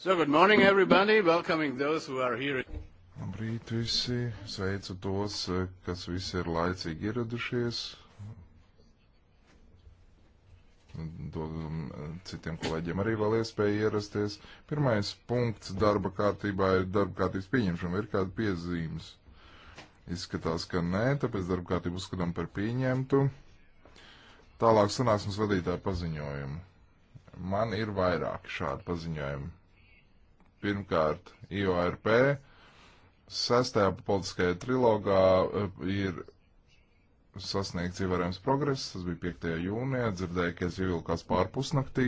So good morning everybody, welcoming those who are here. Labrīt visi, sveicu tos, eh, kas visi ir laicīgi ieradušies. Dodam mm, citiem kolēģiem arī vēl iespēju ierasties. Pirmais punkts darba kārtībā ir darba kārtības pieņemšana. Ir kāda piezīmes? Izskatās, ka nē, tāpēc darba kārtību uzskatām par pieņemtu. Tālāk sanāksmes vadītāja paziņojumu. Man ir vairāk šādu paziņojumu. Pirmkārt, IORP sastajā politiskajā trilogā eh, ir sasniegts ievērojams progress. Tas bija 5. jūnijā, dzirdēju, ka es ievilkās pārpusnaktī,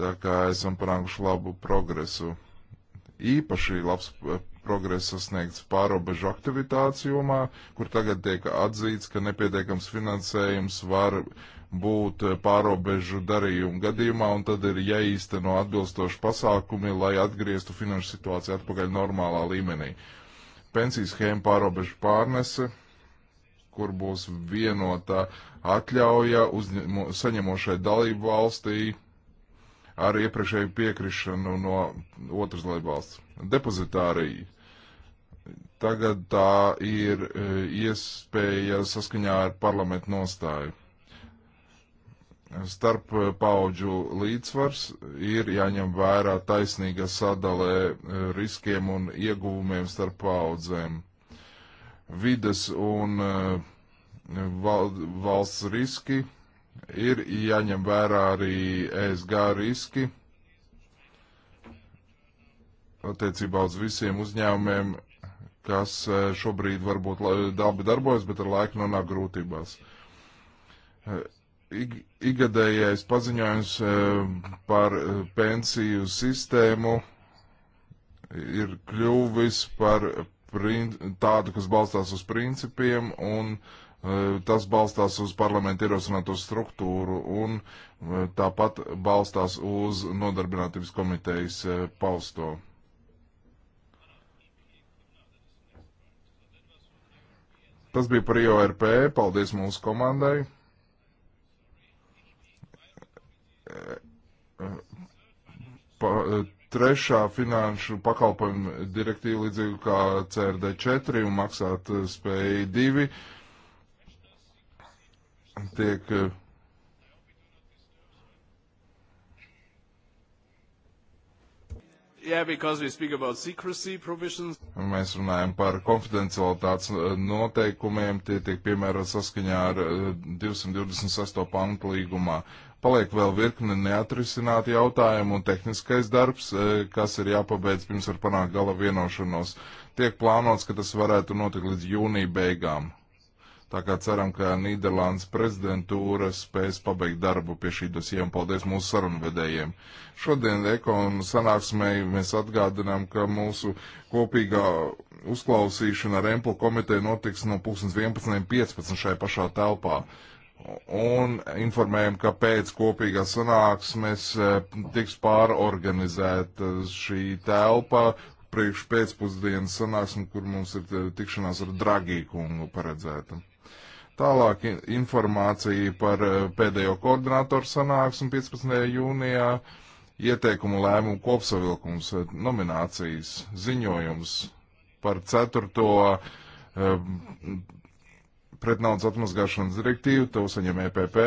tā kā esam panākuši labu progresu. Īpaši labs eh, progress sasniegts pārobežu aktivitātes jomā, kur tagad tiek atzīts, ka nepietiekams finansējums var uh, būt eh, pārobežu darījumu gadījumā, un tad ir jāīsteno atbilstoši pasākumi, lai atgrieztu finanšu situāciju atpakaļ normālā līmenī. Pensijas schēma pārobežu pārnese, kur būs vienota atļauja uzņemo, saņemošai dalību valstī ar iepriekšēju piekrišanu no otras dalību valsts. Depozitārija tagad tā ir eh, iespēja saskaņā ar parlamentu nostāju starp eh, paudžu līdzsvars ir jāņem vērā taisnīga sadalē eh, riskiem un ieguvumiem starp paudzēm. Vides un eh, val, valsts riski ir jāņem vērā arī ESG riski attiecībā uz visiem uzņēmumiem, kas šobrīd varbūt labi darbojas, bet ar laiku nonāk grūtībās. Igadējais paziņojums eh, par eh, pensiju sistēmu ir kļuvis par tādu, kas balstās uz principiem un eh, tas balstās uz parlamentu ierosināto struktūru un tāpat balstās uz nodarbinātības komitejas pausto. Tas bija par IORP. Paldies mūsu komandai. pa, trešā finanšu pakalpojumu direktīva līdzīgi kā CRD 4 un maksāt eh, spēju 2 tiek eh, Yeah, because we speak about secrecy provisions. Mēs runājam par konfidencialitātes eh, noteikumiem, tie tiek piemērot saskaņā ar 228. pantu līgumā paliek vēl virkne neatrisināti jautājumi un tehniskais darbs, e, kas ir jāpabeidz pirms var panākt gala vienošanos. Tiek plānots, ka tas varētu notikt līdz jūnija beigām. Tā kā ceram, ka Nīderlandes prezidentūra spēs pabeigt darbu pie šī dosiem. Paldies mūsu sarunvedējiem. Šodien ekonu sanāksmēji mēs atgādinām, ka mūsu kopīgā uzklausīšana ar Emplu komiteju notiks no 11.15 šai pašā telpā un informējam, ka pēc kopīgās sanāksmes eh, tiks pārorganizēta šī telpa priekš pēcpusdienas sanāksme, kur mums ir eh, tikšanās ar Dragī kungu paredzēta. Tālāk informācija par eh, pēdējo koordinātoru sanāksmi 15. jūnijā, ieteikumu lēmumu kopsavilkums, nominācijas, ziņojums par 4 pret naudas atmazgāšanas direktīvu, to saņem EPP.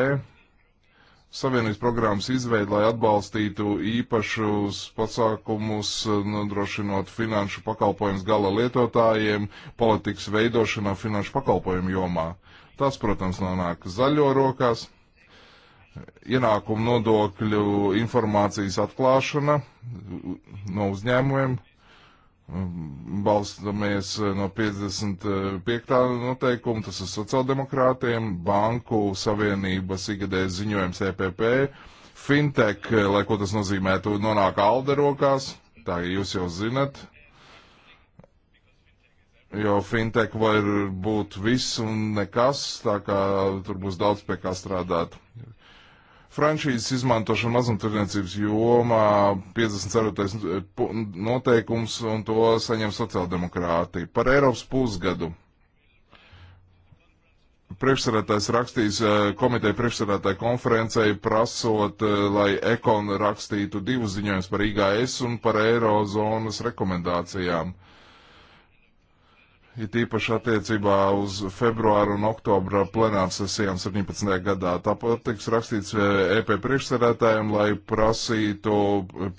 Savienības programmas izveidi, lai atbalstītu īpašus pasākumus, nodrošinot finanšu pakalpojumus gala lietotājiem, politikas veidošanā finanšu pakalpojumu jomā. Tas, protams, nonāk zaļo rokās. Ienākumu nodokļu informācijas atklāšana no uzņēmumiem, balstamies eh, no 55. noteikuma, tas ir sociāldemokrātiem, Banku Savienības ikgadējas ziņojums EPP, Fintech, eh, lai ko tas nozīmētu, nonāk Alde rokās, tā jūs jau zinat, jo Fintech var būt viss un nekas, tā kā tur būs daudz pie kā strādāt. Franšīzes izmantošana mazumtirdzniecības jomā 54. Eh, noteikums un to saņem sociāldemokrāti par Eiropas pusgadu. Priekšsarētājs rakstīs eh, komiteja priekšsarētāja konferencei prasot, eh, lai Ekon rakstītu divus ziņojumus par IGS un par Eirozonas rekomendācijām. Uh, it īpaši attiecībā uz februāru un oktobra plenāru sesijām 17. gadā. Tāpat tiks rakstīts EP eh, e priekšsēdētājiem, lai prasītu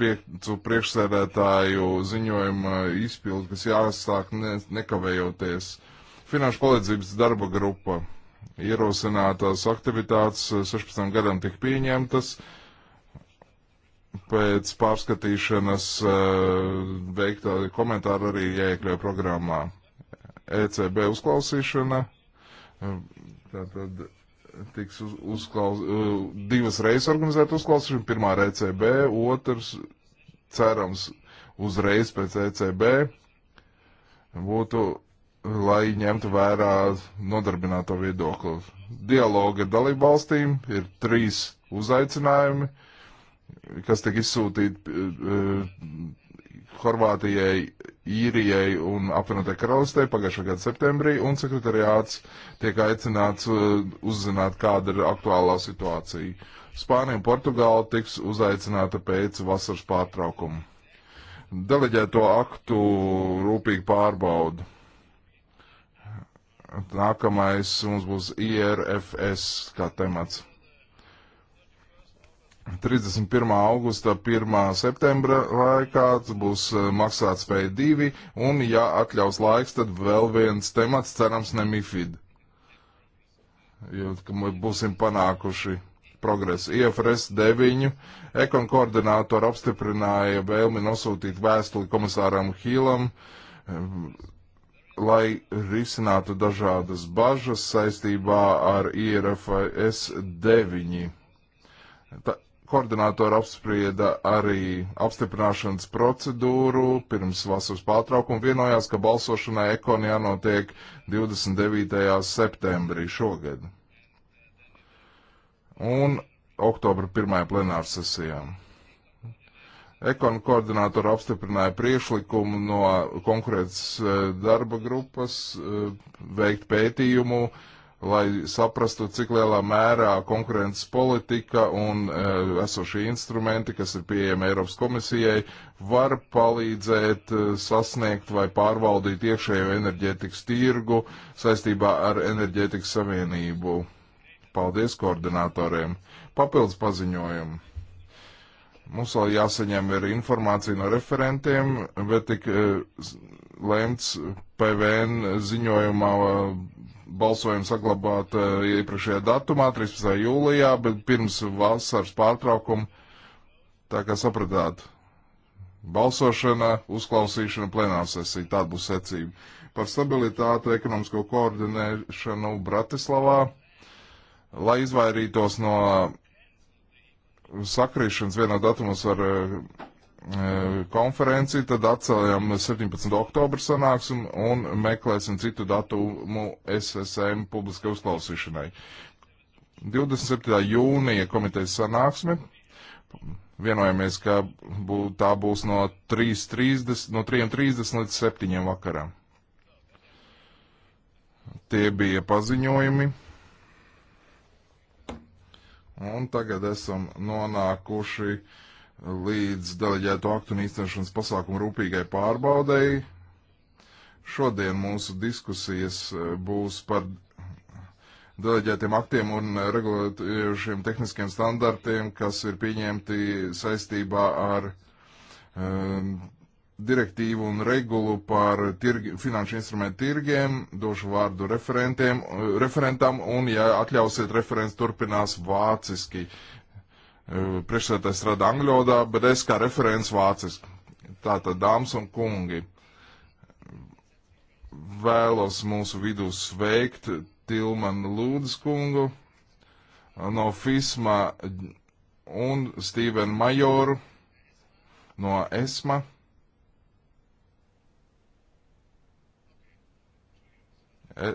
piecu priekšsēdētāju ziņojuma izpildu, kas jāsāk ne, nekavējoties. Finanšu palīdzības darba grupa ierosinātās aktivitātes 16 gadam tik pieņemtas pēc pārskatīšanas eh, veiktā komentāra arī jāiekļauj programmā. ECB uzklausīšana. Tātad tiks uz, uzklaus, e, divas reizes organizēta uzklausīšana, pirmā ar ECB, otrs cerams uzreiz pēc ECB būtu, lai ņemtu vērā nodarbināto viedokli. Dialoga ar dalību valstīm ir trīs uzaicinājumi, kas tiek izsūtīti e, Horvātijai, Īrijai un apvienotai karalistē pagājušā gada septembrī, un sekretariāts tiek aicināts uh, uzzināt, kāda ir aktuālā situācija. Spānija un Portugāla tiks uzaicināta pēc vasaras pārtraukuma. Deleģēto aktu rūpīgi pārbauda. Nākamais mums būs IRFS kā temats. 31. augusta, 1. septembra laikā būs eh, maksātspēja 2, un, ja atļaus laiks, tad vēl viens temats, cerams, ne MIFID. Jo būsim panākuši progresu. IFRS 9 ekon koordinātori apstiprināja vēlmi nosūtīt vēstuli komisāram Hīlam, eh, lai risinātu dažādas bažas saistībā ar IRFS 9. Ta Koordinātori apsprieda arī apstiprināšanas procedūru pirms vasaras pārtraukuma, vienojās, ka balsošanai ekon jānotiek 29. septembrī šogad un oktobra pirmajā plenāra sesijā. Ekonu koordinātori apstiprināja priešlikumu no konkurētas eh, darba grupas eh, veikt pētījumu uh, lai saprastu, cik lielā mērā konkurences politika un e, esošie instrumenti, kas ir pieejami Eiropas komisijai, var palīdzēt e, sasniegt vai pārvaldīt iekšējo enerģētikas tirgu saistībā ar enerģētikas savienību. Paldies koordinatoriem. Papildus paziņojumu. Mums vēl jāsaņem ir informācija no referentiem, bet tik e, lēmts PVN ziņojumā balsojumu saglabāt eh, iepriekšējā datumā, 13. jūlijā, bet pirms vasaras pārtraukuma. Tā kā sapratāt, balsošana, uzklausīšana, plenārsesija, tāda būs secība. Par stabilitāti, ekonomisko koordinēšanu Bratislavā, lai izvairītos no sakrišanas vienā datumos ar eh, E, konferenci, tad atcēlām 17. oktobra sanāksim un meklēsim citu datumu SSM publiskai uzklausīšanai. 27. jūnija komitejas sanāksme. Vienojamies, ka bū, tā būs no 3.30 no 3.30 līdz 7. vakarā. Tie bija paziņojumi. Un tagad esam nonākuši uh, līdz deleģēto aktu un īstenošanas pasākumu rūpīgai pārbaudēji. Šodien mūsu diskusijas e, būs par deleģētiem aktiem un regulējušiem tehniskiem standartiem, kas ir pieņemti saistībā ar um, direktīvu un regulu par tirgi, finanšu instrumentu tirgiem, došu vārdu e, referentam, un, ja atļausiet, referents turpinās vāciski, Eh, priekšsēdētājs rada angļodā, bet es kā referents vāciski. Tātad, dāmas un kungi, vēlos mūsu vidū sveikt Tilmanu Lūdzu kungu no FISMA un Stīvenu Majoru no ESMA. E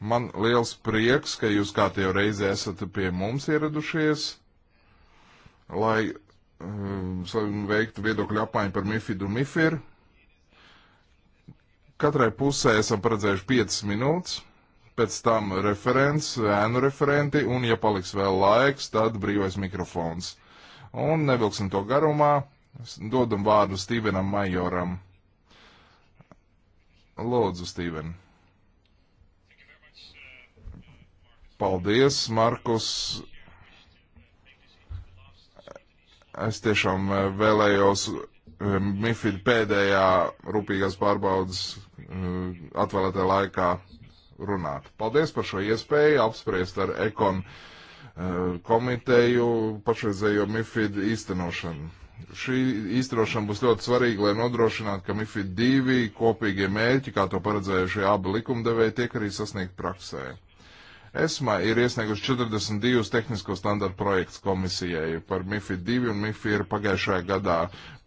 Man liels prieks, ka jūs kā jau reizi esat pie mums ieradušies, lai um, veiktu viedokļu apmaiņu par MIFID un MIFIR. Katrai pusē esam paredzējuši 5 minūtes, pēc tam referents, ēnu referenti, un, ja paliks vēl laiks, tad brīvais mikrofons. Un nevilksim to garumā, dodam vārdu Stīvenam Majoram. Lūdzu, Stīven. Paldies, Markus! Es tiešām eh, vēlējos eh, MIFID pēdējā rūpīgās pārbaudas eh, atvēlētā laikā runāt. Paldies par šo iespēju apspriest ar ekon komiteju pašreizējo MIFID īstenošanu. Šī īstenošana būs ļoti svarīga, lai nodrošinātu, ka MIFID 2 kopīgie mērķi, kā to paredzējušie abi likumdevēji, tiek arī sasniegt praksē. ESMA ir iesnieguši 42 tehnisko standartu projekts komisijai par MIFID 2 un MIFIR pagājušajā gadā,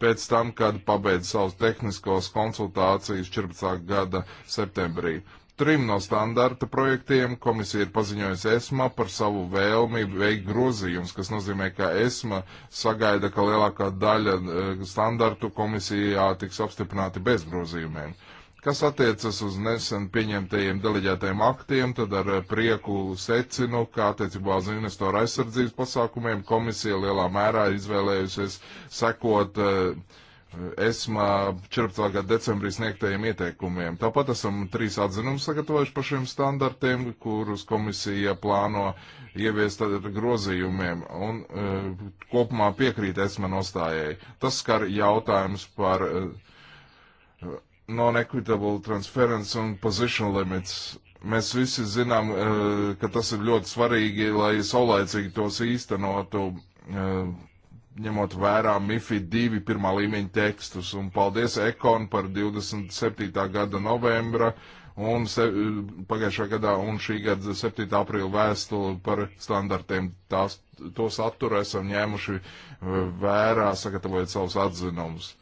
pēc tam, kad pabeidz savus tehniskos konsultācijas 14. gada septembrī. Trim no standarta projektiem komisija ir paziņojusi ESMA par savu vēlmi veikt grozījums, kas nozīmē, ka ESMA sagaida, ka lielākā daļa eh, standartu komisijā tiks apstiprināti bez grozījumiem. Uh, Kas attiecas uz nesen pieņemtajiem deleģētajiem aktiem, tad ar prieku secinu, ka attiecībā uz investoru aizsardzības pasākumiem komisija lielā mērā izvēlējusies sekot eh, ESMA 14. gada decembrī sniegtajiem ieteikumiem. Tāpat esam trīs atzinumus sagatavojuši par šiem standartiem, kurus komisija plāno ieviest ar grozījumiem un uh, kopumā piekrīt ESMA nostājai. Tas skar jautājums par uh, non-equitable transference un position limits. Mēs visi zinām, eh, ka tas ir ļoti svarīgi, lai saulēcīgi tos īstenotu, eh, ņemot vērā MIFID 2 pirmā līmeņa tekstus. Un paldies Ekon par 27. gada novembra un se, eh, pagājušā gadā un šī gada 7. aprīļa vēstuli par standartiem. Tās, to saturu esam ņēmuši vērā, sagatavojot savus atzinumus.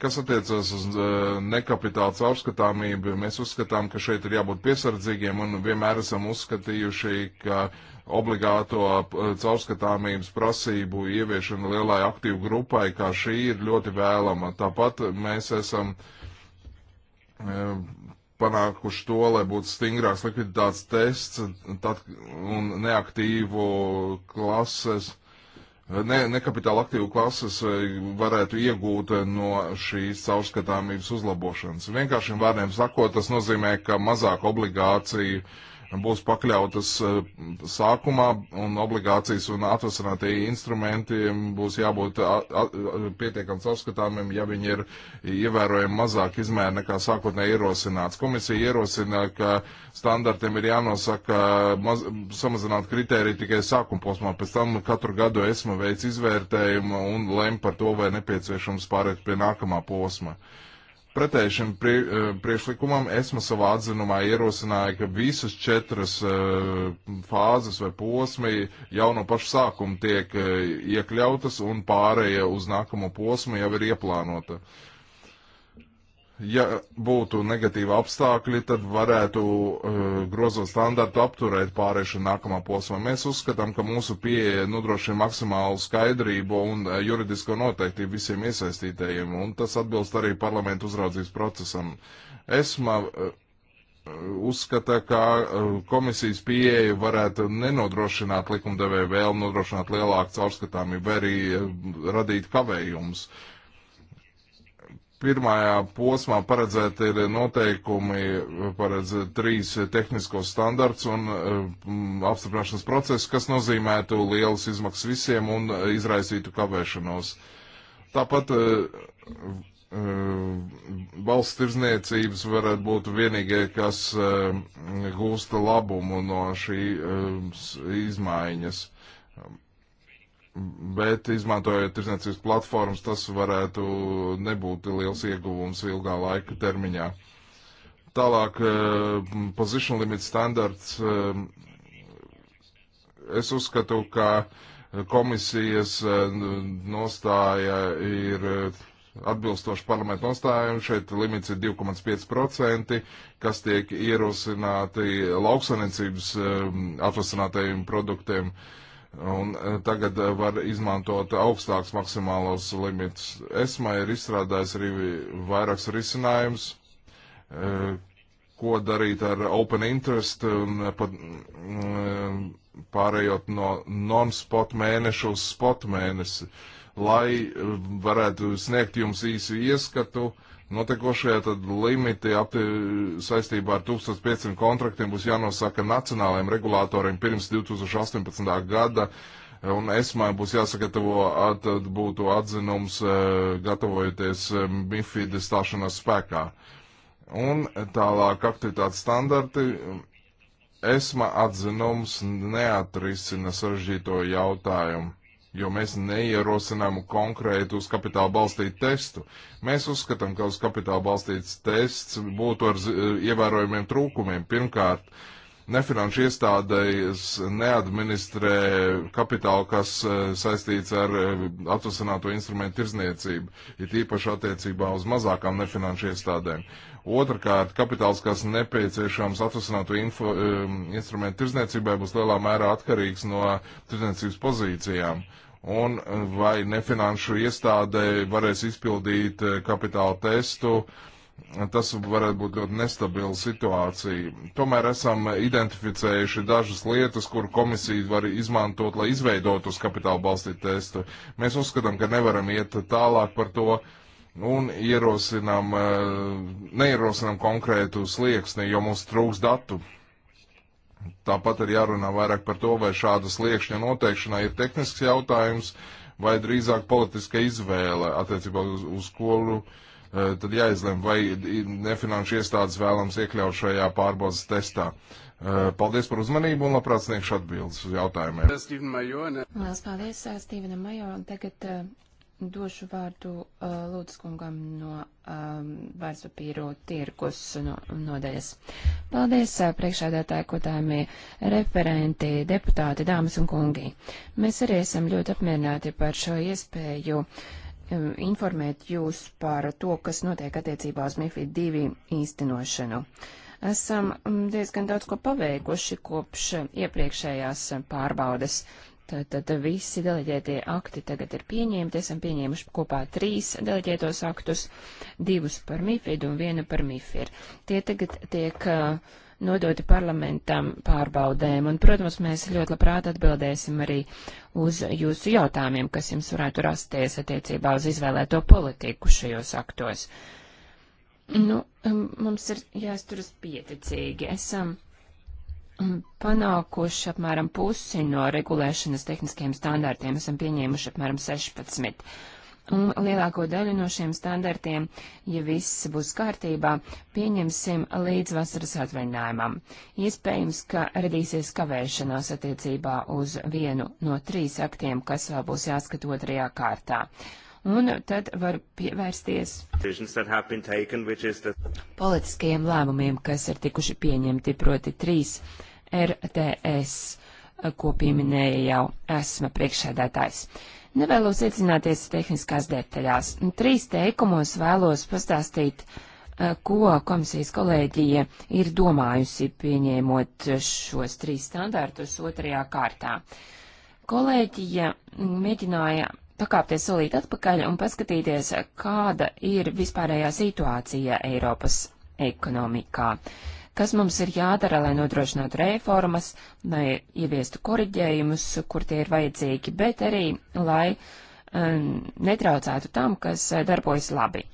Kas attiecas uz eh, nekapitāla caurskatāmību, mēs uzskatām, ka šeit ir jābūt piesardzīgiem un vienmēr esam uzskatījuši, ka obligāto eh, caurskatāmības prasību ieviešana lielai aktīvu grupai, kā šī, ir ļoti vēlama. Tāpat mēs esam eh, panākuši to, lai būtu stingrāks likviditātes tests tad, un neaktīvu klases ne, nekapitāla aktīvu klases eh, varētu iegūt eh, no šīs caurskatāmības uzlabošanas. Vienkāršiem vārdiem sakot, tas nozīmē, ka mazāk obligāciju uh, būs pakļautas eh, sākumā, un obligācijas un atvasinātie instrumenti būs jābūt pietiekami caurskatāmiem, ja viņi ir ievērojami mazāk izmēri nekā sākotnēji ierosināts. Komisija ierosina, ka standartiem ir jānosaka maz, samazināt kritēriju tikai sākuma posmā, pēc tam katru gadu esmu veids izvērtējumu un lem par to, vai nepieciešams pārēt pie nākamā posma. Uh, Pretēji šim prie, eh, priekšlikumam esmu savā atzinumā ierosināja, ka visas četras eh, fāzes vai posmi jau no paša sākuma tiek eh, iekļautas un pārēja uz nākamo posmu jau ir ieplānota. Uh, ja būtu negatīva apstākļi, tad varētu uh, grozot standartu apturēt pārēšanu nākamā posmā. Mēs uzskatām, ka mūsu pieeja nodrošina maksimālu skaidrību un uh, juridisko noteiktību visiem iesaistītajiem, un tas atbilst arī parlamentu uzraudzības procesam. Esma uh, uh uzskata, ka uh, komisijas pieeja varētu nenodrošināt likumdevēju vēl nodrošināt lielāku caurskatāmību vai arī uh, radīt kavējumus. Uh, Pirmajā posmā paredzēti ir noteikumi, paredz trīs tehniskos standarts un mm, apstiprināšanas procesu, kas nozīmētu lielas izmaksas visiem un izraisītu kavēšanos. Tāpat eh, eh, valsts tirzniecības varētu būt vienīgie, kas eh, gūsta labumu no šī izmaiņas. Bet, izmantojot tirdzniecības platformas, tas varētu nebūt liels ieguvums ilgā laika termiņā. Tālāk, eh, position limit standarts. Eh, es uzskatu, ka komisijas eh, nostāja ir atbilstoši parlamentu nostājumu. Šeit limits ir 2,5%, kas tiek ierosināti lauksaimniecības atvasinātajiem produktiem. Uh, Un eh, tagad eh, var izmantot augstāks maksimālos limitus. ESMA ir izstrādājis arī vairākus risinājumus, eh, ko darīt ar open interest un pat mm, pārējot no non-spot mēnešu uz spot mēnesi, lai varētu sniegt jums īsu ieskatu uh, Notekošajā tad limiti apti, saistībā ar 1500 kontraktiem būs jānosaka nacionālajiem regulātoriem pirms 2018. gada, un ESMA būs jāsagatavo, tad būtu atzinums e, gatavojoties e, MIFID stāšanās spēkā. Un tālāk aktivitātes standarti. ESMA atzinums neatrisina sarežģīto jautājumu jo mēs neierosinām konkrētu uz kapitāla balstītu testu. Mēs uzskatām, ka uz kapitāla balstīts tests būtu ar ievērojumiem trūkumiem. Pirmkārt, nefinanšu iestādējas neadministrē kapitālu, kas e, saistīts ar e, atvasināto instrumentu tirzniecību, ir tīpaši attiecībā uz mazākām nefinanšu iestādēm. Uh, Otrakārt, kapitāls, kas nepieciešams atvasinātu info, um, instrumentu tirzniecībai, būs lielā mērā atkarīgs no tirzniecības pozīcijām. Un uh, vai nefinanšu iestādē varēs izpildīt uh, kapitāla testu, tas varētu būt ļoti nestabila situācija. Tomēr esam identificējuši dažas lietas, kur komisija var izmantot, lai izveidotu uz kapitāla balstītu testu. Mēs uzskatām, ka nevaram iet tālāk par to, uh, un ierosinām, eh, neierosinām konkrētu slieksni, jo mums trūks datu. Tāpat ir jārunā vairāk par to, vai šāda sliekšņa noteikšanā ir tehnisks jautājums, vai drīzāk politiska izvēle attiecībā uz, uz skolu. Eh, tad jāizlem, vai nefinanšu iestādes vēlams iekļaut šajā pārbaudas testā. Eh, paldies par uzmanību un labprāt sniegšu atbildes uz jautājumiem. Lielas paldies Stīvenam Majo un tagad Došu vārdu uh, Lūdskungam no um, vārdspapīru tirkus no, nodaļas. Paldies, uh, priekšādātāji, kotāmi referenti, deputāti, dāmas un kungi. Mēs arī esam ļoti apmierināti par šo iespēju um, informēt jūs par to, kas notiek attiecībā uz MIFID 2 īstenošanu. Esam um, diezgan daudz ko paveikuši kopš iepriekšējās uh, pārbaudes. Uh, Tātad visi deleģētie akti tagad ir pieņemti. Esam pieņēmuši kopā trīs deleģētos aktus, divus par MIFID un vienu par MIFIR. Tie tagad tiek uh, nodoti parlamentam pārbaudēm, un, protams, mēs ļoti labprāt atbildēsim arī uz jūsu jautājumiem, kas jums varētu rasties attiecībā uz izvēlēto politiku šajos aktos. Nu, um, mums ir jāsturas pieticīgi. Esam Mm, panākuši apmēram pusi no regulēšanas tehniskiem standartiem, esam pieņēmuši apmēram 16. Un lielāko daļu no šiem standartiem, ja viss būs kārtībā, pieņemsim līdz vasaras atvaļinājumam. Iespējams, ka radīsies kavēšanās attiecībā uz vienu no trīs aktiem, kas vēl būs jāskat otrajā kārtā un tad var pievērsties taken, the... politiskajiem lēmumiem, kas ir tikuši pieņemti proti trīs RTS, ko pieminēja jau esma priekšsēdētājs. Nevēlos iedzināties tehniskās detaļās. Trīs teikumos vēlos pastāstīt, eh, ko komisijas kolēģija ir domājusi pieņēmot šos trīs standārtus otrajā kārtā. Kolēģija mēģināja pakāpties solīt atpakaļ un paskatīties, kāda ir vispārējā situācija Eiropas ekonomikā. Uh, kas mums ir jādara, lai nodrošinātu reformas, lai ieviestu koriģējumus, kur tie ir vajadzīgi, bet arī, lai um, netraucētu tam, kas uh, darbojas labi.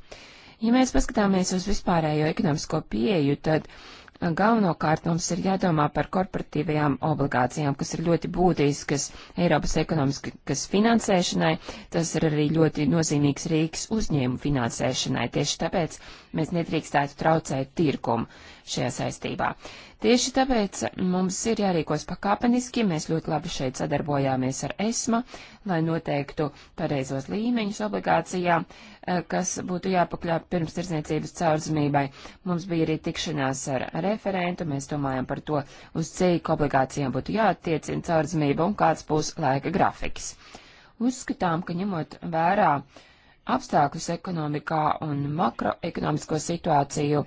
Ja mēs paskatāmies uz vispārējo ekonomisko pieeju, tad uh, galvenokārt mums ir jādomā par korporatīvajām obligācijām, kas ir ļoti būtiskas Eiropas ekonomiskas finansēšanai. Tas ir arī ļoti nozīmīgs rīks uzņēmu finansēšanai. Tieši tāpēc mēs nedrīkstētu traucēt tirkumu šajā saistībā. Tieši tāpēc mums ir jārīkos pakāpeniski, mēs ļoti labi šeit sadarbojāmies ar ESMA, lai noteiktu pareizos līmeņus obligācijām, eh, kas būtu jāpakļauj pirms tirzniecības caurzmībai. Mums bija arī tikšanās ar referentu, mēs domājam par to, uz cik obligācijām būtu jāattiecina caurzmība un kāds būs laika grafiks. Uzskatām, ka ņemot vērā apstākļus ekonomikā un makroekonomisko situāciju,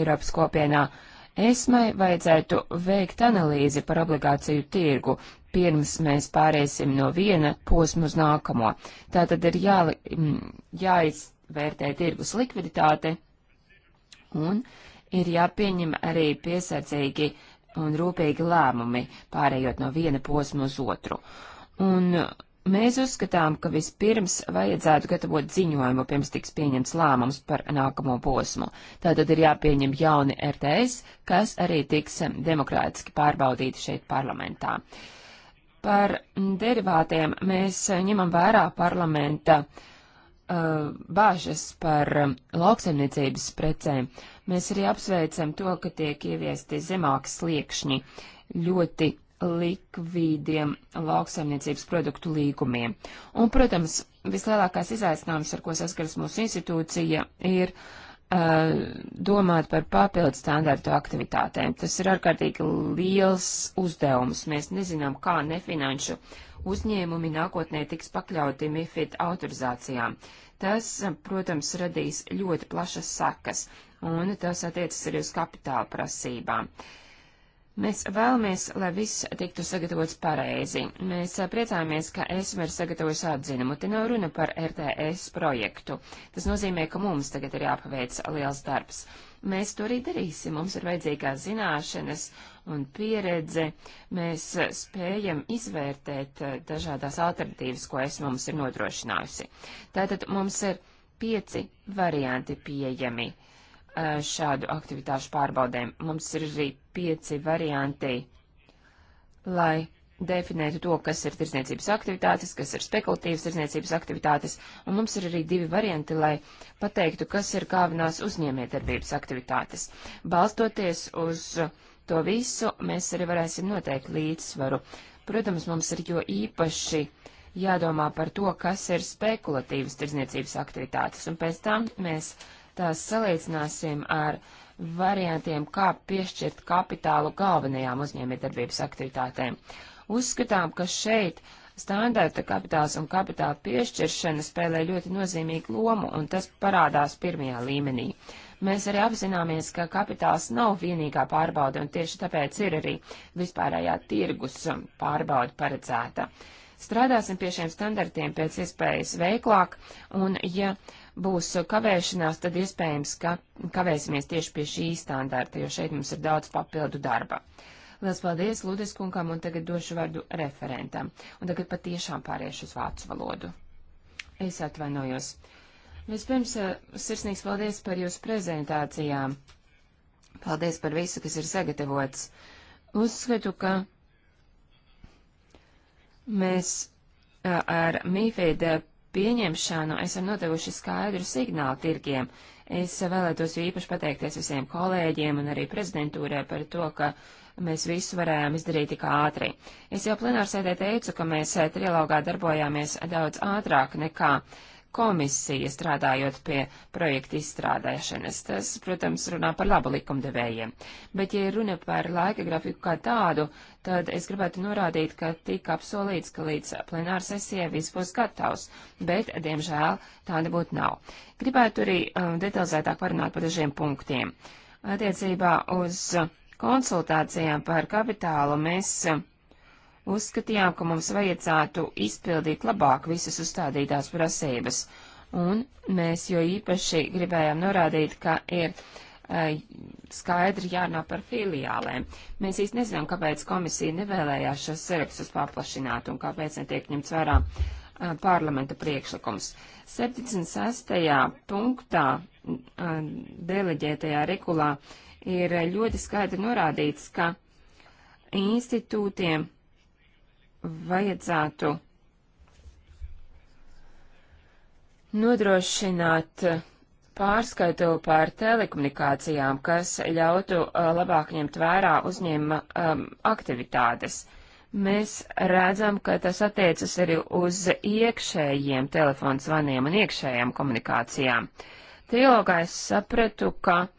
Eiropas kopienā. Esmai vajadzētu veikt analīzi par obligāciju tirgu, pirms mēs pāriesim no viena posma uz nākamo. Tā tad ir jā, mm, jāizvērtē tirgus likviditāte un ir jāpieņem arī piesardzīgi un rūpīgi lēmumi, pārējot no viena posma uz otru. Un Mēs uzskatām, ka vispirms vajadzētu gatavot ziņojumu, pirms tiks pieņemts lēmums par nākamo posmu. Tātad ir jāpieņem jauni RTS, kas arī tiks demokrātiski pārbaudīti šeit parlamentā. Par derivātiem mēs ņemam vērā parlamenta uh, bāžas par lauksaimniecības precēm. Mēs arī apsveicam to, ka tiek ieviesti zemāki sliekšņi ļoti likvīdiem lauksaimniecības produktu līgumiem. Un, protams, vislielākais izaicinājums, ar ko saskaras mūsu institūcija, ir uh, domāt par papildu standartu aktivitātēm. Tas ir ārkārtīgi liels uzdevums. Mēs nezinām, kā nefinanšu uzņēmumi nākotnē tiks pakļauti MIFID autorizācijām. Tas, protams, radīs ļoti plašas sakas, un tas attiecas arī uz kapitāla prasībām. Uh, Mēs vēlamies, lai viss tiktu sagatavots pareizi. Mēs priecājamies, ka esmu ir sagatavojis atzinumu. Te nav runa par RTS projektu. Tas nozīmē, ka mums tagad ir jāpaveic liels darbs. Mēs to arī darīsim. Mums ir vajadzīgās zināšanas un pieredze. Mēs spējam izvērtēt dažādās alternatīvas, ko es mums ir nodrošinājusi. Tātad mums ir pieci varianti pieejami. Uh, šādu aktivitāšu pārbaudēm. Mums ir arī pieci varianti, lai definētu to, kas ir tirsniecības aktivitātes, kas ir spekulatīvas tirsniecības aktivitātes, un mums ir arī divi varianti, lai pateiktu, kas ir kāvinās uzņēmējdarbības aktivitātes. Balstoties uz to visu, mēs arī varēsim noteikt līdzsvaru. Protams, mums ir jo īpaši jādomā par to, kas ir spekulatīvas tirsniecības aktivitātes, un pēc tam mēs tās salīdzināsim ar variantiem, kā piešķirt kapitālu galvenajām uzņēmējdarbības aktivitātēm. Uzskatām, ka šeit standarta kapitāls un kapitāla piešķiršana spēlē ļoti nozīmīgu lomu, un tas parādās pirmajā līmenī. Mēs arī apzināmies, ka kapitāls nav vienīgā pārbauda, un tieši tāpēc ir arī vispārējā tirgus pārbauda paredzēta. Strādāsim pie šiem standartiem pēc iespējas veiklāk, un ja uh, būs kavēšanās, tad iespējams, ka kavēsimies tieši pie šī standarta, jo šeit mums ir daudz papildu darba. Lielas paldies Lūdes kungam un tagad došu vārdu referentam. Un tagad patiešām pāriešu uz vācu valodu. Es atvainojos. Vispirms eh, sirsnīgs paldies par jūsu prezentācijām. Paldies par visu, kas ir sagatavots. Uzskatu, ka mēs eh, ar MIFID pieņemšanu esam nodevuši skaidru signālu tirgiem. Es vēlētos īpaši pateikties visiem kolēģiem un arī prezidentūrē par to, ka mēs visu varējām izdarīt tik ātri. Es jau plenārsēdē teicu, ka mēs trialogā darbojāmies daudz ātrāk nekā uh, komisija strādājot pie projekta izstrādēšanas. Tas, protams, runā par labu likumdevējiem. Bet, ja runa par laika grafiku kā tādu, tad es gribētu norādīt, ka tika apsolīts, ka līdz plenāra sesijai viss būs gatavs, bet, diemžēl, tāda būtu nav. Gribētu arī um, detalizētāk parunāt par dažiem punktiem. Attiecībā uz konsultācijām par kapitālu mēs. Uh, Uzskatījām, ka mums vajadzētu izpildīt labāk visas uzstādītās prasības, un mēs jo īpaši gribējām norādīt, ka ir eh, skaidri jārunā par filiālēm. Mēs īsti nezinām, kāpēc komisija nevēlējās šos sarakstus paplašināt un kāpēc netiek ņemts vērā eh, parlamenta priekšlikums. 76. punktā eh, deleģētajā regulā ir ļoti skaidri norādīts, ka institūtiem vajadzētu nodrošināt pārskaitu pār telekomunikācijām, kas ļautu uh, labāk ņemt vērā uzņēmuma um, aktivitātes. Mēs redzam, ka tas attiecas arī uz iekšējiem telefonu zvaniem un iekšējām komunikācijām. Trilogā es sapratu, ka uh,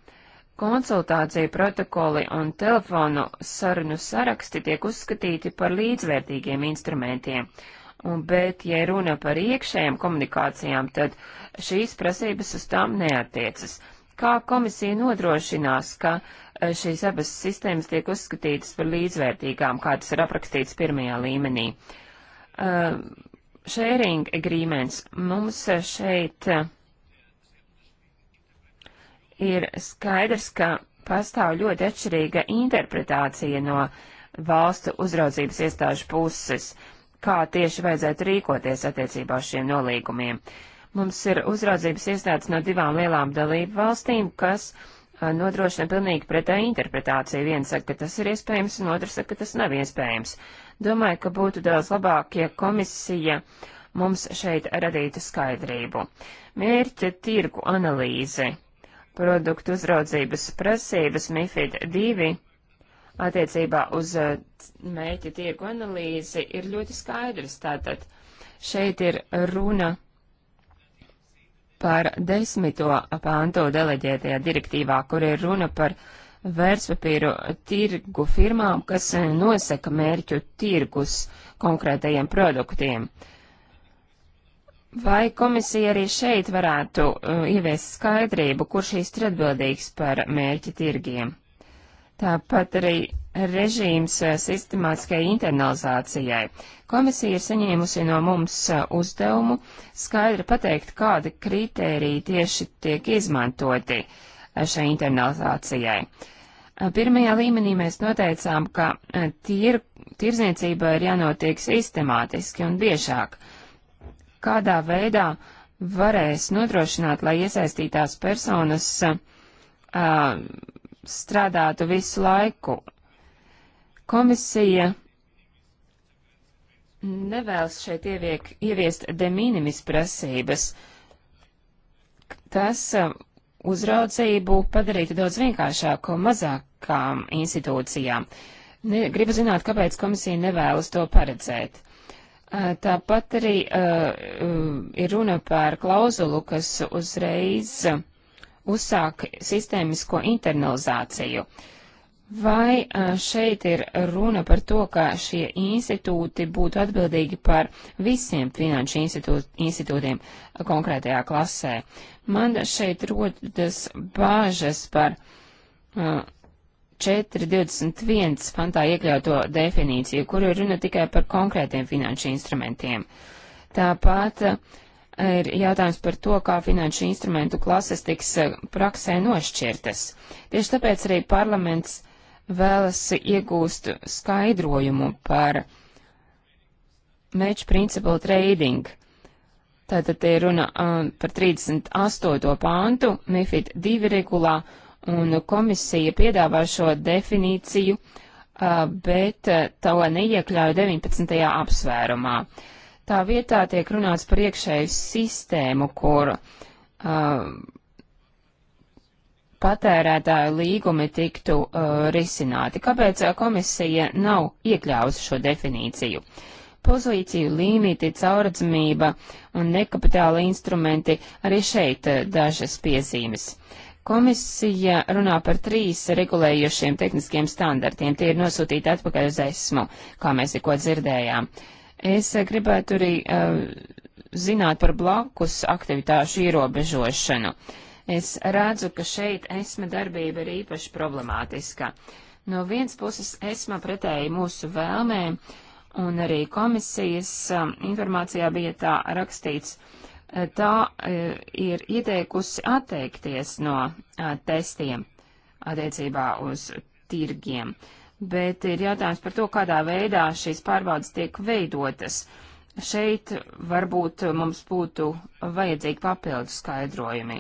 konsultāciju protokoli un telefonu sarunu saraksti tiek uzskatīti par līdzvērtīgiem instrumentiem. Un, bet, ja runa par iekšējām komunikācijām, tad šīs prasības uz tām neatiecas. Kā komisija nodrošinās, ka e, šīs abas sistēmas tiek uzskatītas par līdzvērtīgām, kā tas ir aprakstīts pirmajā līmenī? Uh, sharing agreements mums e, šeit uh, ir skaidrs, ka pastāv ļoti atšķirīga interpretācija no valstu uzraudzības iestāžu puses, kā tieši vajadzētu rīkoties attiecībā uz šiem nolīgumiem. Mums ir uzraudzības iestādes no divām lielām dalību valstīm, kas nodrošina pilnīgi pretēju interpretāciju. Viens saka, ka tas ir iespējams, un otrs saka, ka tas nav iespējams. Domāju, ka būtu daudz labāk, ja komisija mums šeit radītu skaidrību. Mērķa tirgu analīze produktu uzraudzības prasības MIFID 2 attiecībā uz uh, mēķa tirgu analīzi ir ļoti skaidrs. Tātad šeit ir runa par desmito pāntu deleģētajā direktīvā, kur ir runa par vērtspapīru tirgu firmām, kas nosaka mērķu tirgus konkrētajiem produktiem. Uh, Vai komisija arī šeit varētu uh, ieviest skaidrību, kurš īsti ir atbildīgs par mērķi tirgiem? Tāpat arī režīms uh, sistemātiskai internalizācijai. Komisija ir saņēmusi no mums uh, uzdevumu skaidri pateikt, kādi kritēriji tieši tiek izmantoti uh, šai internalizācijai. Uh, pirmajā līmenī mēs noteicām, ka uh, tir, tirzniecība ir jānotiek sistemātiski un biežāk. Uh, kādā veidā varēs nodrošināt, lai iesaistītās personas uh, strādātu visu laiku. Komisija nevēlas šeit ieviek, ieviest de minimis prasības. Tas uh, uzraudzību padarītu daudz vienkāršāku mazākām institūcijām. Ne, gribu zināt, kāpēc komisija nevēlas to paredzēt. Uh, Eh, tāpat arī eh, eh, ir runa par klauzulu, kas uzreiz uzsāk sistēmisko internalizāciju. Vai šeit ir runa par to, ka šie institūti būtu atbildīgi par visiem finanšu institūt, institūtiem konkrētajā klasē? Man šeit rodas bāžas par uh, 4.21 pantā iekļauto definīciju, kur ir runa tikai par konkrētiem finanšu instrumentiem. Tāpat eh, ir jautājums par to, kā finanšu instrumentu klases tiks eh, praksē nošķirtas. Tieši tāpēc arī parlaments vēlas iegūst skaidrojumu par match principle trading. Tātad te ir runa um, par 38. pāntu MIFID 2 regulā un komisija piedāvā šo definīciju, bet to neiekļauj 19. apsvērumā. Tā vietā tiek runāts par iekšēju sistēmu, kur uh, patērētāju līgumi tiktu uh, risināti. Kāpēc komisija nav iekļāvusi šo definīciju? Pozīciju līmīti, caurredzamība un nekapitāla instrumenti arī šeit dažas piezīmes. Uh, Komisija runā par trīs regulējošiem tehniskiem standartiem. Tie ir nosūtīti atpakaļ uz esmu, kā mēs tikko dzirdējām. Es gribētu arī uh, zināt par blakus aktivitāšu ierobežošanu. Es redzu, ka šeit esma darbība ir īpaši problemātiska. No vienas puses esma pretēji mūsu vēlmēm, un arī komisijas uh, informācijā bija tā rakstīts, uh, tā e, ir ieteikusi atteikties no e, testiem attiecībā uz tirgiem. Bet ir jautājums par to, kādā veidā šīs pārbaudas tiek veidotas. Šeit varbūt mums būtu vajadzīgi papildu skaidrojumi.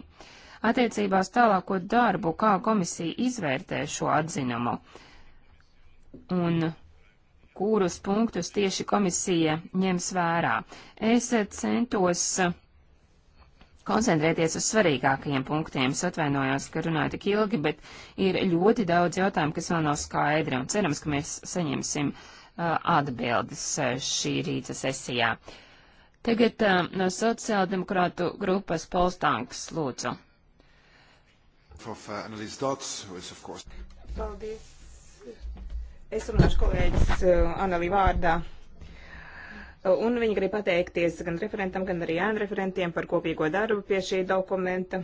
Attiecībās tālāko darbu, kā komisija izvērtē šo atzinumu un kurus punktus tieši komisija ņems vērā. Es centos uh, koncentrēties uz svarīgākajiem punktiem. Es atvainojos, ka runāju tik ilgi, bet ir ļoti daudz jautājumu, kas vēl nav skaidri, un cerams, ka mēs saņemsim uh, atbildes uh, šī rīta sesijā. Tagad uh, no sociāldemokrātu grupas Polstānks lūdzu. Of, uh, dots, Paldies. Es runāšu kolēģis uh, Analī vārdā. Un viņi grib pateikties gan referentam, gan arī ēnreferentiem par kopīgo darbu pie šī dokumenta.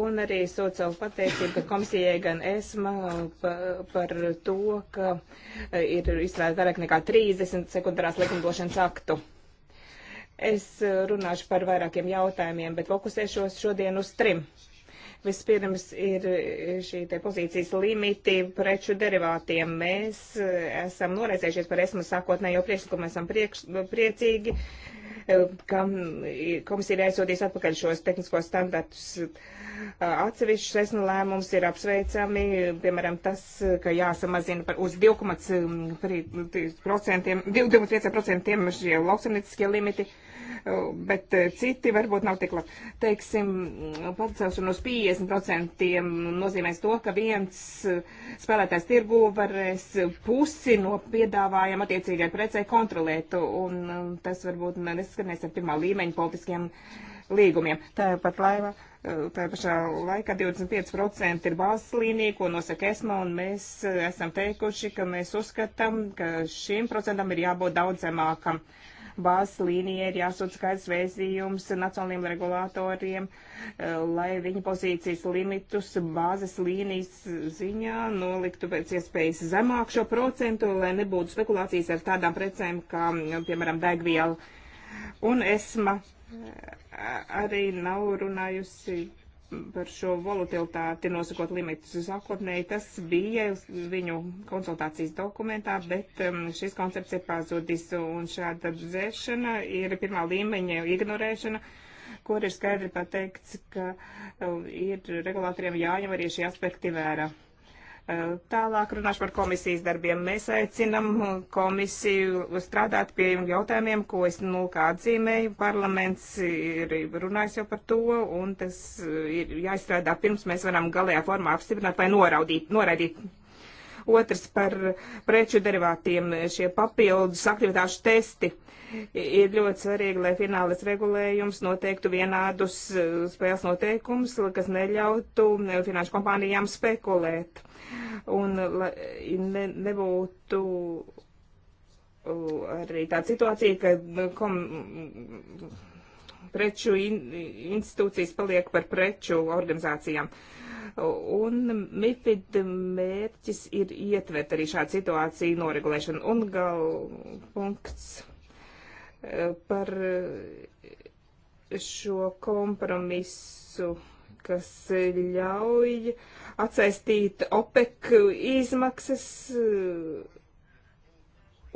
Un arī sūt savu pateicību gan komisijai, gan ESMA par to, ka ir izstrādāts vairāk nekā 30 sekundārās likumdošanas aktu. Es runāšu par vairākiem jautājumiem, bet fokusēšos šodien uz trim. Uh, Vispirms ir šī te pozīcijas limiti preču derivātiem. Mēs eh, esam noreizējušies par esmu sākotnējo priekšlikumu, esam priekš, priecīgi, eh, ka mm, komisija ir aizsūtījis atpakaļ šos tehniskos standartus. Eh, atsevišķus esmu lēmums ir apsveicami, piemēram, tas, ka jāsamazina par uz 2,5% šie lauksamnieciskie limiti bet eh, citi varbūt nav tik labi. Teiksim, pacelšana uz 50% nozīmēs to, ka viens eh, spēlētājs tirgu varēs pusi no piedāvājuma attiecīgai precē kontrolēt, un eh, tas varbūt nesaskanēs ar pirmā līmeņa politiskiem līgumiem. Tāpat laiva, tā pašā laikā 25% ir valsts līnija, ko nosaka ESMA, un mēs esam teikuši, ka mēs uzskatām, ka šim procentam ir jābūt daudz zemākam. Uh, bāzes līnija ir jāsūt skaidrs vēstījums nacionāliem regulātoriem, eh, lai viņa pozīcijas limitus bāzes līnijas ziņā noliktu pēc iespējas zemāk šo procentu, lai nebūtu spekulācijas ar tādām precēm kā, piemēram, degviela. Un esma eh, arī nav runājusi par šo volatilitāti, nosakot limitus sākotnēji, tas bija viņu konsultācijas dokumentā, bet um, šis koncepts ir pazudis, un šāda dzēšana ir pirmā līmeņa ignorēšana, kur ir skaidri pateikts, ka uh, ir regulātoriem jāņem arī šie aspekti vērā. Eh, tālāk runāšu par komisijas darbiem. Mēs aicinam komisiju strādāt pie jautājumiem, ko es nu kā atzīmēju. Parlaments ir runājis jau par to, un tas eh, ir jāizstrādā pirms mēs varam galējā formā apstiprināt vai noraudīt, noraidīt. Otrs par preču derivātiem šie papildus aktivitāšu testi ir ļoti svarīgi, lai finālis regulējums noteiktu vienādus eh, spēles noteikumus, kas neļautu eh, finanšu kompānijām spekulēt. Un ne, nebūtu eh, arī tāda situācija, ka kom, preču in, institūcijas paliek par preču organizācijām. Un MIFID mērķis ir ietvert arī šādu situāciju noregulēšanu. Un gal punkts par šo kompromisu, kas ļauj atsaistīt OPEC izmaksas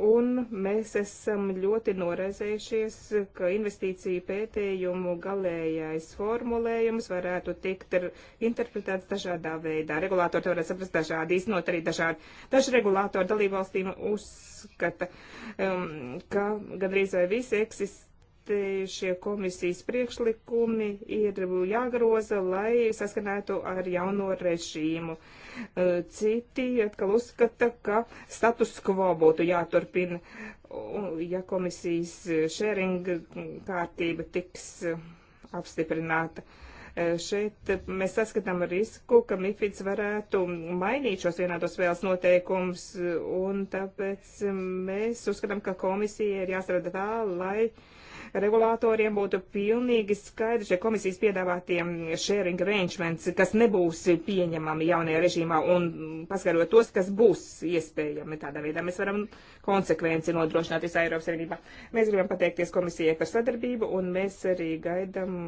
Un mēs esam ļoti noraizējušies, ka investīciju pētījumu galējais formulējums varētu tikt interpretēts dažādā veidā. Regulātori to varētu saprast dažādi, īstenot arī dažādi. Daži regulātori dalībvalstīm uzskata, um, ka gandrīz vai visi eksist noteikti šie komisijas priekšlikumi ir jāgroza, lai saskanētu ar jauno režīmu. Citi atkal uzskata, ka status quo būtu jāturpina, ja komisijas šēringa kārtība tiks apstiprināta. Šeit mēs saskatām risku, ka MIFIDS varētu mainīt šos vienādos spēles noteikumus, un tāpēc mēs uzskatām, ka komisija ir jāstrādā tā, lai regulātoriem būtu pilnīgi skaidrs, ja komisijas piedāvātiem sharing arrangements, kas nebūs pieņemami jaunajā režīmā un paskaidrot tos, kas būs iespējami. Tādā veidā mēs varam konsekvenci nodrošināt visā Eiropas Savienībā. Mēs gribam pateikties komisijai par sadarbību un mēs arī gaidam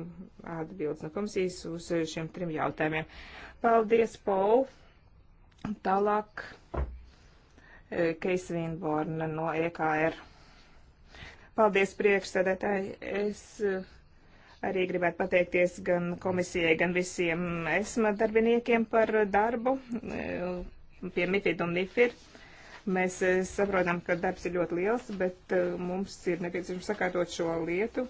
atbildes no komisijas uz šiem trim jautājumiem. Paldies, Paul! Tālāk eh, Keisvinborna no EKR. Paldies priekšsēdētāji. Es eh, arī gribētu pateikties gan komisijai, gan visiem esma darbiniekiem par darbu eh, pie MIFID un NIFIR. Mēs eh, saprotam, ka darbs ir ļoti liels, bet mums ir nepieciešams sakārtot šo lietu.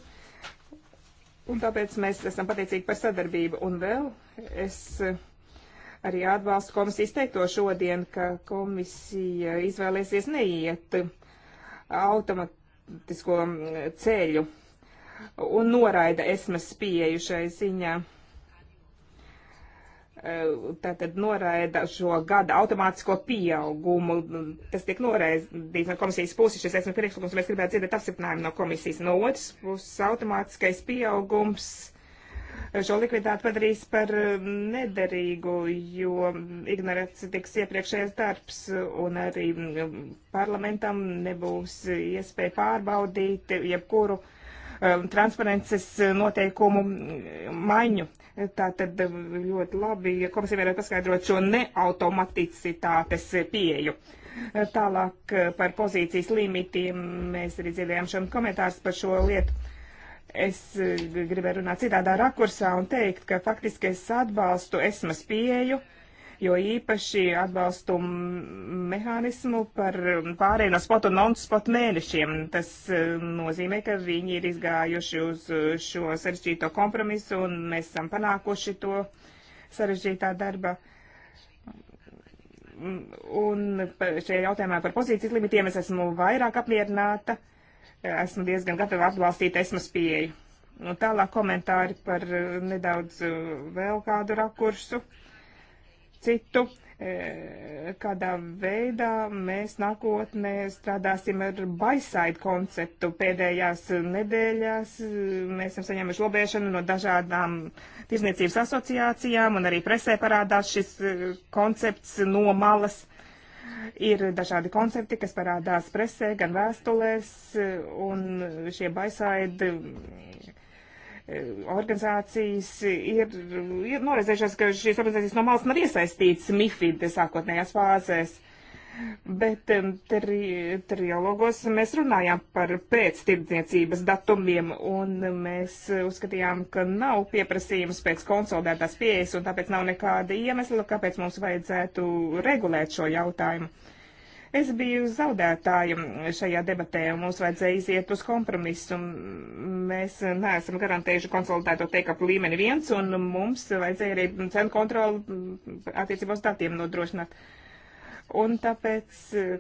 Un tāpēc mēs esam pateicīgi par sadarbību. Un vēl es arī atbalstu komisijas teikto šodien, ka komisija izvēlēsies neiet automat politisko mm, ceļu un noraida esmas pieeju šai ziņā. Ehm, tātad noraida šo gada automātisko pieaugumu. Tas tiek noraidīts no komisijas puses. Šis esmu priekšlikums, mēs gribētu dzirdēt apstiprinājumu no komisijas. No otras puses, automātiskais pieaugums šo likviditāti padarīs par um, nederīgu, jo ignorēts tiks iepriekšējais darbs un arī um, parlamentam nebūs iespēja pārbaudīt jebkuru um, transparences noteikumu maiņu. Tā tad ļoti labi, ja komisija varētu paskaidrot šo neautomaticitātes pieju. Tālāk uh, par pozīcijas limitiem mēs arī dzirdējām šiem komentārus par šo lietu. Es e, gribēju runāt citādā rakursā un teikt, ka faktiski es atbalstu esmas pieeju, jo īpaši atbalstu mehānismu par pārēju no spot un non-spot mēnešiem. Tas e, nozīmē, ka viņi ir izgājuši uz e, šo sarežģīto kompromisu un mēs esam panākuši to sarežģītā darba un šajā jautājumā par pozīcijas limitiem es esmu vairāk apmierināta esmu diezgan gatava atbalstīt esmas pieeju. Nu, tālāk komentāri par eh, nedaudz eh, vēl kādu rakursu, citu, eh, kādā veidā mēs nākotnē strādāsim ar baisaidu konceptu. Pēdējās nedēļās mēs esam saņēmuši lobēšanu no dažādām tirzniecības asociācijām un arī presē parādās šis koncepts no malas Ir dažādi koncepti, kas parādās presē, gan vēstulēs, un šie baisaidi eh, organizācijas ir, ir noraizējušās, ka šīs organizācijas no malas nav iesaistītas MIFID sākotnējās fāzēs. Uh, bet tri, trialogos mēs runājām par pēctirdzniecības datumiem, un mēs uzskatījām, ka nav pieprasījums pēc konsolidētās pieejas, un tāpēc nav nekāda iemesla, kāpēc mums vajadzētu regulēt šo jautājumu. Es biju zaudētāja šajā debatē, un mums vajadzēja iziet uz kompromisu. Mēs neesam garantējuši konsultēto teikapu līmeni viens, un mums vajadzēja arī cenu kontroli attiecībā uz datiem nodrošināt. Uh, Un tāpēc,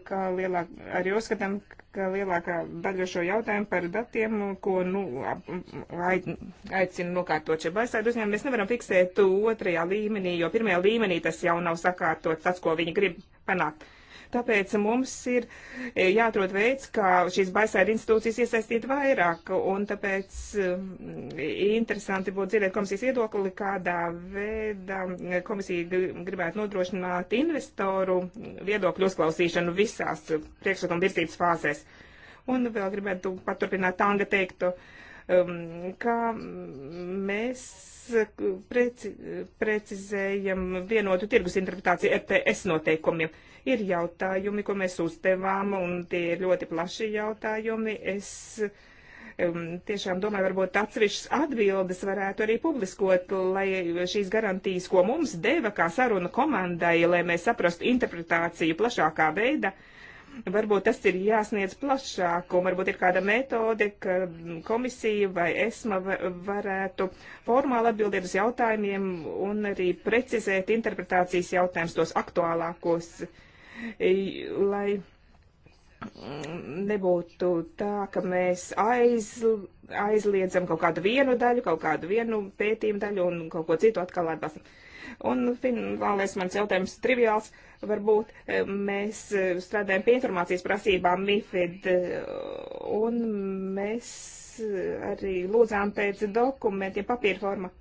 ka lielāk, arī uzskatām, ka lielākā daļa šo jautājumu par datiem, ko nu, aicina nokārtot šie baisādi uzņēmumi, mēs nevaram fiksēt otrajā līmenī, jo pirmajā līmenī tas jau nav sakārtot tas, ko viņi grib panākt. Tāpēc mums ir e, jāatrod veids, kā šīs baisēra institūcijas iesaistīt vairāk, un tāpēc e, interesanti būtu dzirdēt komisijas iedokli, kādā veidā komisija gribētu nodrošināt investoru viedokļu uzklausīšanu visās priekšlikuma virzības fāzēs. Un vēl gribētu paturpināt Tanga teiktu, um, ka mēs preci, precizējam vienotu tirgus interpretāciju ETS noteikumiem. Ir jautājumi, ko mēs uzdevām, un tie ir ļoti plaši jautājumi. Es um, tiešām domāju, varbūt atsevišķas atbildes varētu arī publiskot, lai šīs garantijas, ko mums deva kā saruna komandai, lai mēs saprastu interpretāciju plašākā veidā, varbūt tas ir jāsniedz plašāk, un varbūt ir kāda metode, ka komisija vai esma varētu formāli atbildēt uz jautājumiem un arī precizēt interpretācijas jautājumus, tos aktuālākos jautājumus lai nebūtu tā, ka mēs aiz, aizliedzam kaut kādu vienu daļu, kaut kādu vienu pētījumu daļu un kaut ko citu atkal atbalstam. Un finālais mans jautājums triviāls. Varbūt e, mēs e, strādājam pie informācijas prasībām MIFID e, un mēs arī lūdzām pēc dokumentiem papīra forma.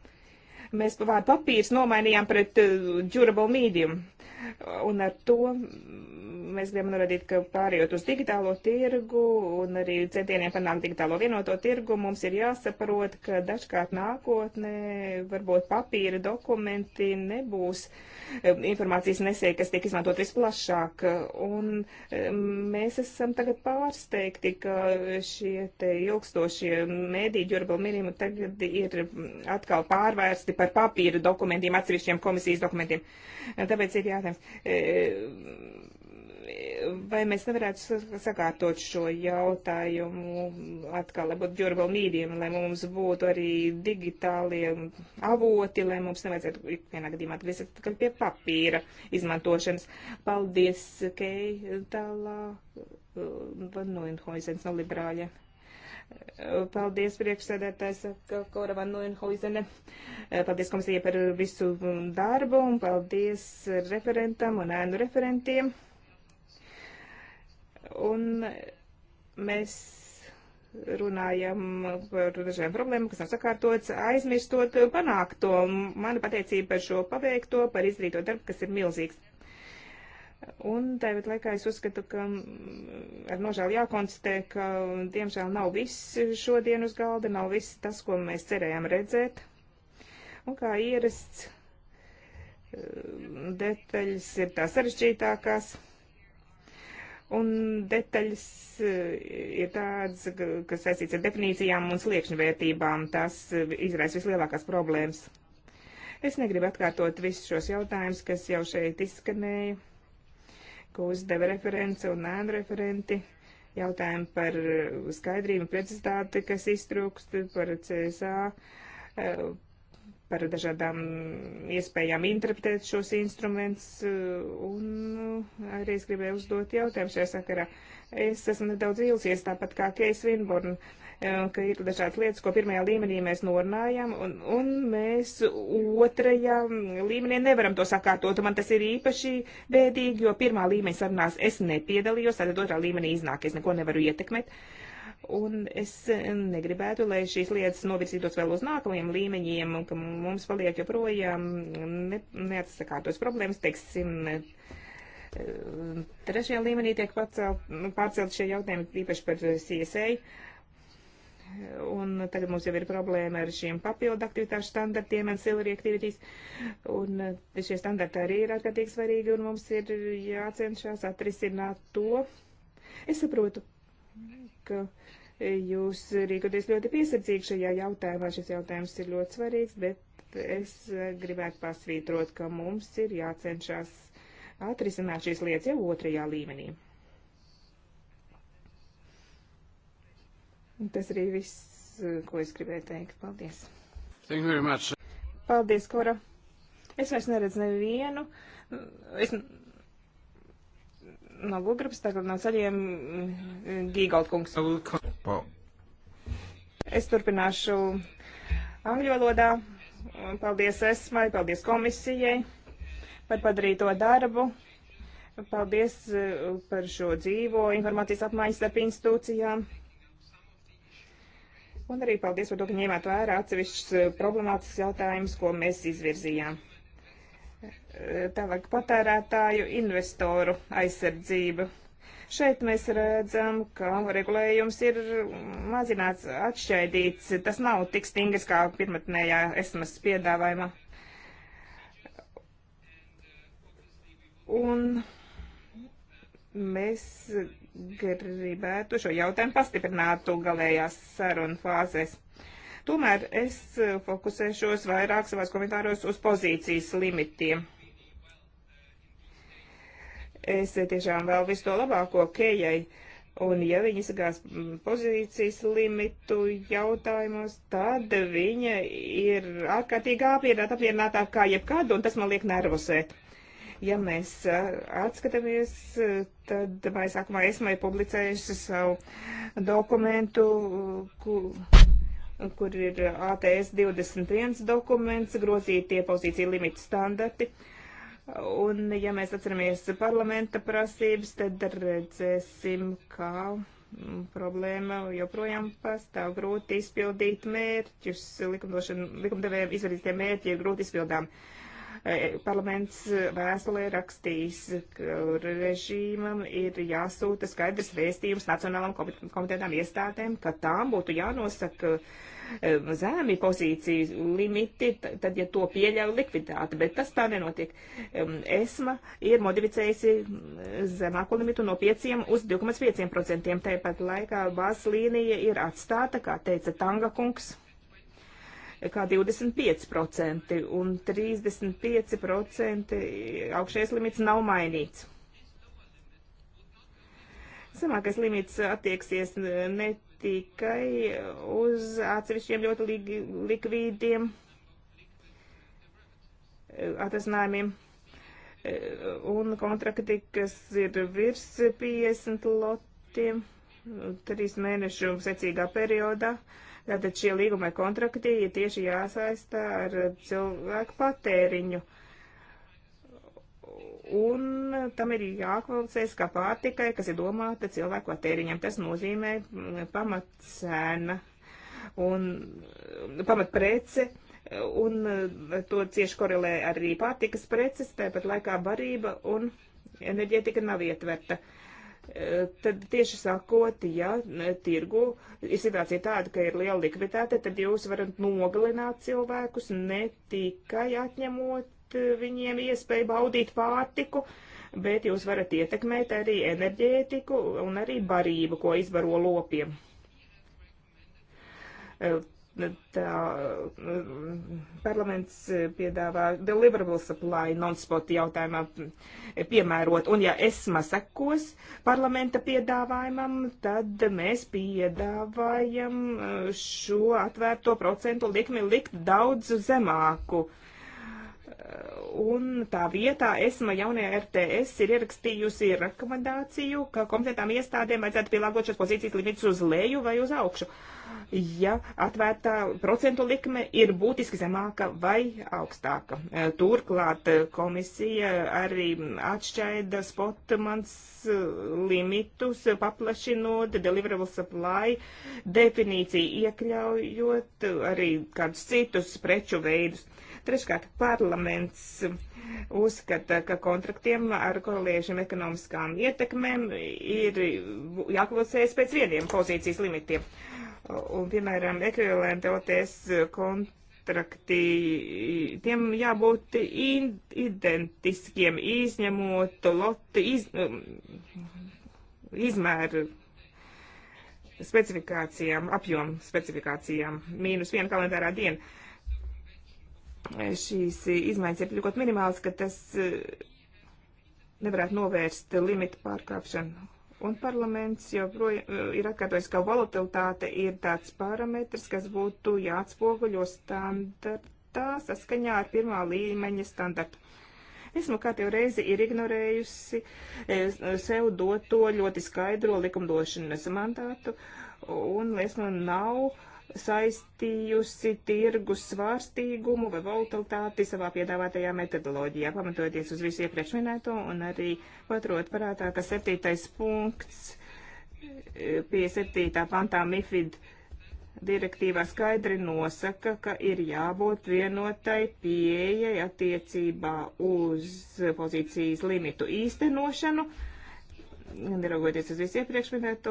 Mēs vārdu papīrs nomainījām pret durable medium. Uh, Un ar to mēs gribam norādīt, ka pārējot uz digitālo tirgu un arī centieniem panākt digitālo vienoto tirgu, mums ir jāsaprot, ka dažkārt nākotnē varbūt papīra dokumenti nebūs uh, Um, informācijas nesēja, kas tiek izmantot visplašāk. Un um, mēs esam tagad pārsteigti, ka šie te ilgstošie mēdī ģurbal mirījumi tagad ir atkal pārvērsti par papīru dokumentiem, atsevišķiem komisijas dokumentiem. Tāpēc ir jātājums vai mēs nevarētu sakārtot šo jautājumu atkal, lai būtu durable medium, lai mums būtu arī digitālie avoti, lai mums nevajadzētu vienā gadījumā atgriezties atpakaļ pie papīra izmantošanas. Paldies, Kei, tālā uh, Van Nuenhoizens no liberāļa. Uh, paldies, priekšsēdētājs Kora Van Nuenhoizene. Uh, paldies komisijai par visu darbu un paldies referentam un ēnu referentiem. Un mēs runājam par dažiem problēmām, kas nav sakārtots, aizmirstot panākto. Mana pateicība par šo paveikto, par izdarīto darbu, kas ir milzīgs. Un tāpat laikā es uzskatu, ka ar nožēlu jākonstatē, ka diemžēl nav viss šodien uz galda, nav viss tas, ko mēs cerējām redzēt. Un kā ierasts, eh, detaļas ir tā sarežģītākās. Un detaļas eh, ir tādas, kas saistīts ar definīcijām un sliekšņvērtībām. Tās eh, izraisa vislielākās problēmas. Es negribu atkārtot visus šos jautājumus, kas jau šeit izskanēja, ko uzdeva referents un ēnu referenti. Jautājumi par eh, skaidrību, precizitāti, kas iztrūkst, par CSA par dažādām iespējām interpretēt šos instrumentus, eh, un eh, arī es gribēju uzdot jautājumu šajā sakarā. Es esmu nedaudz vīlusies, tāpat kā Keis Vinborn, eh, ka ir dažādas lietas, ko pirmajā līmenī mēs norunājam, un, un mēs otrajā līmenī nevaram to sakārtot. Man tas ir īpaši bēdīgi, jo pirmā līmeņa sarunās es nepiedalījos, tātad otrā līmenī iznāk, es neko nevaru ietekmēt. Uh, Un es negribētu, lai šīs lietas novirzītos vēl uz nākamajiem līmeņiem, un ka mums paliek joprojām ne, neatsakātos problēmas, teiksim, eh, trešajā līmenī tiek pacelt, nu, pārcelt šie jautājumi, īpaši par CSA. Un tagad mums jau ir problēma ar šiem papildu aktivitāšu standartiem, ancillary activities, un eh, šie standarti arī ir ārkārtīgi svarīgi, un mums ir jācenšas atrisināt to. Es saprotu, ka Jūs rīkoties ļoti piesardzīgi šajā jautājumā. Šis jautājums ir ļoti svarīgs, bet es gribētu pasvītrot, ka mums ir jācenšas atrisināt šīs lietas jau otrajā līmenī. Un tas arī viss, ko es gribēju teikt. Paldies! Thank you very much. Paldies, Kora! Es vairs neredzu nevienu. Es no Gulgrupas, tagad no zaļiem mm, Gīgaldkungs. Es turpināšu angļu valodā. Paldies ESMai, paldies komisijai par padarīto darbu. Paldies eh, par šo dzīvo informācijas apmaiņas starp institūcijām. Un arī paldies par to, ka ņēmāt vērā atsevišķus eh, problemātiskus jautājumus, ko mēs izvirzījām. Eh, tālāk patērētāju investoru aizsardzību. Šeit mēs redzam, ka regulējums ir mazināts, atšķaidīts. Tas nav tik stingrs kā pirmatnējā esmas piedāvājumā. Un mēs gribētu šo jautājumu pastiprinātu galējās sarunu fāzēs. Tomēr es fokusēšos vairāk savās komentāros uz pozīcijas limitiem. Es tiešām vēl visu to labāko Kejai. Un ja viņa sagās pozīcijas limitu jautājumos, tad viņa ir ārkārtīgi apmierināta, apmierinātāk kā jebkad, un tas man liek nervosēt. Ja mēs atskatāmies, tad vai sākumā esmu publicējusi savu dokumentu, kur, kur ir ATS 21 dokuments, grozītie pozīcija limita standarti. Uh, Un, ja mēs atceramies parlamenta prasības, tad redzēsim, kā mm, problēma joprojām pastāv. Grūti izpildīt mērķus, likumdevējiem izvirzītie tie mērķi ir grūti izpildām. E, parlaments vēstulē rakstīs, ka režīmam ir jāsūta skaidrs vēstījums nacionālam komitētām iestādēm, ka tām būtu jānosaka zemi pozīciju limiti, tad, ja to pieļauj likviditāte, bet tas tā nenotiek. Um, ESMA ir modificējusi zemāko limitu no 5 uz 2,5%. Tāpat laikā bāzes līnija ir atstāta, kā teica Tanga kungs, kā 25%, un 35% augšējais limits nav mainīts. Zemākais limits attieksies ne tikai uz atsevišķiem ļoti likvīdiem eh, atrasinājumiem eh, un kontrakti, kas ir virs 50 lotiem trīs mēnešu secīgā periodā. Tātad šie līguma kontrakti ir tieši jāsaista ar cilvēku patēriņu. Uh, un tam ir jākvalificēs kā pārtikai, kas ir domāta cilvēku patēriņam. Tas nozīmē mm, pamatcēna un mm, pamatprece, un mm, to cieši korelē arī pārtikas preces, tāpat laikā barība un enerģētika nav ietverta. E, tad tieši sakot, ja tirgu ir situācija tāda, ka ir liela likviditāte, tad jūs varat nogalināt cilvēkus ne tikai atņemot Eh, viņiem iespēju baudīt pārtiku, bet jūs varat ietekmēt arī enerģētiku un arī barību, ko izbaro lopiem. Eh, tā, eh, parlaments piedāvā deliverable supply non-spot jautājumā piemērot, un ja esma sekos parlamenta piedāvājumam, tad mēs piedāvājam šo atvērto procentu likmi likt daudz zemāku uh, un tā vietā ESMA jaunajā RTS ir ierakstījusi rekomendāciju, ka kompetentām iestādēm vajadzētu pielāgot šos pozīcijas limitus uz leju vai uz augšu, ja atvērtā procentu likme ir būtiski zemāka vai augstāka. E, turklāt e, komisija arī atšķaida spotmans e, limitus, paplašinot deliverable supply definīciju, iekļaujot arī kādus citus preču veidus. Uh, Treškārt, parlaments uzskata, ka kontraktiem ar korelējušiem ekonomiskām ietekmēm ir jāklausējas pēc vieniem pozīcijas limitiem. Un, piemēram, ekvivalenta OTS kontraktiem kontrakti, tiem jābūt identiskiem, izņemot lotu iz, um, izmēru specifikācijām, apjomu specifikācijām, mīnus viena kalendārā diena šīs izmaiņas ir ļoti minimāls, ka tas eh, nevarētu novērst limitu pārkāpšanu. Un parlaments joprojām eh, ir atkārtojis, ka volatilitāte ir tāds parametrs, kas būtu jāatspoguļo standartā saskaņā ar pirmā līmeņa standartu. Esmu kā jau reizi ir ignorējusi eh, sev doto ļoti skaidro likumdošanas mandātu, un esmu nu nav uh, saistījusi tirgus svārstīgumu vai volatilitāti savā piedāvātajā metodoloģijā, pamatojoties uz visu iepriekš minēto un arī paturot parātā, ka septītais punkts e, pie septītā pantā MIFID direktīvā skaidri nosaka, ka ir jābūt vienotai pieejai attiecībā uz pozīcijas limitu īstenošanu. Uh, neraugoties uz visu iepriekš minēto,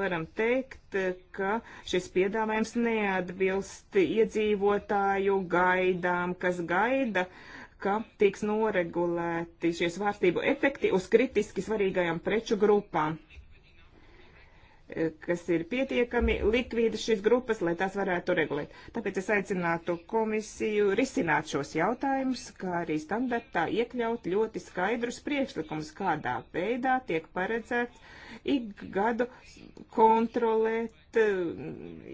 varam teikt, ka šis piedāvājums neatbilst iedzīvotāju gaidām, kas gaida, ka tiks noregulēti šie svārstību efekti uz kritiski svarīgajām preču grupām kas ir pietiekami likvīdas šīs grupas, lai tās varētu regulēt. Tāpēc es aicinātu komisiju risināt šos jautājumus, kā arī standartā iekļaut ļoti skaidrus priekšlikumus, kādā veidā tiek paredzēts ik gadu kontrolēt eh,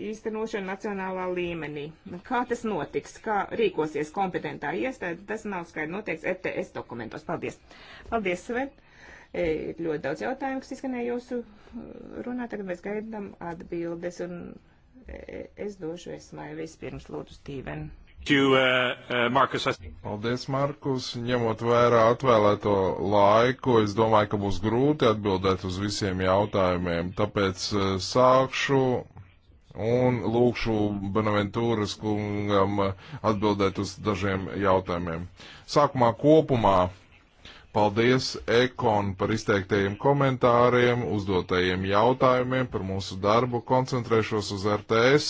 īstenošanu nacionālā līmenī. Kā tas notiks, kā rīkosies kompetentā iestāde, tas nav skaidri noteikts ETS dokumentos. Paldies! Paldies, Sven! Ir ļoti daudz jautājumu, kas izskanēja jūsu uh, runā, tagad mēs gaidām atbildes, un e, e, es došu esmai vispirms lūdzu Stīvenu. Uh, uh, Paldies, Markus. Ņemot vērā atvēlēto laiku, es domāju, ka būs grūti atbildēt uz visiem jautājumiem, tāpēc sākšu un lūkšu Benaventūras kungam atbildēt uz dažiem jautājumiem. Sākumā kopumā Paldies Ekon par izteiktajiem komentāriem, uzdotajiem jautājumiem par mūsu darbu. Koncentrēšos uz RTS,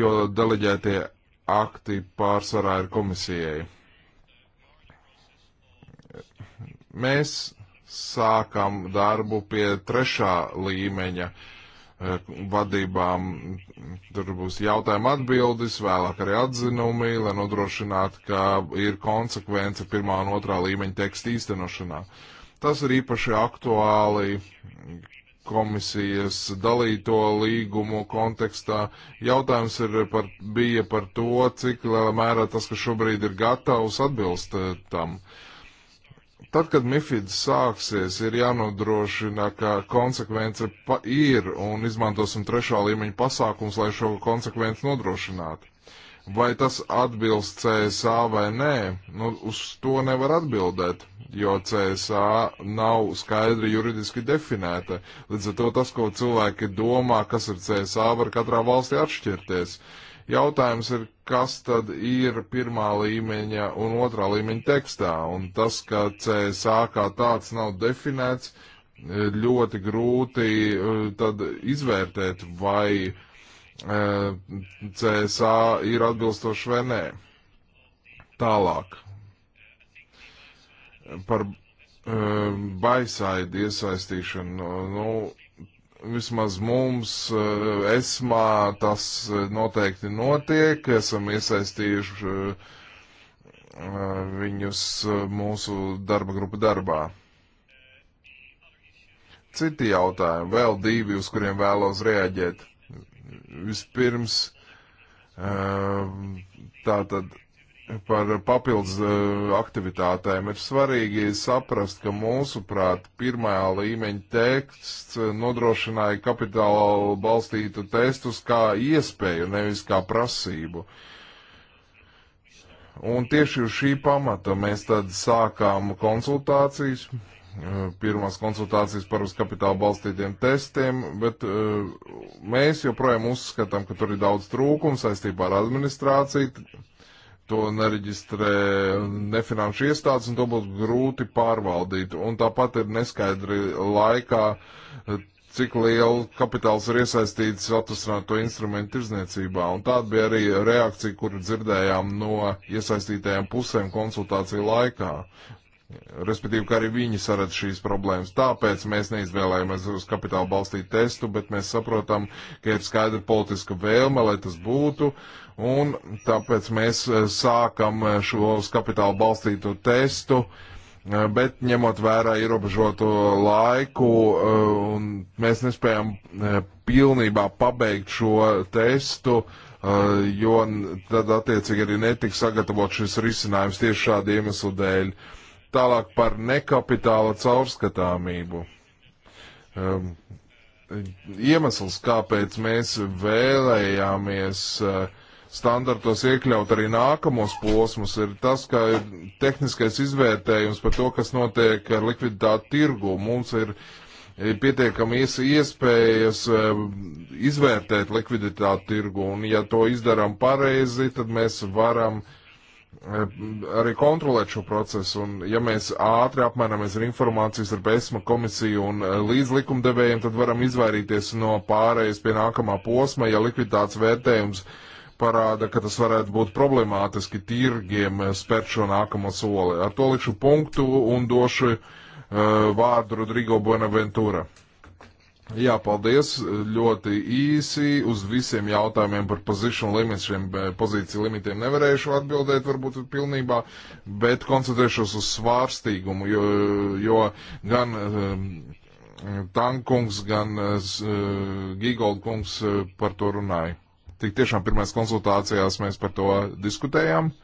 jo deleģētie akti pārsvarā ir komisijai. Mēs sākam darbu pie trešā līmeņa uh, vadībām. Tur būs jautājuma atbildes, vēlāk arī atzinumi, lai nodrošinātu, ka ir konsekvence pirmā un otrā līmeņa teksta īstenošanā. Tas ir īpaši aktuāli komisijas dalīto līgumu kontekstā. Jautājums ir par, bija par to, cik lielā mērā tas, kas šobrīd ir gatavs, atbilst eh, tam. Uh, Tad, kad MIFID sāksies, ir jānodrošina, ka konsekvence ir un izmantosim trešā līmeņa pasākums, lai šo konsekvenci nodrošinātu. Vai tas atbilst CSA vai nē, nu, uz to nevar atbildēt, jo CSA nav skaidri juridiski definēta. Līdz ar to tas, ko cilvēki domā, kas ir CSA, var katrā valstī atšķirties. Uh, Jautājums ir, kas tad ir pirmā līmeņa un otrā līmeņa tekstā, un tas, ka CSA kā tāds nav definēts, ļoti grūti eh, tad izvērtēt, vai eh, CSA ir atbilstoši vai nē. Tālāk par eh, baisaidu iesaistīšanu. Nu, vismaz mums, eh, esmā, tas eh, noteikti notiek, esam iesaistījuši eh, viņus mūsu darba grupu darbā. Citi jautājumi, vēl divi, uz kuriem vēlos reaģēt. Vispirms, tātad par papildus eh, aktivitātēm ir svarīgi saprast, ka mūsuprāt pirmajā līmeņa teksts eh, nodrošināja kapitāla balstītu testus kā iespēju, nevis kā prasību. Un tieši uz šī pamata mēs tad sākām konsultācijas, eh, pirmās konsultācijas par uz kapitāla balstītiem testiem, bet mēs joprojām uzskatām, ka tur ir daudz trūkums saistībā ar administrāciju to nereģistrē nefinanšu iestādes, un to būs grūti pārvaldīt. Un tāpat ir neskaidri laikā, cik liela kapitāls ir iesaistīts atrastināto instrumentu tirzniecībā. Un tāda bija arī reakcija, kuru dzirdējām no iesaistītajām pusēm konsultāciju laikā respektīvi, ka arī viņi sarad šīs problēmas. Tāpēc mēs neizvēlējāmies uz kapitāla balstīt testu, bet mēs saprotam, ka ir skaidra politiska vēlme, lai tas būtu, un tāpēc mēs eh, sākam eh, šo uz kapitāla balstītu testu, eh, bet ņemot vērā ierobežoto laiku, un mēs nespējam pilnībā pabeigt šo testu, jo tad attiecīgi arī netiks sagatavot šis risinājums tieši šādu iemeslu dēļ. Uh, Tālāk par nekapitāla caurskatāmību. Um, iemesls, kāpēc mēs vēlējāmies uh, standartos iekļaut arī nākamos posmus, ir tas, ka ir tehniskais izvērtējums par to, kas notiek ar likviditāti tirgu. Mums ir pietiekami iespējas um, izvērtēt likviditāti tirgu, un ja to izdarām pareizi, tad mēs varam uh, arī kontrolēt šo procesu. Un, ja mēs ātri apmainamies ar informācijas ar BESMA komisiju un eh, līdz likumdevējiem, tad varam izvairīties no pārējas pie nākamā posma, ja likviditātes vērtējums parāda, ka tas varētu būt problemātiski tirgiem eh, spērt šo nākamo soli. Ar to likšu punktu un došu uh, vārdu Rodrigo Buenaventura. Jā, paldies. Ļoti īsi uz visiem jautājumiem par position limits, šiem eh, pozīciju limitiem nevarēšu atbildēt varbūt pilnībā, bet koncentrēšos uz svārstīgumu, jo, jo gan um, ehm, Tankungs, gan uh, eh, eh, Gigoldkungs par to runāja. Tik tiešām pirmajās konsultācijās mēs par to diskutējām. Uh,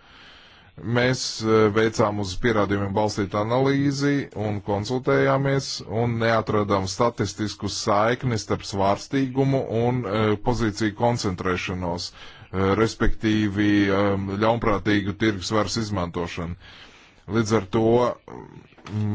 Mēs eh, veicām uz pierādījumiem balstītu analīzi un konsultējāmies un neatradām statistisku saikni starp svārstīgumu un eh, pozīciju koncentrēšanos, eh, respektīvi ļaunprātīgu tirgus varas izmantošanu. Līdz ar to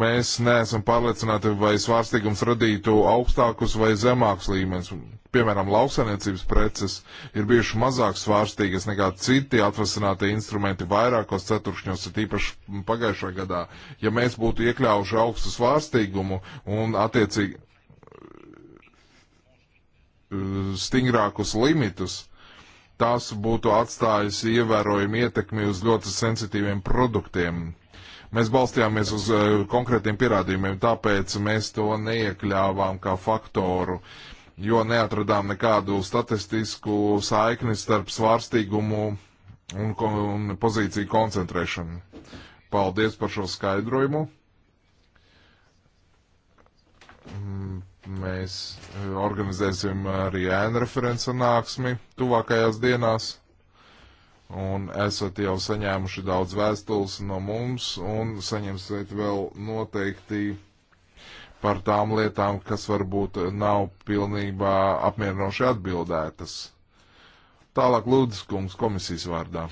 mēs neesam pārliecināti, vai svārstīgums radītu augstākus vai zemākus līmenis. Piemēram, lauksaniecības preces ir bijuši mazāk svārstīgas nekā citi atvasinātie instrumenti vairākos ceturkšņos, ir īpaši pagājušā gadā. Ja mēs būtu iekļaujuši augstu svārstīgumu un attiecīgi eh, stingrākus limitus, tas būtu atstājis ievērojumu ietekmi uz ļoti sensitīviem produktiem Mēs balstījāmies uz uh, konkrētiem pierādījumiem, tāpēc mēs to neiekļāvām kā faktoru, jo neatradām nekādu statistisku saikni starp svārstīgumu un, un pozīciju koncentrēšanu. Paldies par šo skaidrojumu. Mm, mēs eh, organizēsim arī ēnu referents sanāksmi tuvākajās dienās un esat jau saņēmuši daudz vēstules no mums un saņemsiet vēl noteikti par tām lietām, kas varbūt nav pilnībā apmierinoši atbildētas. Tālāk Lūdzu kungs komisijas vārdā.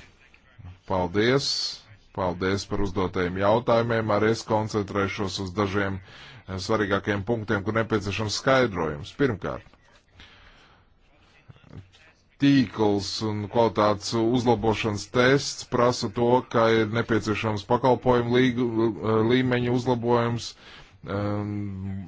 Paldies! Paldies par uzdotajiem jautājumiem. Arī es koncentrēšos uz dažiem svarīgākiem punktiem, kur nepieciešams skaidrojums. Pirmkārt, tīkls un kvalitātes uzlabošanas tests prasa to, ka ir nepieciešams pakalpojumu līgu, līmeņu uzlabojums, um,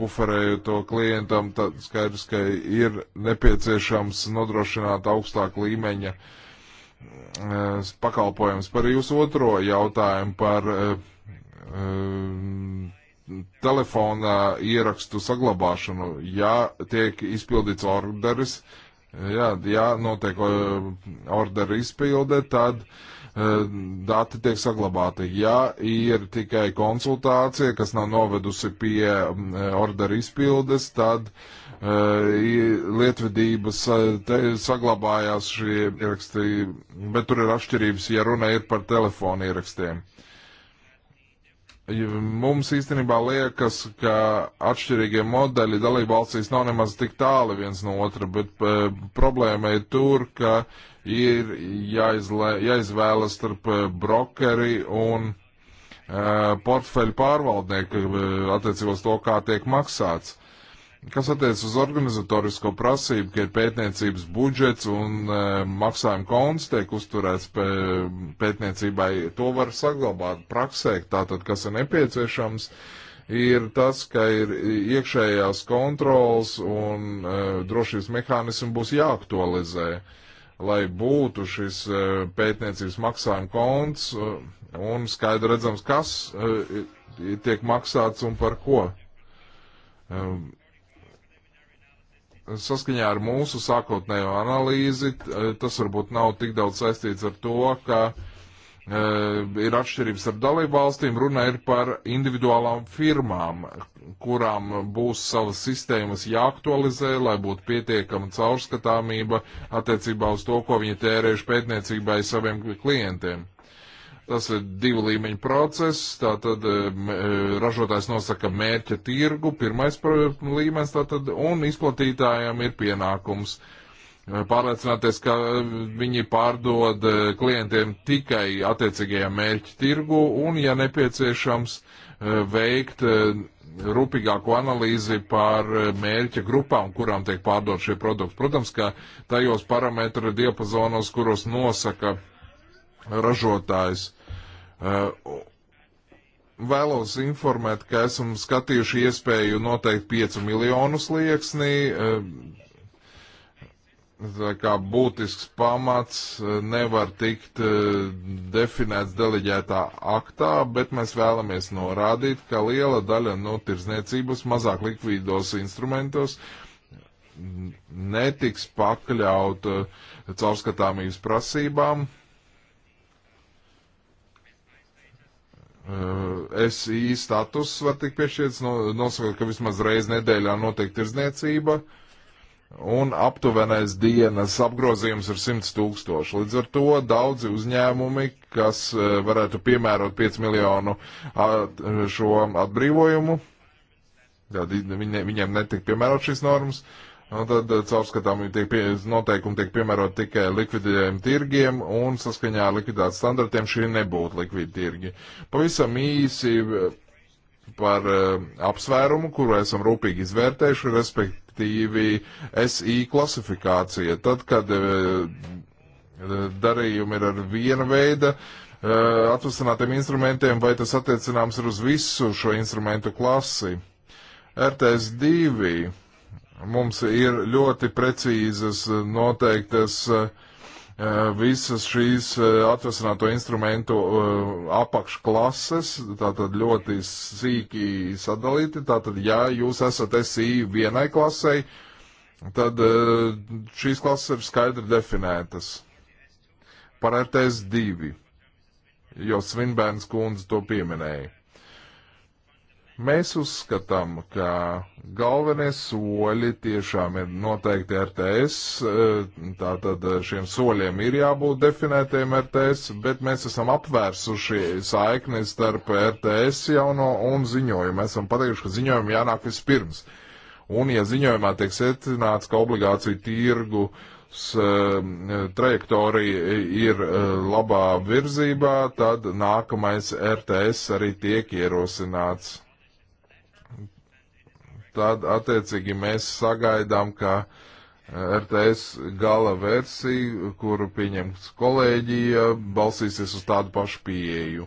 buferēju to klientam, tad skaidrs, ka ir nepieciešams nodrošināt augstāku līmeņa uh, pakalpojums. Par jūsu otro jautājumu par uh, um, telefonā ierakstu saglabāšanu, ja tiek izpildīts orderis, uh, Jā, jā notiek uh, orderu izpilde, tad uh, dati tiek saglabāti. Ja ir tikai konsultācija, kas nav novedusi pie uh, um, orderu izpildes, tad uh, lietvedības uh, te, saglabājās šie ieraksti, bet tur ir atšķirības, ja runa ir par telefonu ierakstiem. Mums īstenībā liekas, ka atšķirīgie modeļi dalībvalstīs nav nemaz tik tāli viens no otra, bet e, problēma ir tur, ka ir jāizlē, jāizvēlas starp eh, brokeri un e, portfeļu pārvaldnieku e, eh, attiecībos to, kā tiek maksāts. Kas attiecas uz organizatorisko prasību, ka ir pētniecības budžets un e, maksājuma konts tiek uzturēts pē, pētniecībai, to var saglabāt praksē. Tātad, kas ir nepieciešams, ir tas, ka ir iekšējās kontrols un e, drošības mehānismi būs jāaktualizē, lai būtu šis e, pētniecības maksājuma konts e, un skaidri redzams, kas e, tiek maksāts un par ko. Um, saskaņā ar mūsu sākotnējo analīzi, eh, tas varbūt nav tik daudz saistīts ar to, ka uh, ir atšķirības ar dalību valstīm, runa ir par individuālām firmām, kurām būs savas sistēmas jāaktualizē, lai būtu pietiekama caurskatāmība attiecībā uz to, ko viņi tērējuši pētniecībai saviem klientiem. Tas ir divu līmeņu process. Tātad eh, eh, ražotājs nosaka mērķa tirgu, pirmais līmenis, tātad, un izplatītājiem ir pienākums eh, pārliecināties, ka viņi pārdod klientiem tikai attiecīgajā mērķa tirgu un, ja nepieciešams, veikt rūpīgāku analīzi par mērķa grupām, kurām tiek pārdot šie produkti. Protams, ka tajos parametra diapazonos, kuros nosaka ražotājs. Uh, vēlos informēt, ka esam skatījuši iespēju noteikt 5 miljonu slieksnī, uh, kā būtisks pamats uh, nevar tikt definēts deleģētā aktā, bet mēs vēlamies norādīt, ka liela daļa no tirzniecības mazāk likvīdos instrumentos netiks pakļauta caurskatāmības prasībām, Eh, SI status var tikt piešķirts, no, nosakot, ka vismaz reiz nedēļā notiek tirzniecība, un aptuvenais dienas apgrozījums ir 100 tūkstoši. Līdz ar to daudzi uzņēmumi, kas eh, varētu piemērot 5 miljonu at, šo atbrīvojumu, tad viņiem netika piemērot šīs normas, uh, Nu, tad eh, caurskatāmība tiek pie, noteikumi tiek piemērot tikai likvidējiem tirgiem un saskaņā ar likviditātes standartiem šī nebūtu likvidi tirgi. Pavisam īsi eh, par uh, apsvērumu, kuru esam rūpīgi izvērtējuši, respektīvi SI klasifikācija. Tad, kad uh, darījumi ir ar viena veida uh, atvasinātiem instrumentiem, vai tas attiecināms ir uz visu šo instrumentu klasi. RTS 2 Mums ir ļoti precīzas noteiktas eh, visas šīs eh, atvesināto instrumentu eh, apakšklases, tātad ļoti sīki sadalīti. Tātad, ja jūs esat SI vienai klasei, tad šīs klases ir skaidri definētas. Par RTS 2, jo Svinbērns kundze to pieminēja. Mēs uzskatām, ka galvenie soļi tiešām ir noteikti RTS, eh, tātad eh, šiem soļiem ir jābūt definētiem RTS, bet mēs esam apvērsuši saikni starp RTS jauno un ziņojumu. Mēs esam pateikuši, ka ziņojumu jānāk vispirms. Un ja ziņojumā tiek secināts, ka obligāciju tirgu eh, trajektorija ir labā virzībā, tad nākamais RTS arī tiek ierosināts tad attiecīgi mēs sagaidām, ka eh, RTS gala versija, kuru pieņems kolēģija, eh, balsīsies uz tādu pašu pieeju.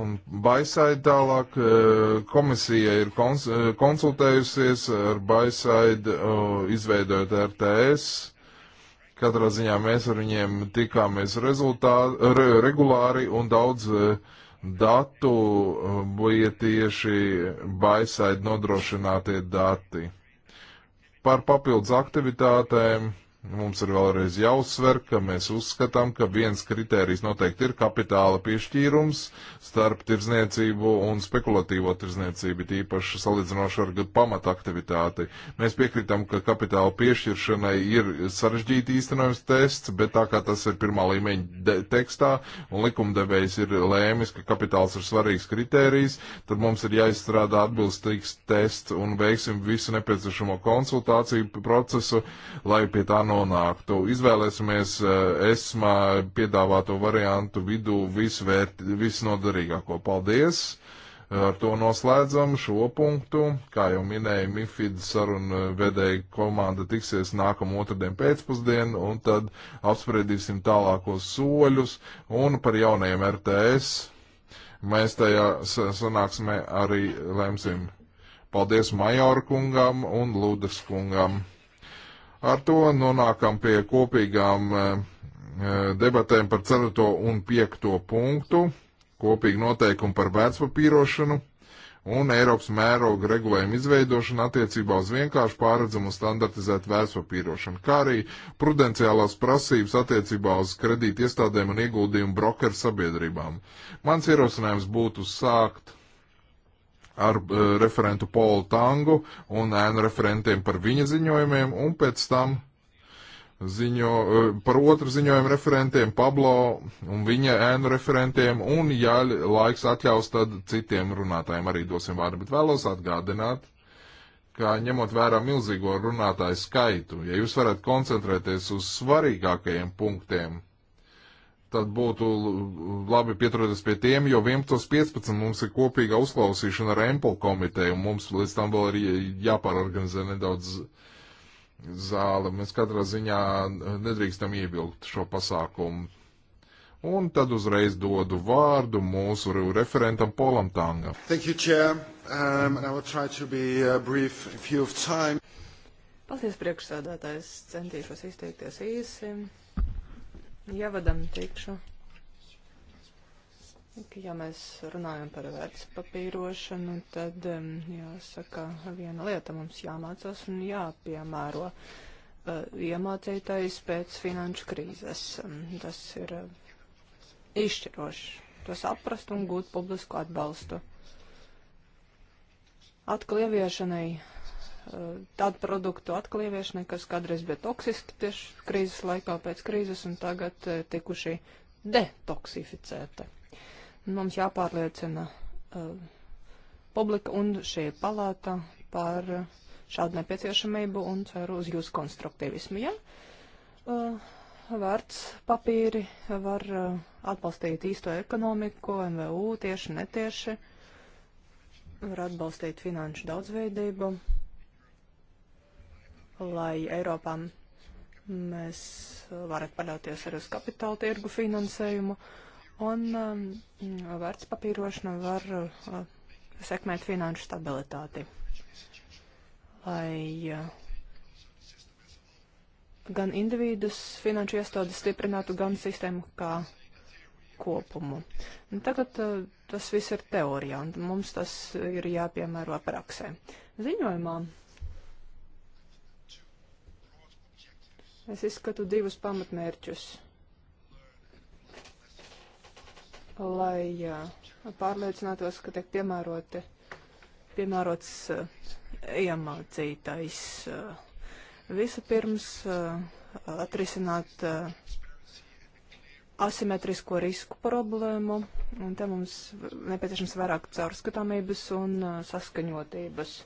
Un Baisai tālāk eh, komisija ir kons konsultējusies ar Baisai, izveidojot RTS. Katrā ziņā mēs ar viņiem tikāmies re regulāri un daudz uh, datu uh, bija tieši baisaid nodrošinātie dati. Par papildus aktivitātēm Mums ir vēlreiz jāuzsver, ka mēs uzskatām, ka viens kritērijs noteikti ir kapitāla piešķīrums starp tirzniecību un spekulatīvo tirzniecību, tīpaši salīdzinoši ar pamataktivitāti. Mēs piekritam, ka kapitāla piešķiršanai ir sarežģīti īstenojums tests, bet tā kā tas ir pirmā līmeņa tekstā un likumdevējs ir lēmis, ka kapitāls ir svarīgs kritērijs, tad mums ir jāizstrādā atbilstīgs tests un veiksim visu nepieciešamo konsultāciju procesu, lai pie tā nonāktu. Izvēlēsimies eh, ESMA piedāvāto variantu vidū visvērt, visnodarīgāko. Paldies! Eh, ar to noslēdzam šo punktu. Kā jau minēja Mifid saruna eh, vedēja komanda tiksies nākamu otrdien pēcpusdienu, un tad apspriedīsim tālākos soļus un par jaunajiem RTS. Mēs tajā sanāksmē arī lemsim. Paldies Majorkungam un Ludas kungam. Ar to nonākam pie kopīgām eh, eh, debatēm par 4. un 5. punktu, kopīgi noteikumi par vērtspapīrošanu un Eiropas mēroga regulējumu izveidošanu attiecībā uz vienkārši pāredzamu standartizētu vērtspapīrošanu, kā arī prudenciālās prasības attiecībā uz kredīt iestādēm un ieguldījumu brokeru sabiedrībām. Mans ierosinājums būtu sākt ar uh, referentu Polu Tangu un ēnu referentiem par viņa ziņojumiem, un pēc tam ziņo, uh, par otru ziņojumu referentiem Pablo un viņa ēnu referentiem, un ja laiks atļaus, tad citiem runātājiem arī dosim vārdu, bet vēlos atgādināt, ka ņemot vērā milzīgo runātāju skaitu, ja jūs varat koncentrēties uz svarīgākajiem punktiem, tad būtu labi pieturēties pie tiem, jo 11.15 mums ir kopīga uzklausīšana ar Empel komiteju, un mums līdz tam vēl ir jāpārorganizē nedaudz zāle. Mēs katrā ziņā nedrīkstam iebilgt šo pasākumu. Un tad uzreiz dodu vārdu mūsu referentam Polam Tangam. Thank you, Chair. Um, and I will try to be uh, brief if you have time. Paldies, priekšsēdētājs. Centīšos izteikties īsi ievadam teikšu, ka ja mēs runājam par vērtspapīrošanu, tad um, jāsaka viena lieta mums jāmācās un jāpiemēro uh, iemācītais pēc finanšu krīzes. Um, tas ir uh, izšķiroši. To saprast un gūt publisku atbalstu. Atkal ieviešanai tādu produktu atkal ieviešanai, kas kādreiz bija toksiski tieši krīzes laikā pēc krīzes un tagad eh, tikuši detoksificēti. Mums jāpārliecina uh, publika un šī palāta par šādu nepieciešamību un ceru uz jūsu konstruktīvismu. Ja? Uh, vērts papīri var uh, atbalstīt īsto ekonomiku, MVU tieši netieši, var atbalstīt finanšu daudzveidību lai Eiropā mēs varētu paļauties arī uz kapitāla tirgu finansējumu, un um, vērtspapīrošana var uh, sekmēt finanšu stabilitāti, lai uh, gan individus finanšu iestādes stiprinātu, gan sistēmu kā kopumu. Un tagad uh, tas viss ir teorijā, un mums tas ir jāpiemēro praksē. Ziņojumā Es izskatu divus pamatmērķus, lai pārliecinātos, ka tiek piemēroti, piemērots iemācītais. Vispirms atrisināt asimetrisko risku problēmu, un te mums nepieciešams vairāk caurskatāmības un saskaņotības.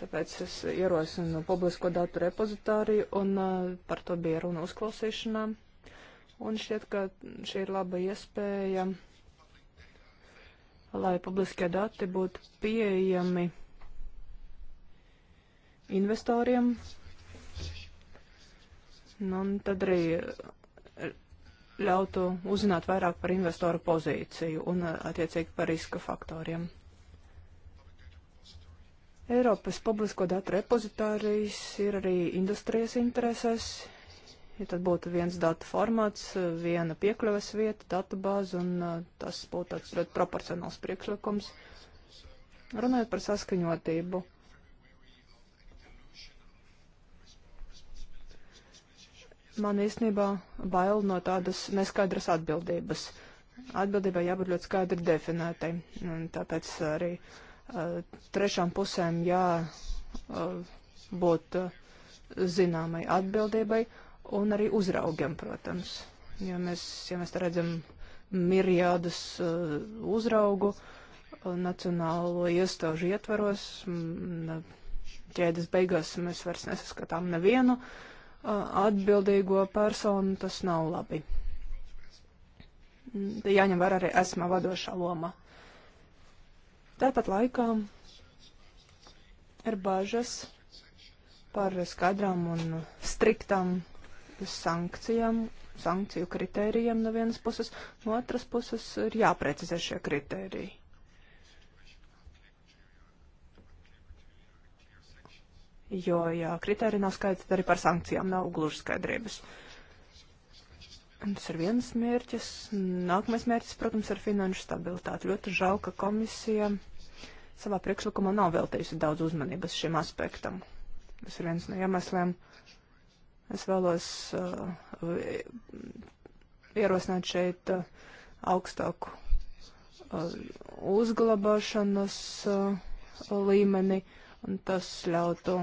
Tāpēc es ierosinu publisko datu repozitāriju, un uh, par to bija runa uzklausīšanā. Un šķiet, ka šī ir laba iespēja, lai publiskie dati būtu pieejami investoriem. Nu, un tad arī ļautu uzzināt vairāk par investoru pozīciju un eh, attiecīgi par riska faktoriem. Eiropas publisko datu repozitārijas ir arī industrijas interesēs. Ja tad būtu viens datu formāts, viena piekļuves vieta, datu bāze, un uh, tas būtu tāds ļoti proporcionāls priekšlikums. Runājot par saskaņotību. Man īstenībā bail no tādas neskaidras atbildības. Atbildībai jābūt ļoti skaidri definētai, un tāpēc arī uh, trešām pusēm jābūt zināmai atbildībai un arī uzraugiem, protams. Ja mēs, ja mēs redzam miriādas uzraugu nacionālo iestāžu ietvaros, ķēdes beigās mēs vairs nesaskatām nevienu atbildīgo personu, tas nav labi. Jāņem vērā arī esmā vadošā loma Tāpat laikā ir bažas par skaidrām un striktām sankcijām, sankciju kritērijiem no vienas puses, no otras puses ir jāprecizē šie kritēriji. Jo, jā, kritērija nav skaidrs, arī par sankcijām nav gluži skaidrības. Uh, Tas ir viens mērķis. Nākamais mērķis, protams, ir finanšu stabilitāte. Ļoti žēl, ka komisija savā priekšlikumā nav veltījusi daudz uzmanības šim aspektam. Tas ir viens no iemesliem. Es vēlos uh, ierosināt šeit uh, augstāku uh, uzglabāšanas uh, līmeni, un tas ļautu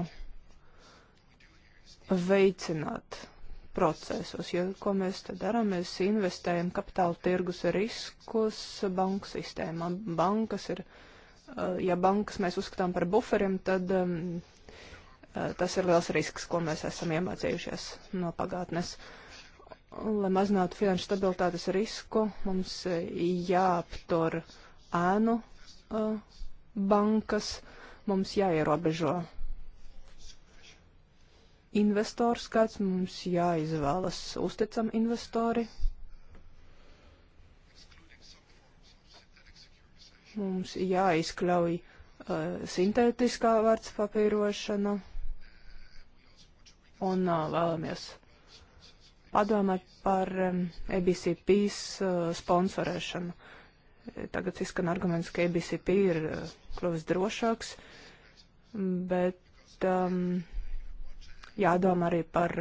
veicināt procesos, jo ko mēs tad darām? Mēs investējam kapitāla tirgus riskus banku sistēmā. Bankas ir, eh, ja bankas mēs uzskatām par buferiem, tad um, tas ir liels risks, ko mēs esam iemācījušies no pagātnes. Lai mazinātu finanšu stabilitātes risku, mums eh, jāaptur ēnu uh, bankas, mums jāierobežo investoru skats, mums jāizvēlas uzticam investori. Mums jāizkļauj uh, sintētiskā vārdspapīrošana un uh, vēlamies padomāt par um, ABCP's uh, eh, sponsorēšanu. Tagad izskan arguments, ka ABCP ir uh, kļuvis drošāks, bet um, jādomā arī par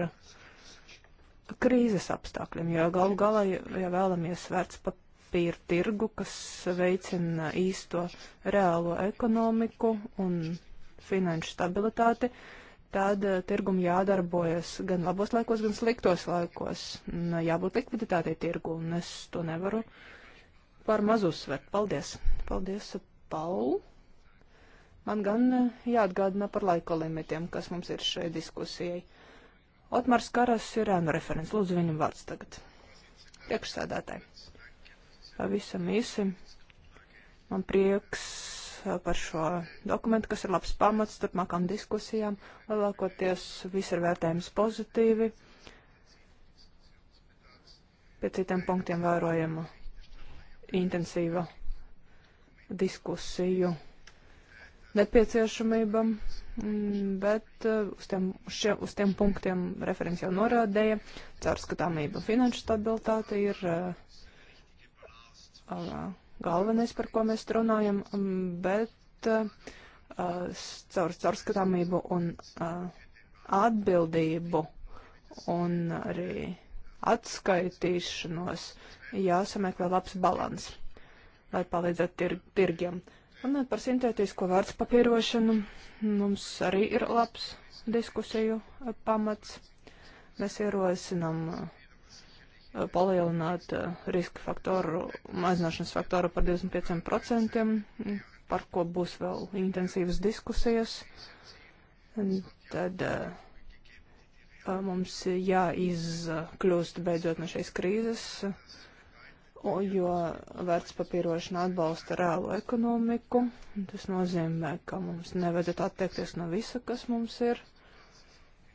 krīzes apstākļiem, jo galu galā, ja vēlamies vērts papīra tirgu, kas veicina īsto reālo ekonomiku un finanšu stabilitāti, tad eh, tirgum jādarbojas gan labos laikos, gan sliktos laikos. Eh, jābūt likviditātei tirgu, un es to nevaru par mazu uzsvert. Paldies! Paldies, Paul! Man gan eh, jāatgādina par laika limitiem, kas mums ir šai diskusijai. Otmars Karas ir ēnu referents. Lūdzu, viņam vārds tagad. Priekšsēdētāji. Pavisam īsi. Man prieks eh, par šo dokumentu, kas ir labs pamats turpmākām diskusijām. Lielākoties viss ir vērtējums pozitīvi. Pie citiem punktiem vērojama intensīva diskusiju nepieciešamība, mm, bet eh, uz tiem, šie, uz tiem punktiem referents jau norādēja. Cārskatāmība un finanšu stabilitāte ir eh, galvenais, par ko mēs runājam, mm, bet eh, caur caurskatāmību un atbildību un arī atskaitīšanos jāsameklē labs balans, lai palīdzētu tir tirgiem. Uh, Runājot par sintētisko vārdu papīrošanu, mums arī ir labs diskusiju pamats. Mēs ierosinām eh, palielināt eh, riska faktoru, mazināšanas faktoru par 25%, par ko būs vēl intensīvas diskusijas. Tad eh, mums jāizkļūst beidzot no šīs krīzes jo vērtspapīrošana atbalsta reālo ekonomiku. Tas nozīmē, ka mums nevajadzētu atteikties no visa, kas mums ir.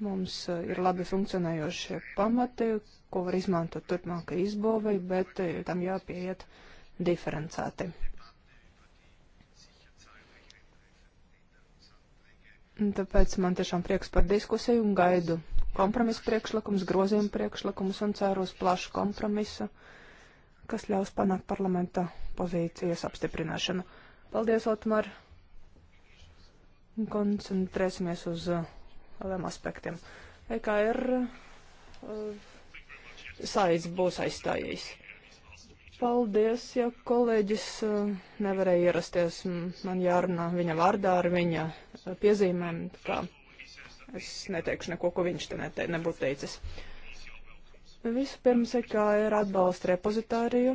Mums eh, ir labi funkcionējošie pamati, ko var izmantot turpmākai izbūvei, bet eh, tam jāpieiet diferencēti. Tāpēc man tiešām prieks par diskusiju un gaidu kompromisu priekšlikumus, grozījumu priekšlikumus un ceru uz plašu kompromisu kas ļaus panākt parlamenta pozīcijas apstiprināšanu. Paldies, Otmar! Koncentrēsimies uz lieliem uh, aspektiem. EKR uh, saiz būs aizstājies. Paldies, ja kolēģis uh, nevarēja ierasties. Man jārunā viņa vārdā ar viņa piezīmēm, kā es neteikšu neko, ko viņš te nete nebūtu teicis. Uh, Vispirms ir, kā ir atbalsta repozitāriju.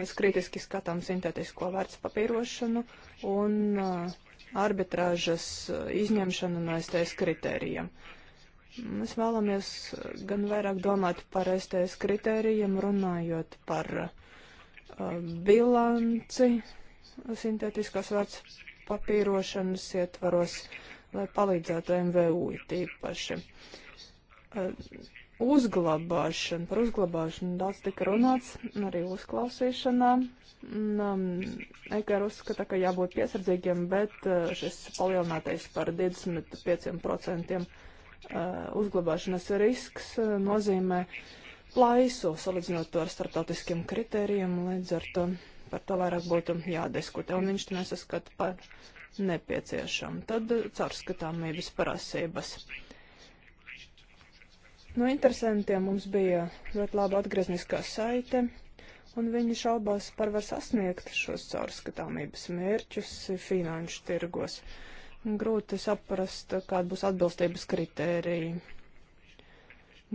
Mēs kritiski skatām sintētisko vērtspapīrošanu un uh, arbitrāžas uh, izņemšanu no STS kritērijiem. Mēs vēlamies uh, gan vairāk domāt par STS kritērijiem, runājot par bilanci sintētiskās vērtspapīrošanas ietvaros, lai palīdzētu MVU tīpaši. Uh, uzglabāšanu. Par uzglabāšanu daudz tika runāts arī uzklausīšanā. Um, Ekar uzskata, ka jābūt piesardzīgiem, bet uh, šis palielinātais par 25% uh, uzglabāšanas risks uh, nozīmē plaisu, salīdzinot to ar startautiskiem kritērijiem, līdz ar to par to vairāk būtu jādiskutē, un viņš to nesaskata par nepieciešamu. Tad uh, cārskatāmības prasības. Uh, No nu, interesantiem mums bija ļoti laba atgriezniskā saite, un viņi šaubās par var sasniegt šos caurskatāmības mērķus finanšu tirgos. Grūti saprast, kāda būs atbilstības kritērija.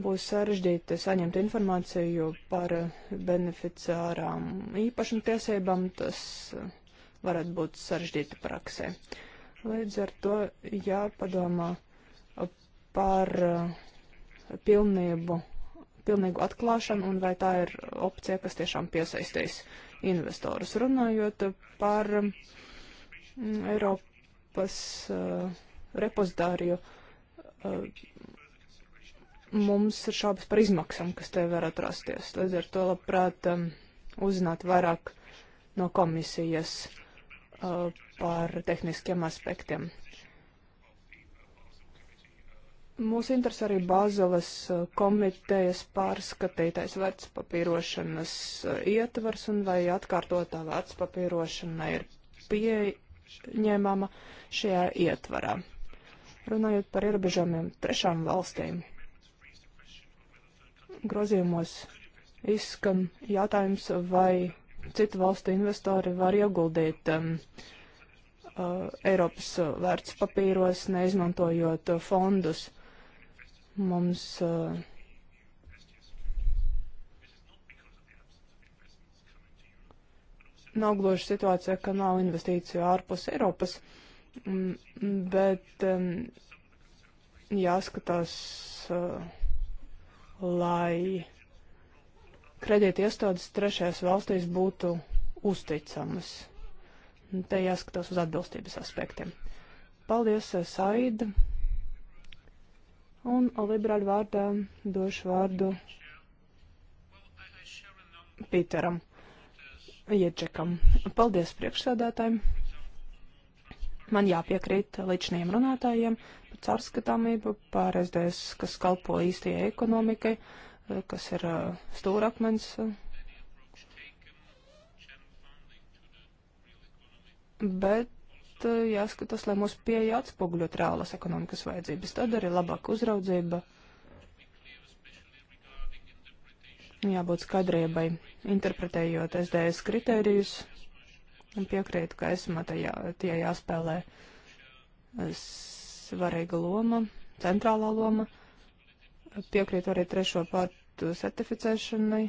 Būs sarežģīti saņemt informāciju par beneficārām īpašuma tiesībām, tas varētu būt sarežģīti praksē. Līdz ar to jāpadomā par pilnību, pilnīgu atklāšanu un vai tā ir opcija, kas tiešām piesaistīs investorus. Runājot par mm, Eiropas uh, repozitāriju, uh, mums ir šāpes par izmaksām, kas te var atrasties. Līdz ar to labprāt um, uzzināt vairāk no komisijas uh, par tehniskiem aspektiem. Mūs interesē arī Bāzeles uh, komitejas pārskatītais vērtspapīrošanas uh, ietvars un vai atkārtotā vērtspapīrošana ir pieņēmama šajā ietvarā. Runājot par ierobežojumiem trešām valstīm, grozījumos izskan jautājums, vai citu valstu investori var ieguldīt um, uh, Eiropas uh, vērtspapīros, neizmantojot fondus. Uh, Mums uh, nav gluži situācija, ka nav investīciju ārpus Eiropas, mm, bet um, jāskatās, uh, lai kredīti iestādes trešajās valstīs būtu uzticamas. Te jāskatās uz atbilstības aspektiem. Paldies, Saida! Un liberāļu vārdā došu vārdu Pīteram Iečekam. Paldies priekšsēdētājiem. Man jāpiekrīt līdziniem runātājiem par cārskatāmību, par SDS, kas kalpo īstajai ekonomikai, kas ir uh, stūrakmens. Bet Eh, jāskatās, lai mūsu pieeja atspoguļot reālas ekonomikas vajadzības. Tad arī labāka uzraudzība. Jābūt skaidrībai, interpretējot SDS kritērijus. Piekrītu, ka esmu tajā, tie jāspēlē eh, svarīga loma, centrālā loma. Piekrītu arī trešo pārtu certificēšanai.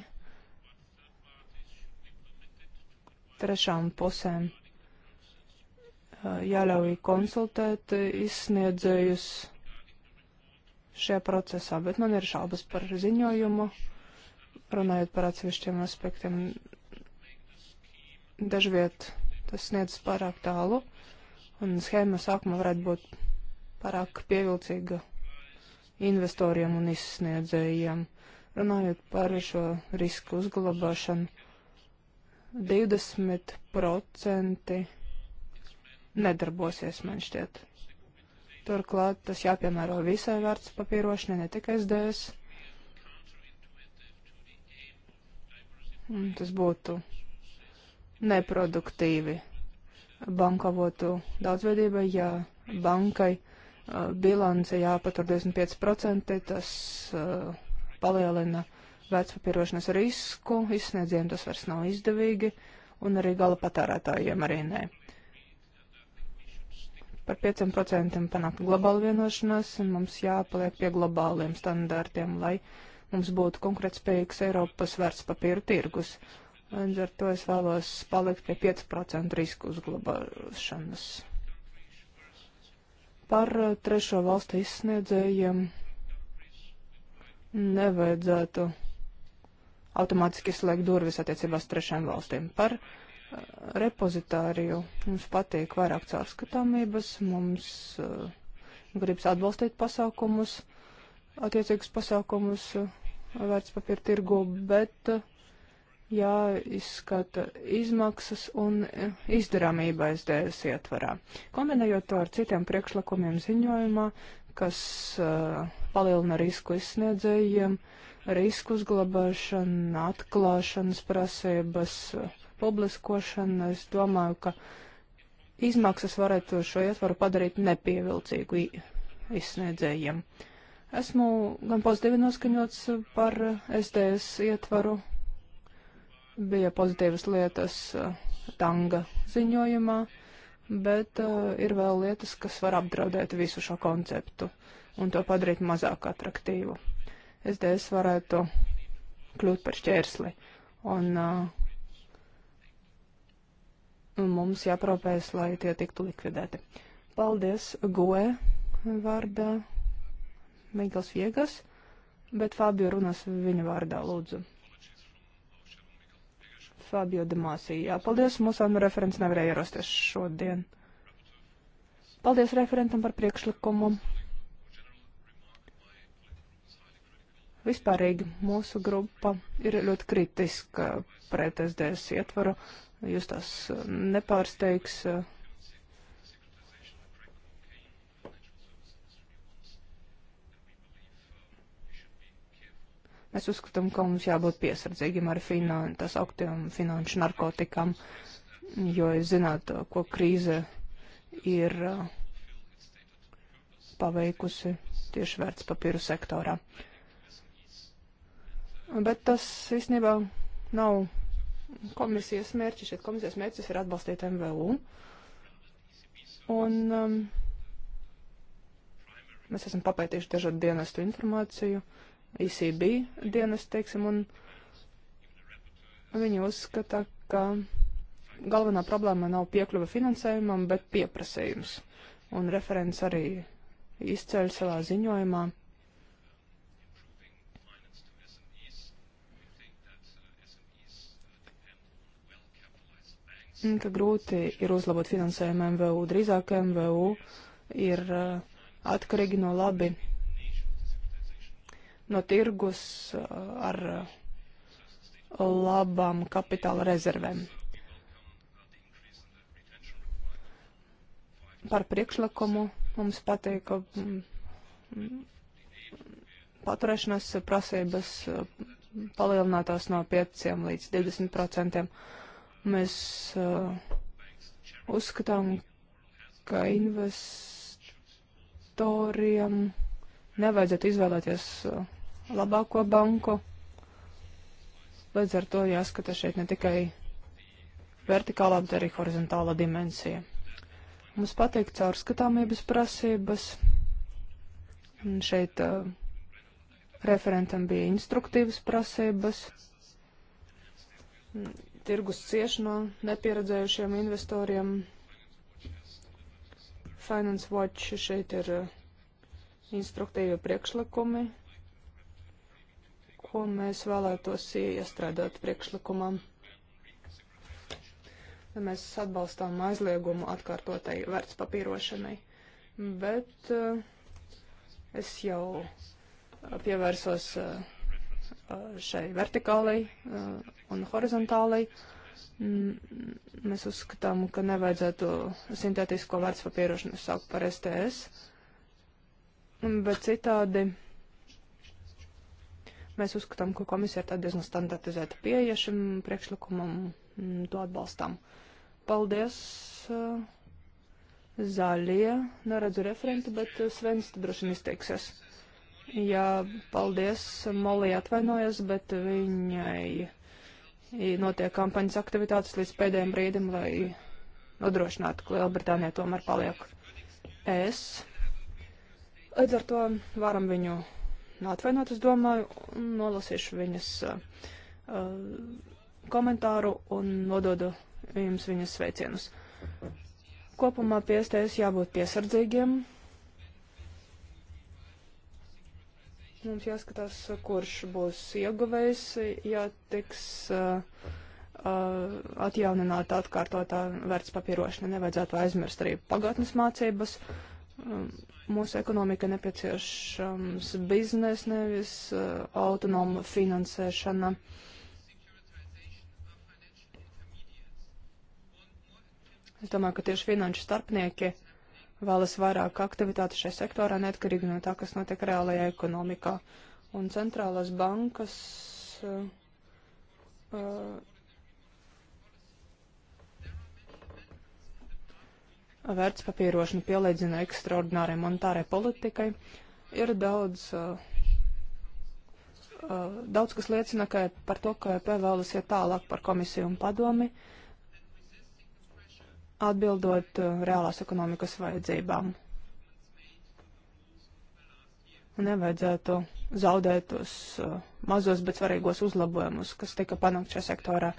Trešām pusēm jāļauj konsultēt izsniedzējus šajā procesā, bet man ir šaubas par ziņojumu, runājot par atsevišķiem aspektiem. Dažviet tas sniedz pārāk tālu, un schēma sākuma varētu būt pārāk pievilcīga investoriem un izsniedzējiem. Runājot par šo risku uzglabāšanu, 20% nedarbosies, man šķiet. Turklāt tas jāpiemēro visai vērts papīrošanai, ne tikai SDS. Un tas būtu neproduktīvi bankavotu daudzveidībai, ja bankai uh, bilance jāpatur 25%, tas uh, palielina vecpapīrošanas risku, izsniedzējiem tas vairs nav izdevīgi, un arī gala patērētājiem arī nē par 5% panākt globālu vienošanos, un mums jāpaliek pie globāliem standārtiem, lai mums būtu konkurētspējīgs Eiropas vērts papīru tirgus. Līdz ar to es vēlos palikt pie 5% risku uzglabāšanas. Par uh, trešo valstu izsniedzējiem nevajadzētu automātiski slēgt durvis attiecībās trešām valstīm. Par uh, repozitāriju. Mums patīk vairāk caurskatāmības, mums uh, gribas atbalstīt pasākumus, attiecīgus pasākumus uh, vērtspapīra tirgu, bet uh, jāizskata izmaksas un izdarāmība SDS ietvarā. Kombinējot to ar citiem priekšlikumiem ziņojumā, kas uh, palielina risku izsniedzējiem, risku uzglabāšanu, atklāšanas prasības. Uh, publiskošana, es domāju, ka izmaksas varētu šo ietvaru padarīt nepievilcīgu izsniedzējiem. Esmu gan pozitīvi noskaņots par SDS ietvaru. Bija pozitīvas lietas eh, tanga ziņojumā, bet uh, ir vēl lietas, kas var apdraudēt visu šo konceptu un to padarīt mazāk atraktīvu. SDS varētu kļūt par šķērsli un uh, mums jāprūpējas, lai tie tiktu likvidēti. Paldies, Goe, vārdā Migls Viegas, bet Fabio runās viņa vārdā, lūdzu. Fabio Demāsī, jā, paldies, mūsu anu referents nevarēja ierasties šodien. Paldies referentam par priekšlikumu. Vispārīgi mūsu grupa ir ļoti kritiska pret SDS ietvaru. Uh, jūs tās eh, nepārsteigs. Eh. Mēs uzskatām, ka mums jābūt piesardzīgiem ar finan tās augtiem finanšu narkotikām, jo jūs zināt, ko krīze ir eh, paveikusi tieši vērts papīru sektorā. Bet tas īstenībā nav komisijas mērķis. Šeit komisijas mērķis ir atbalstīt MVU. Un um, mēs esam papētījuši dažādu dienestu informāciju, ECB dienestu, teiksim, un viņi uzskata, ka galvenā problēma nav piekļuva finansējumam, bet pieprasējums. Un referents arī izceļ savā ziņojumā ka grūti ir uzlabot finansējumu MVU. Drīzāk MVU ir uh, atkarīgi no labi, no tirgus uh, ar uh, labām kapitāla rezervēm. Par priekšlikumu mums patīk mm, mm, paturēšanās prasības palielinātās no 5 līdz 20 procentiem. Uh, Mēs uh, uzskatām, ka investoriem nevajadzētu izvēlēties uh, labāko banku. Līdz ar to jāskata šeit ne tikai vertikālā, bet arī horizontālā dimensija. Mums patīk caurskatāmības prasības. Un šeit uh, referentam bija instruktīvas prasības. Tirgus cieš no nepieredzējušiem investoriem. Finance Watch šeit ir eh, instruktīvi priekšlikumi, ko mēs vēlētos iestrādāt priekšlikumā. Mēs atbalstām aizliegumu atkārtotai vērtspapīrošanai, bet eh, es jau pievērsos uh, Eh, šai vertikālai eh, un horizontālai. Mm, mēs uzskatām, ka nevajadzētu sintētisko vērtspapīrošanu sākt par STS, bet citādi mēs uzskatām, ka komisija ir tāda diezgan standartizēta pieeja šim priekšlikumam, mm, to atbalstām. Paldies! Eh, Zaļie, neredzu referentu, bet Svens droši vien izteiksies. Jā, paldies, Molī atvainojas, bet viņai notiek kampaņas aktivitātes līdz pēdējiem brīdim, lai nodrošinātu, ka Lielbritānija tomēr paliek es. Līdz ar to varam viņu atvainot, es domāju, un nolasīšu viņas uh, komentāru un nododu jums viņas sveicienus. Kopumā piestais jābūt piesardzīgiem Mums jāskatās, kurš būs ieguvējs, ja tiks uh, uh, atjaunināta atkārtotā vērtspapīrošana. Nevajadzētu aizmirst arī pagātnes mācības. Um, mūsu ekonomika nepieciešams biznes, nevis uh, autonoma finansēšana. Es domāju, ka tieši finanšu starpnieki vēlas vairāk aktivitāti šajā sektorā, neatkarīgi no tā, kas notiek reālajā ekonomikā. Un centrālās bankas uh, uh, vērtspapīrošana pielīdzina ekstraordinārai monetārai politikai. Ir daudz, uh, uh daudz, kas liecina, ka par to, ka EP vēlas iet tālāk par komisiju un padomi. Uh, atbildot eh, reālās ekonomikas vajadzībām. Nevajadzētu zaudēt tos eh, mazos, bet svarīgos uzlabojumus, kas tika panākt šajā sektorā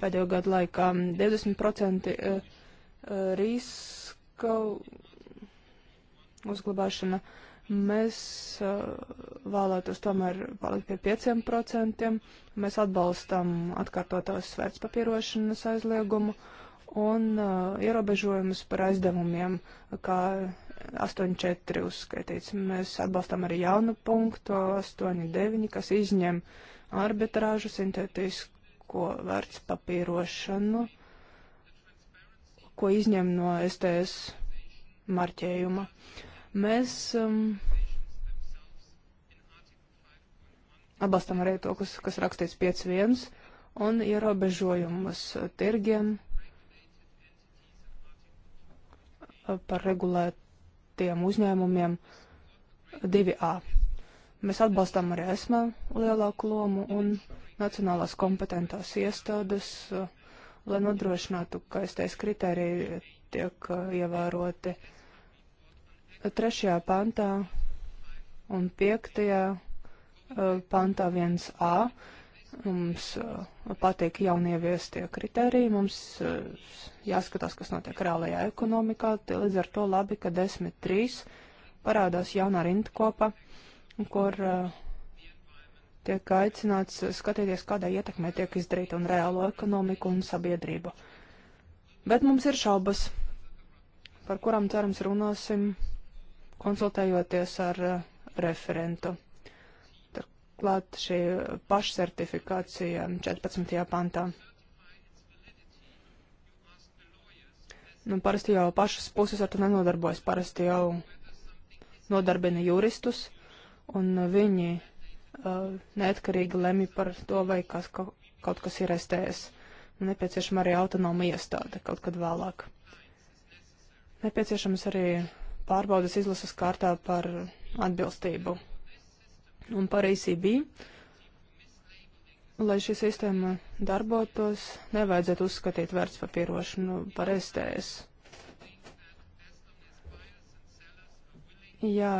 pēdējo gadu laikā. 20% mm, eh, riska uzglabāšana. Mēs vēlētos tomēr palikt pie 5%. Mēs atbalstam atkārtotās svērtspapīrošanas aizliegumu. Uh, un uh, ierobežojumus par aizdevumiem, kā 8.4 uzskaitīts. Mēs atbalstam arī jaunu punktu 8.9, kas izņem arbitrāžu sintētisko vērtspapīrošanu, ko izņem no STS marķējuma. Mēs um, atbalstam arī to, kas, kas rakstīts 5.1 un ierobežojumus tirgiem. Uh, par regulētiem uzņēmumiem 2A. Mēs atbalstām arī ESMA lielāku lomu un nacionālās kompetentās iestādes, eh, lai nodrošinātu, ka STS kriteriji tiek eh, ievēroti. Trešajā pantā un piektajā eh, pantā 1A Mums uh, patīk jaunieviestie kriteriji, mums uh, jāskatās, kas notiek reālajā ekonomikā. Līdz ar to labi, ka 10.3 parādās jaunā rindkopa, kur uh, tiek aicināts skatīties, kādā ietekmē tiek izdarīta un reālo ekonomiku un sabiedrību. Bet mums ir šaubas, par kurām cerams runāsim, konsultējoties ar referentu klāt šī pašsertifikācija 14. pantā. Nu, parasti jau pašas puses ar to nenodarbojas, parasti jau nodarbina juristus, un viņi uh, neatkarīgi lemj par to, vai kas, kaut, kaut kas ir STS. Nepieciešama arī autonoma iestāde kaut kad vēlāk. Nepieciešams arī pārbaudas izlases kārtā par atbilstību un par ECB. Lai šī sistēma darbotos, nevajadzētu uzskatīt vērtspapīrošanu par STS. Ja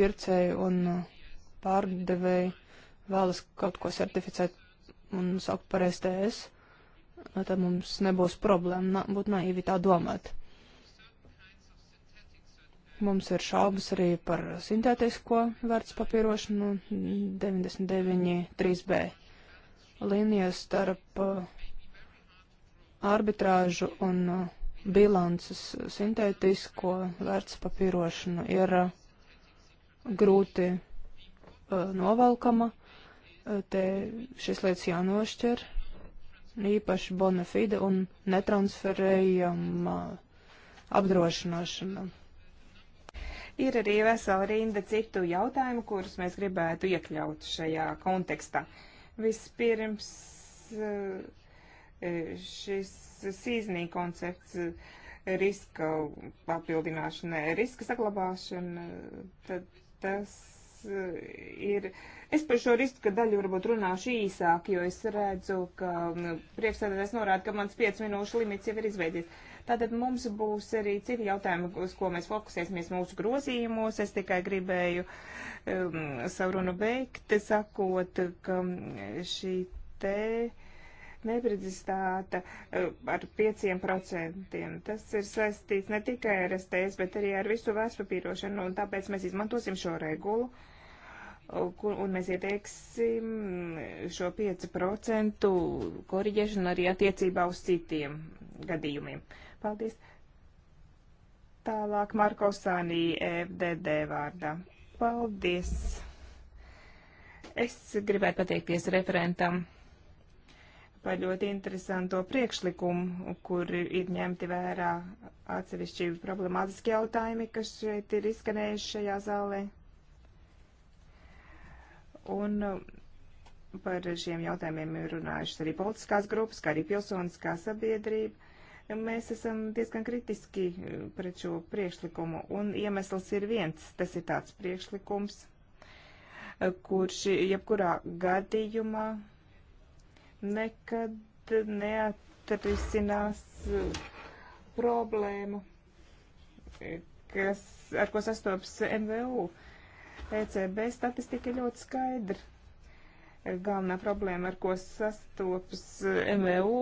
pircēji un pārdevēji vēlas kaut ko certificēt un saukt par STS, tad mums nebūs problēma, būtu naivi tā domāt. Mums ir šaubas arī par sintētisko vērts papīrošanu 99.3b līnijas starp uh, arbitrāžu un uh, bilances sintētisko vērts papīrošanu ir uh, grūti novalkama. Te šis lietas jānošķir, īpaši bonafide un netransferējama apdrošināšana Ir arī vesela rinda citu jautājumu, kurus mēs gribētu iekļaut šajā kontekstā. Vispirms eh, šis sīznī koncepts eh, riska papildināšana, riska saglabāšana, tad tas eh, ir. Es par šo riska daļu varbūt runāšu īsāk, jo es redzu, ka mm, priekšsēdētājs norāda, ka mans 5 minūšu limits jau ir izveidies. Uh, Tātad mums būs arī citi jautājumi, uz ko mēs fokusēsimies mūsu grozījumos. Es tikai gribēju um, savu runu beigt, sakot, ka um, šī te neprecistāta uh, ar 5%. Tas ir saistīts ne tikai ar STS, bet arī ar visu vēstpapīrošanu, un tāpēc mēs izmantosim šo regulu, uh, un mēs ieteiksim šo 5% koriģēšanu arī attiecībā uz citiem gadījumiem. Paldies. Tālāk Marko Sānī FDD e vārdā. Paldies. Es gribētu pateikties referentam par ļoti interesanto priekšlikumu, kur ir ņemti vērā atsevišķi problemātiski jautājumi, kas šeit ir izskanējuši šajā zālē. Un um, par šiem jautājumiem ir runājušas arī politiskās grupas, kā arī pilsoniskā sabiedrība. Mēs esam diezgan kritiski eh, pret šo priekšlikumu, un iemesls ir viens. Tas ir tāds priekšlikums, eh, kurš jebkurā gadījumā nekad neatrisinās eh, problēmu, kas, ar ko sastopas MVU. ECB statistika ļoti skaidra galvenā problēma, ar ko sastopas eh, MVU,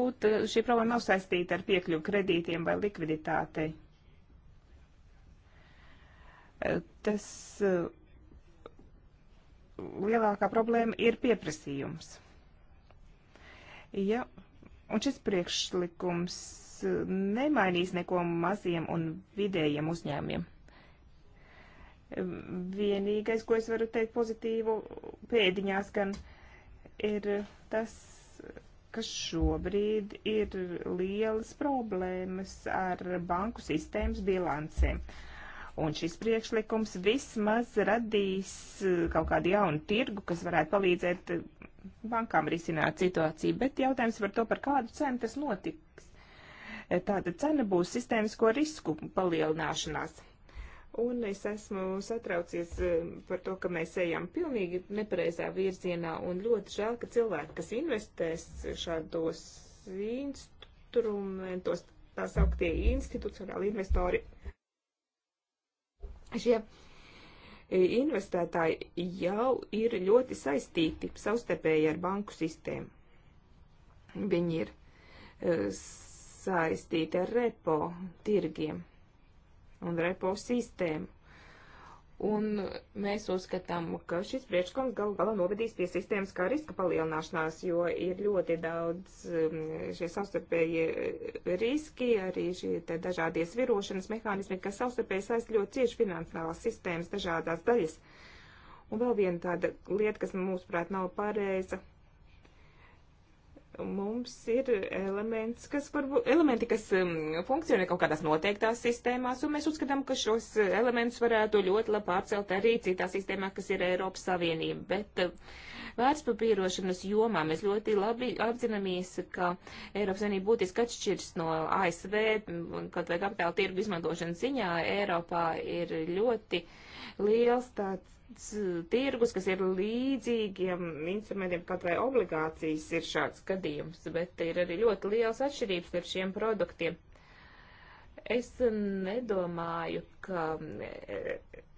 šī problēma nav saistīta ar piekļuvu kredītiem vai likviditātei. Eh, tas eh, lielākā problēma ir pieprasījums. Ja, un šis priekšlikums nemainīs neko maziem un vidējiem uzņēmiem. Vienīgais, ko es varu teikt pozitīvu, pēdiņās gan. Uh, ir tas, ka šobrīd ir lielas problēmas ar banku sistēmas bilancēm. Un šis priekšlikums vismaz radīs eh, kaut kādu jaunu tirgu, kas varētu palīdzēt eh, bankām risināt situāciju. Bet jautājums par to, par kādu cenu tas notiks. Eh, tāda cena būs sistēmisko risku palielināšanās. Un es esmu satraucies eh, par to, ka mēs ejam pilnīgi nepareizā virzienā un ļoti žēl, ka cilvēki, kas investēs šādos instrumentos, tā sauktie institucionāli investori, šie e, investētāji jau ir ļoti saistīti savstarpēji ar banku sistēmu. Viņi ir e, saistīti ar repo tirgiem un repo sistēmu. Un mēs uzskatām, ka šis priekšlikums gal galā novedīs pie sistēmas kā riska palielināšanās, jo ir ļoti daudz um, šie savstarpēji eh, riski, arī šie dažādie svirošanas mehānismi, kas savstarpēji saist ļoti cieši finansiālās sistēmas dažādās daļas. Un vēl viena tāda lieta, kas, mūsuprāt, nav pareiza, mums ir elements, kas varbūt, elementi, kas um, funkcionē kaut kādās noteiktās sistēmās, un mēs uzskatām, ka šos uh, elementus varētu ļoti labi pārcelt arī citā sistēmā, kas ir Eiropas Savienība. Bet uh, vērtspapīrošanas jomā mēs ļoti labi apzināmies, ka Eiropas Savienība būtiski atšķirs no ASV, kaut vai kapitāla tirgu izmantošanas ziņā Eiropā ir ļoti liels tāds E, tirgus, kas ir līdzīgiem instrumentiem, kaut vai obligācijas ir šāds gadījums, bet ir arī ļoti liels atšķirības starp šiem produktiem. Es nedomāju, ka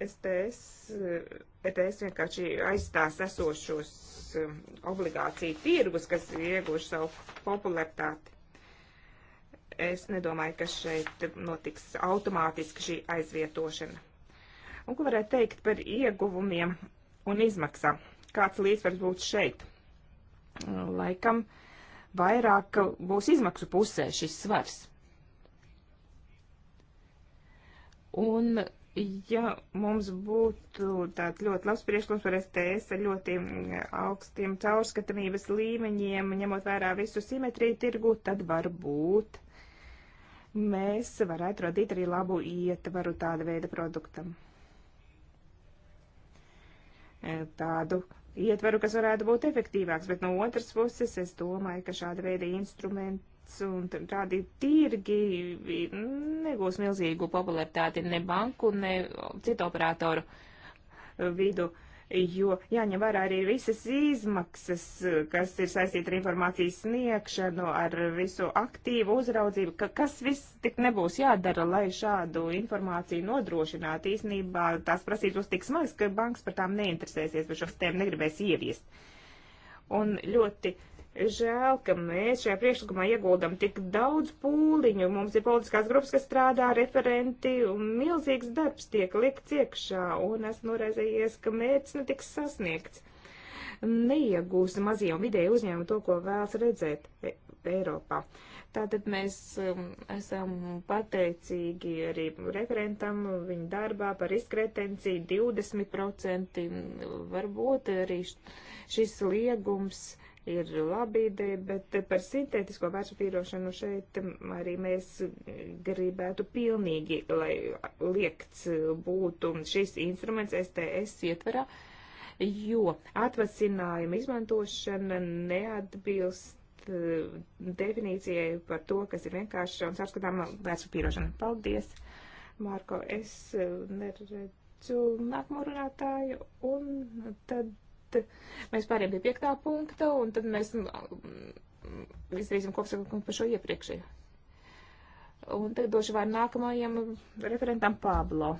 STS, e, e ETS vienkārši aizstās esošos obligāciju tirgus, kas ir ieguvuši savu popularitāti. Es nedomāju, ka šeit notiks automātiski šī aizvietošana. Un ko varētu teikt par ieguvumiem un izmaksām? Kāds līdzsvars būtu šeit? Laikam vairāk būs izmaksu pusē šis svars. Un, ja mums būtu tāds ļoti labs priekšlikums par STS ar ļoti augstiem caurskatamības līmeņiem, ņemot vērā visu simetriju tirgu, tad varbūt mēs varētu radīt arī labu ietvaru tāda veida produktam. E, tādu ietveru, kas varētu būt efektīvāks, bet no otras puses es domāju, ka šāda veida instruments un tādi tirgi negūs milzīgu popularitāti ne banku, ne citu operatoru vidu. Uh, jo jāņem vērā arī visas izmaksas, kas ir saistīta ar informācijas sniegšanu, ar visu aktīvu uzraudzību, ka kas viss tik nebūs jādara, lai šādu informāciju nodrošinātu. Īsnībā tās prasības būs tik smagas, ka bankas par tām neinteresēsies, bet šo sistēmu negribēs ieviest. Un ļoti uh, Žēl, ka mēs šajā priekšlikumā ieguldam tik daudz pūliņu. Mums ir politiskās grupas, kas strādā, referenti, un milzīgs darbs tiek likts iekšā, un esmu noraizējies, ka mērķis netiks sasniegts. Neiegūs mazie un vidēji uzņēmumi to, ko vēlas redzēt e Eiropā. Tātad mēs um, esam pateicīgi arī referentam viņa darbā par izkretenciju 20%. Varbūt arī šis liegums ir laba ideja, bet par sintētisko vērtspapīrošanu šeit arī mēs gribētu pilnīgi, lai liekts būtu šis instruments STS ietverā, jo atvasinājuma izmantošana neatbilst eh, definīcijai par to, kas ir vienkārša un sārskatāma vērtspapīrošana. Paldies, Mārko, es eh, neredzu nākamo runātāju, un tad mēs pāriem pie piektā punkta, un tad mēs mm, mm, izdarīsim kopsakumu par šo iepriekšējo. Un tagad došu vārdu nākamajam referentam Pablo.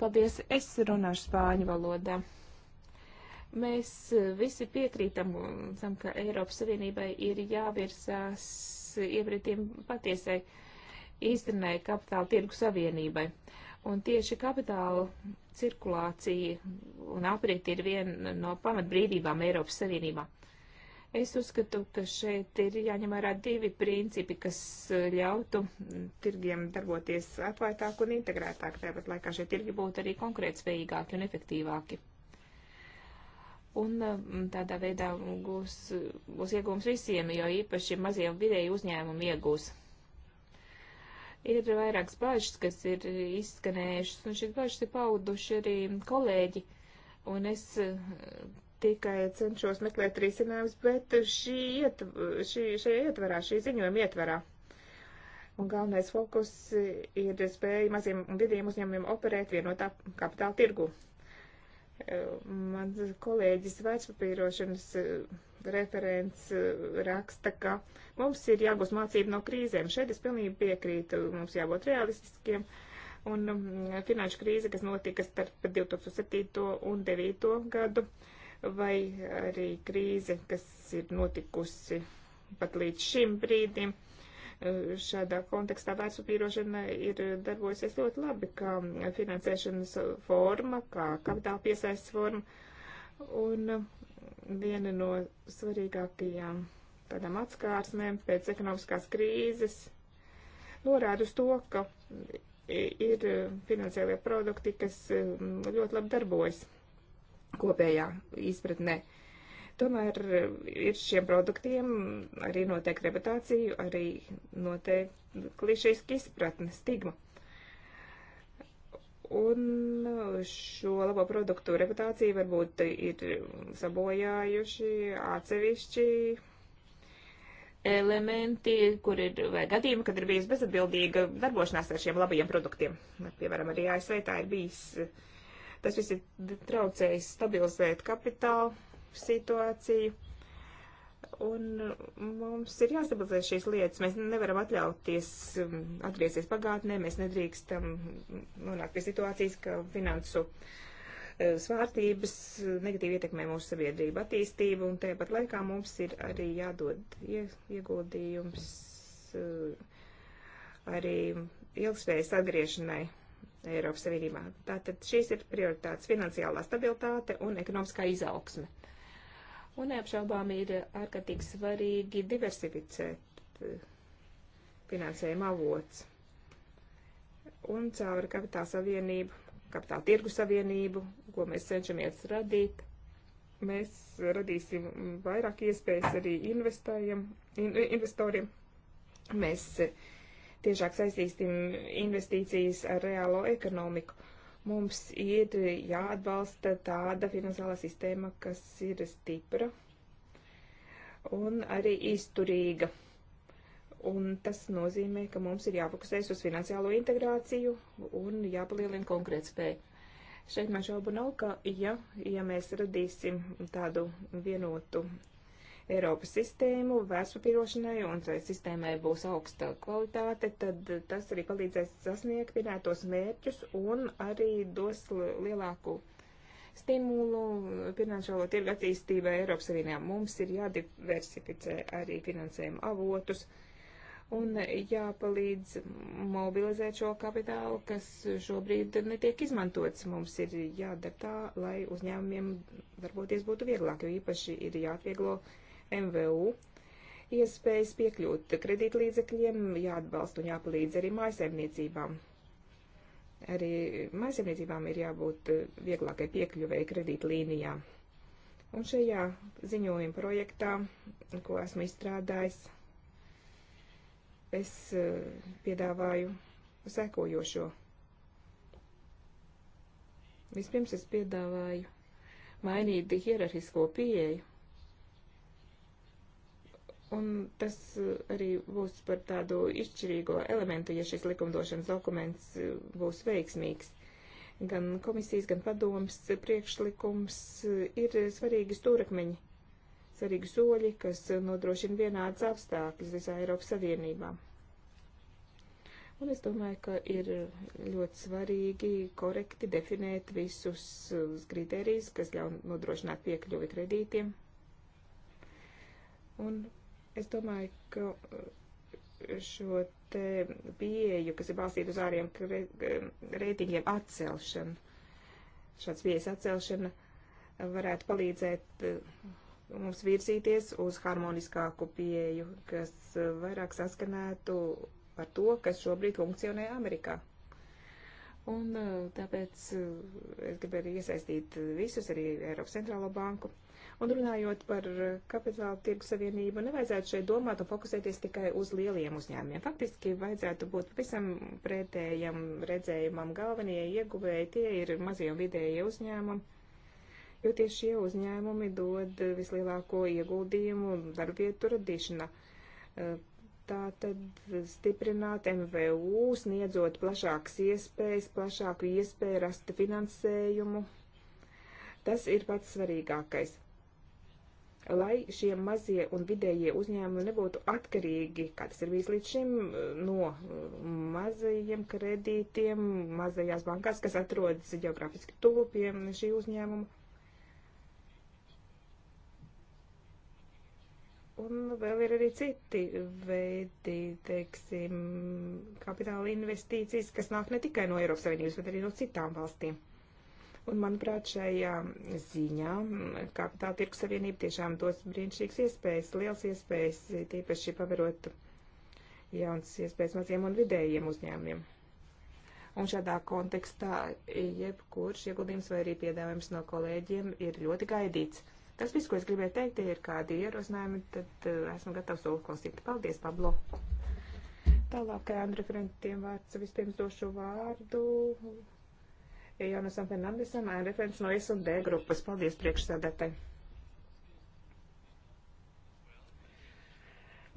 Paldies, es runāšu spāņu valodā. Mēs visi piekrītam, tam, ka Eiropas Savienībai ir jāvirsās iepratiem patiesai īstenai kapitāla tirgu savienībai. Uh, Un tieši kapitāla cirkulācija un aprit ir viena no pamatbrīvībām Eiropas Savienībā. Es uzskatu, ka šeit ir jāņem vērā divi principi, kas ļautu tirgiem darboties atvērtāk un integrētāk, tāpat laikā šie tirgi būtu arī konkurētspējīgāki un efektīvāki. Un mm, tādā veidā būs, būs iegūms visiem, jo īpaši maziem vidēji uzņēmumi iegūs Ir vairākas bažas, kas ir izskanējušas, un šīs bažas ir pauduši arī kolēģi. Un es eh, tikai cenšos meklēt risinājumus, bet šī iet, šī, šajā ietvarā, šī ziņojuma ietvarā. Un galvenais fokus ir spēja maziem un vidējiem uzņēmumiem operēt vienotā kapitāla tirgu. Eh, mans kolēģis vērtspapīrošanas eh, referents eh, raksta, ka mums ir jāgūst mācība no krīzēm. Šeit es pilnīgi piekrītu, mums jābūt realistiskiem. Un mm, finanšu krīze, kas notika starp 2007. un 2009. gadu, vai arī krīze, kas ir notikusi pat līdz šim brīdim, eh, šādā kontekstā vērtspapīrošana ir darbojusies ļoti labi, kā finansēšanas forma, kā kapitāla piesaistes forma. Un viena no svarīgākajām tādām atskārsmēm pēc ekonomiskās krīzes norāda uz to, ka ir finansiālie produkti, kas mm, ļoti labi darbojas kopējā izpratnē. Tomēr ir šiem produktiem arī noteikti reputāciju, arī noteikti klišejiski izpratne, stigma. Un uh, šo labo produktu reputāciju varbūt ir sabojājuši atsevišķi elementi, kur ir vai gadījumi, kad ir bijis bezatbildīga darbošanās ar šiem labajiem produktiem. Piemēram, arī ASV tā ir bijis. Tas viss ir traucējis stabilizēt kapitālu situāciju. Un mums ir jāstabilizē šīs lietas. Mēs nevaram atļauties um, atgriezties pagātnē, mēs nedrīkstam nonākt pie situācijas, ka finansu uh, svārstības uh, negatīvi ietekmē mūsu sabiedrību attīstību, un tāpat laikā mums ir arī jādod ieguldījums uh, arī ilgspējas atgriešanai Eiropas Savienībā. Tātad šīs ir prioritātes - finansiālā stabilitāte un ekonomiskā izaugsme. Un neapšaubām ir ārkārtīgi svarīgi diversificēt eh, finansējuma avots. Un caur kapitāla savienību, kapitāla tirgu savienību, ko mēs cenšamies radīt, mēs radīsim vairāk iespējas arī investējiem, in, investoriem. Mēs eh, tiešāk saistīsim investīcijas ar reālo ekonomiku. Mums ir jāatbalsta tāda finansiālā sistēma, kas ir stipra un arī izturīga. Un tas nozīmē, ka mums ir jāfokusēs uz finansiālo integrāciju un jāpalielina konkrētspēja. Šeit man šaubu nav, ka ja, ja mēs radīsim tādu vienotu Eiropas sistēmu vērtspapīrošanai un sistēmai būs augsta kvalitāte, tad tas arī palīdzēs sasniegt minētos mērķus un arī dos lielāku stimulu finanšālo tirgu attīstībai Eiropas Savienībā. Mums ir jādiversificē arī finansējuma avotus un jāpalīdz mobilizēt šo kapitālu, kas šobrīd netiek izmantots. Mums ir jādara tā, lai uzņēmumiem darboties būtu vieglāk, jo īpaši ir jāatvieglo uh, MVU iespējas piekļūt kredītlīdzekļiem, jāatbalsta un jāpalīdz arī mājasemniecībām. Arī mājasemniecībām ir jābūt eh, vieglākai piekļuvēji kredītlīnijām. Un šajā ziņojuma projektā, ko esmu izstrādājis, es eh, piedāvāju sekojošo. Vispirms es piedāvāju mainīt hierarhisko pieeju Un tas uh, arī būs par tādu izšķirīgo elementu, ja šis likumdošanas dokuments uh, būs veiksmīgs. Gan komisijas, gan padomas priekšlikums uh, ir svarīgi stūrakmeņi, svarīgi soļi, kas nodrošina vienādas apstākļas visā Eiropas Savienībā. Un es domāju, ka ir ļoti svarīgi korekti definēt visus kritērijus, kas ļauj nodrošināt piekļuvi kredītiem. Un Es domāju, ka eh, šo te pieeju, kas ir balstīta uz āriem eh, reitingiem, atcelšana, šāds pieejas atcelšana varētu palīdzēt eh, mums virzīties uz harmoniskāku pieeju, kas vairāk saskanētu ar to, kas šobrīd funkcionē Amerikā. Un tāpēc es gribēju arī iesaistīt visus, arī Eiropas centrālo banku. Un runājot par eh, kapitāla tirgu savienību, nevajadzētu šeit domāt un fokusēties tikai uz lieliem uzņēmumiem. Faktiski vajadzētu būt pavisam pretējam redzējumam. Galvenie ieguvēji tie ir mazie un vidējie uzņēmumi jo tieši šie uzņēmumi dod eh, vislielāko ieguldījumu darbvietu radīšanā. Eh, tā tad stiprināt MVU, sniedzot plašākas iespējas, plašāku iespēju rast finansējumu. Tas ir pats svarīgākais lai šie mazie un vidējie uzņēmumi nebūtu atkarīgi, kā tas ir bijis līdz šim, no mazajiem kredītiem, mazajās bankās, kas atrodas geografiski tuvu pie šī uzņēmuma. Un vēl ir arī citi veidi, teiksim, kapitāla investīcijas, kas nāk ne tikai no Eiropas Savienības, bet arī no citām valstīm. Un, manuprāt, šajā ziņā mm, kapitāla tirgus savienība tiešām dos brīnišķīgas iespējas, liels iespējas, tīpaši paverot jaunas iespējas maziem un vidējiem uzņēmumiem. Un šādā kontekstā jebkurš ieguldījums vai arī piedāvājums no kolēģiem ir ļoti gaidīts. Tas viss, ko es gribēju teikt, ja ir kādi ierosinājumi, tad eh, esmu gatavs to uzklausīt. Paldies, Pablo! Tālāk, Andri, referentiem vārds vispirms došu vārdu Jonasam Fernandesam, referents no S&D grupas. Paldies priekšsēdētāji.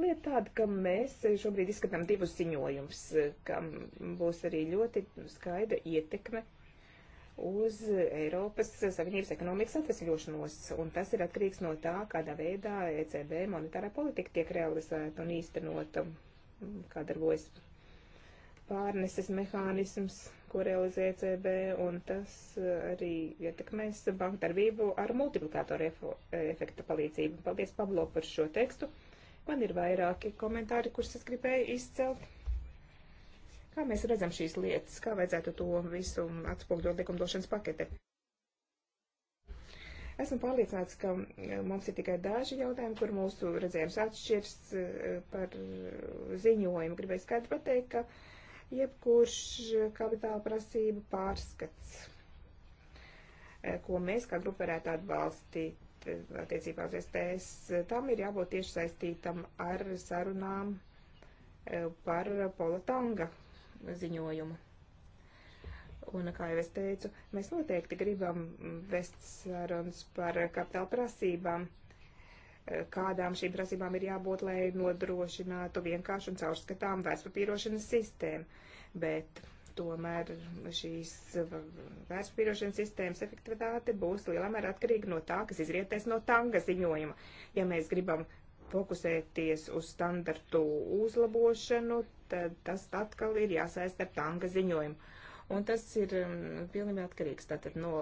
lieta tāda, ka mēs šobrīd izskatām divus ziņojumus, kam būs arī ļoti skaida ietekme uz Eiropas Savienības ekonomikas atvesļošanos, un tas ir atkarīgs no tā, kādā veidā ECB monetārā politika tiek realizēta un īstenota, kā darbojas pārneses mehānisms ko realizē ECB, un tas uh, arī ietekmēs banku darbību ar multiplikātoru uh, efekta palīdzību. Paldies, Pablo, par šo tekstu. Man ir vairāki komentāri, kurus es gribēju izcelt. Kā mēs redzam šīs lietas, kā vajadzētu to visu atspūgļot likumdošanas pakete? Esmu pārliecināts, ka uh, mums ir tikai daži jautājumi, kur mūsu redzējums atšķirs par ziņojumu. Gribēju skaidri pateikt, ka jebkurš kapitāla prasību pārskats, eh, ko mēs kā grupa varētu atbalstīt eh, attiecībā uz STS, tam ir jābūt tieši saistītam ar sarunām eh, par Polatanga ziņojumu. Un, kā jau es teicu, mēs noteikti gribam vest sarunas par kapitāla prasībām kādām šīm prasībām ir jābūt, lai nodrošinātu vienkāršu un caurskatām vērtspapīrošanas sistēmu. Bet tomēr šīs vērtspapīrošanas sistēmas efektivitāte būs lielā mērā atkarīga no tā, kas izrietēs no tanga ziņojuma. Ja mēs gribam fokusēties uz standartu uzlabošanu, tad tas atkal ir jāsaist ar tanga ziņojumu. Un tas ir um, pilnībā atkarīgs tātad no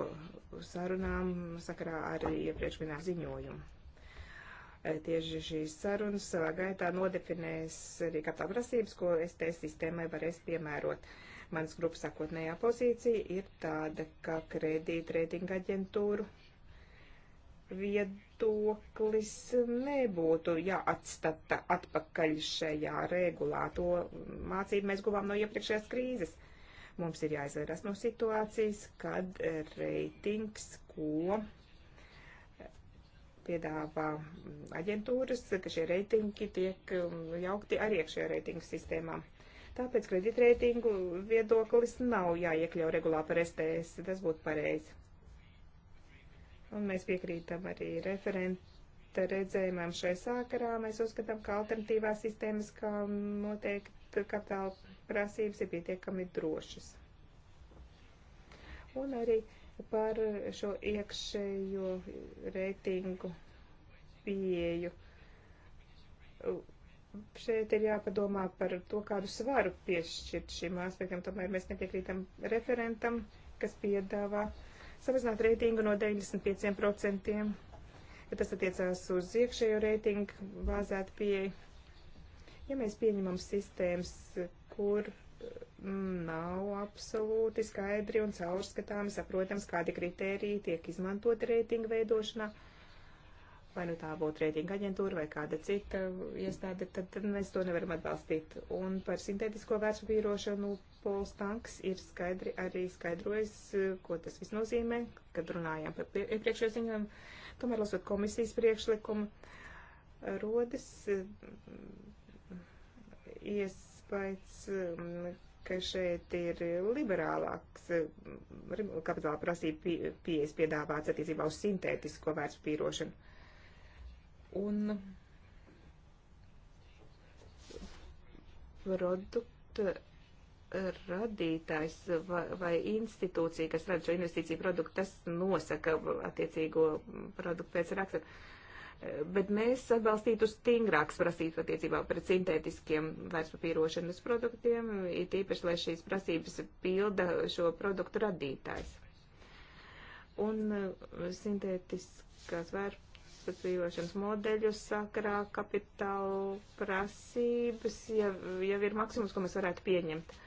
sarunām sakarā ar iepriekš minētu ziņojumu tieši šīs sarunas savā gaitā nodefinēs arī kapitāla prasības, ko STS sistēmai varēs piemērot. Mans grupas sākotnējā pozīcija ir tāda, ka kredītreitinga aģentūru viedoklis nebūtu jāatstata atpakaļ šajā regulā. To mācību mēs guvām no iepriekšējās krīzes. Mums ir jāizvairās no situācijas, kad reitings, ko piedāvā mm, aģentūras, ka šie reitingi tiek mm, jaukti arī iekšējā reitingu sistēmā. Tāpēc kreditreitingu viedoklis nav jāiekļau regulā par STS, tas būtu pareizi. Un mēs piekrītam arī referenta redzējumam šai sākarā. Mēs uzskatām, ka alternatīvās sistēmas, kā noteikti kapitāla prasības, ir pietiekami drošas. Un arī uh, par šo iekšējo reitingu pieeju. Šeit ir jāpadomā par to, kādu svaru piešķirt šim aspektam. Tomēr mēs nepiekrītam referentam, kas piedāvā samazināt reitingu no 95%. Ja tas attiecās uz iekšējo reitingu bāzētu pieeju. Ja mēs pieņemam sistēmas, kur nav absolūti skaidri un caurskatāmi, saprotams, kādi kriteriji tiek izmantoti reitingu veidošanā. Vai nu tā būtu reitinga aģentūra vai kāda cita iestāde, tad mēs to nevaram atbalstīt. Un par sintētisko vērtspapīrošanu Pols Tanks ir skaidri arī skaidrojis, ko tas viss nozīmē, kad runājām par iepriekšējo ziņojumu. Tomēr, lasot komisijas priekšlikumu, rodas mm, ies iespējas, um, ka šeit ir liberālāks um, kapitāla prasība pieejas piedāvāts attiecībā uz sintētisko vērts pīrošanu. Un produkta radītājs vai, vai institūcija, kas rada šo investīciju produktu, tas nosaka attiecīgo produktu pēc raksturu bet mēs atbalstītu stingrākas prasības attiecībā pret sintētiskiem vērtspapīrošanas produktiem, it īpaši, lai šīs prasības pilda šo produktu radītājs. Un uh, sintētiskās vērtspapīrošanas modeļu sakarā kapitāla prasības jau, jau ir maksimums, ko mēs varētu pieņemt.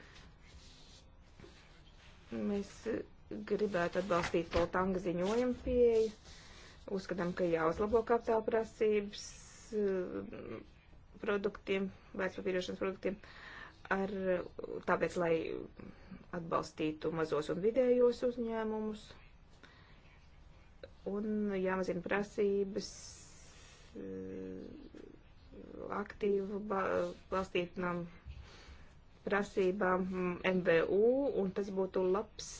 Mēs gribētu atbalstīt Poltanga ziņojumu pieeju Uzskatām, ka jāuzlabo kapitāla prasības eh, produktiem, vērtspapīrošanas produktiem, ar, tāpēc, lai atbalstītu mazos un vidējos uzņēmumus. Un jāmazina prasības eh, aktīvu balstītām prasībām MVU, mm, un tas būtu labs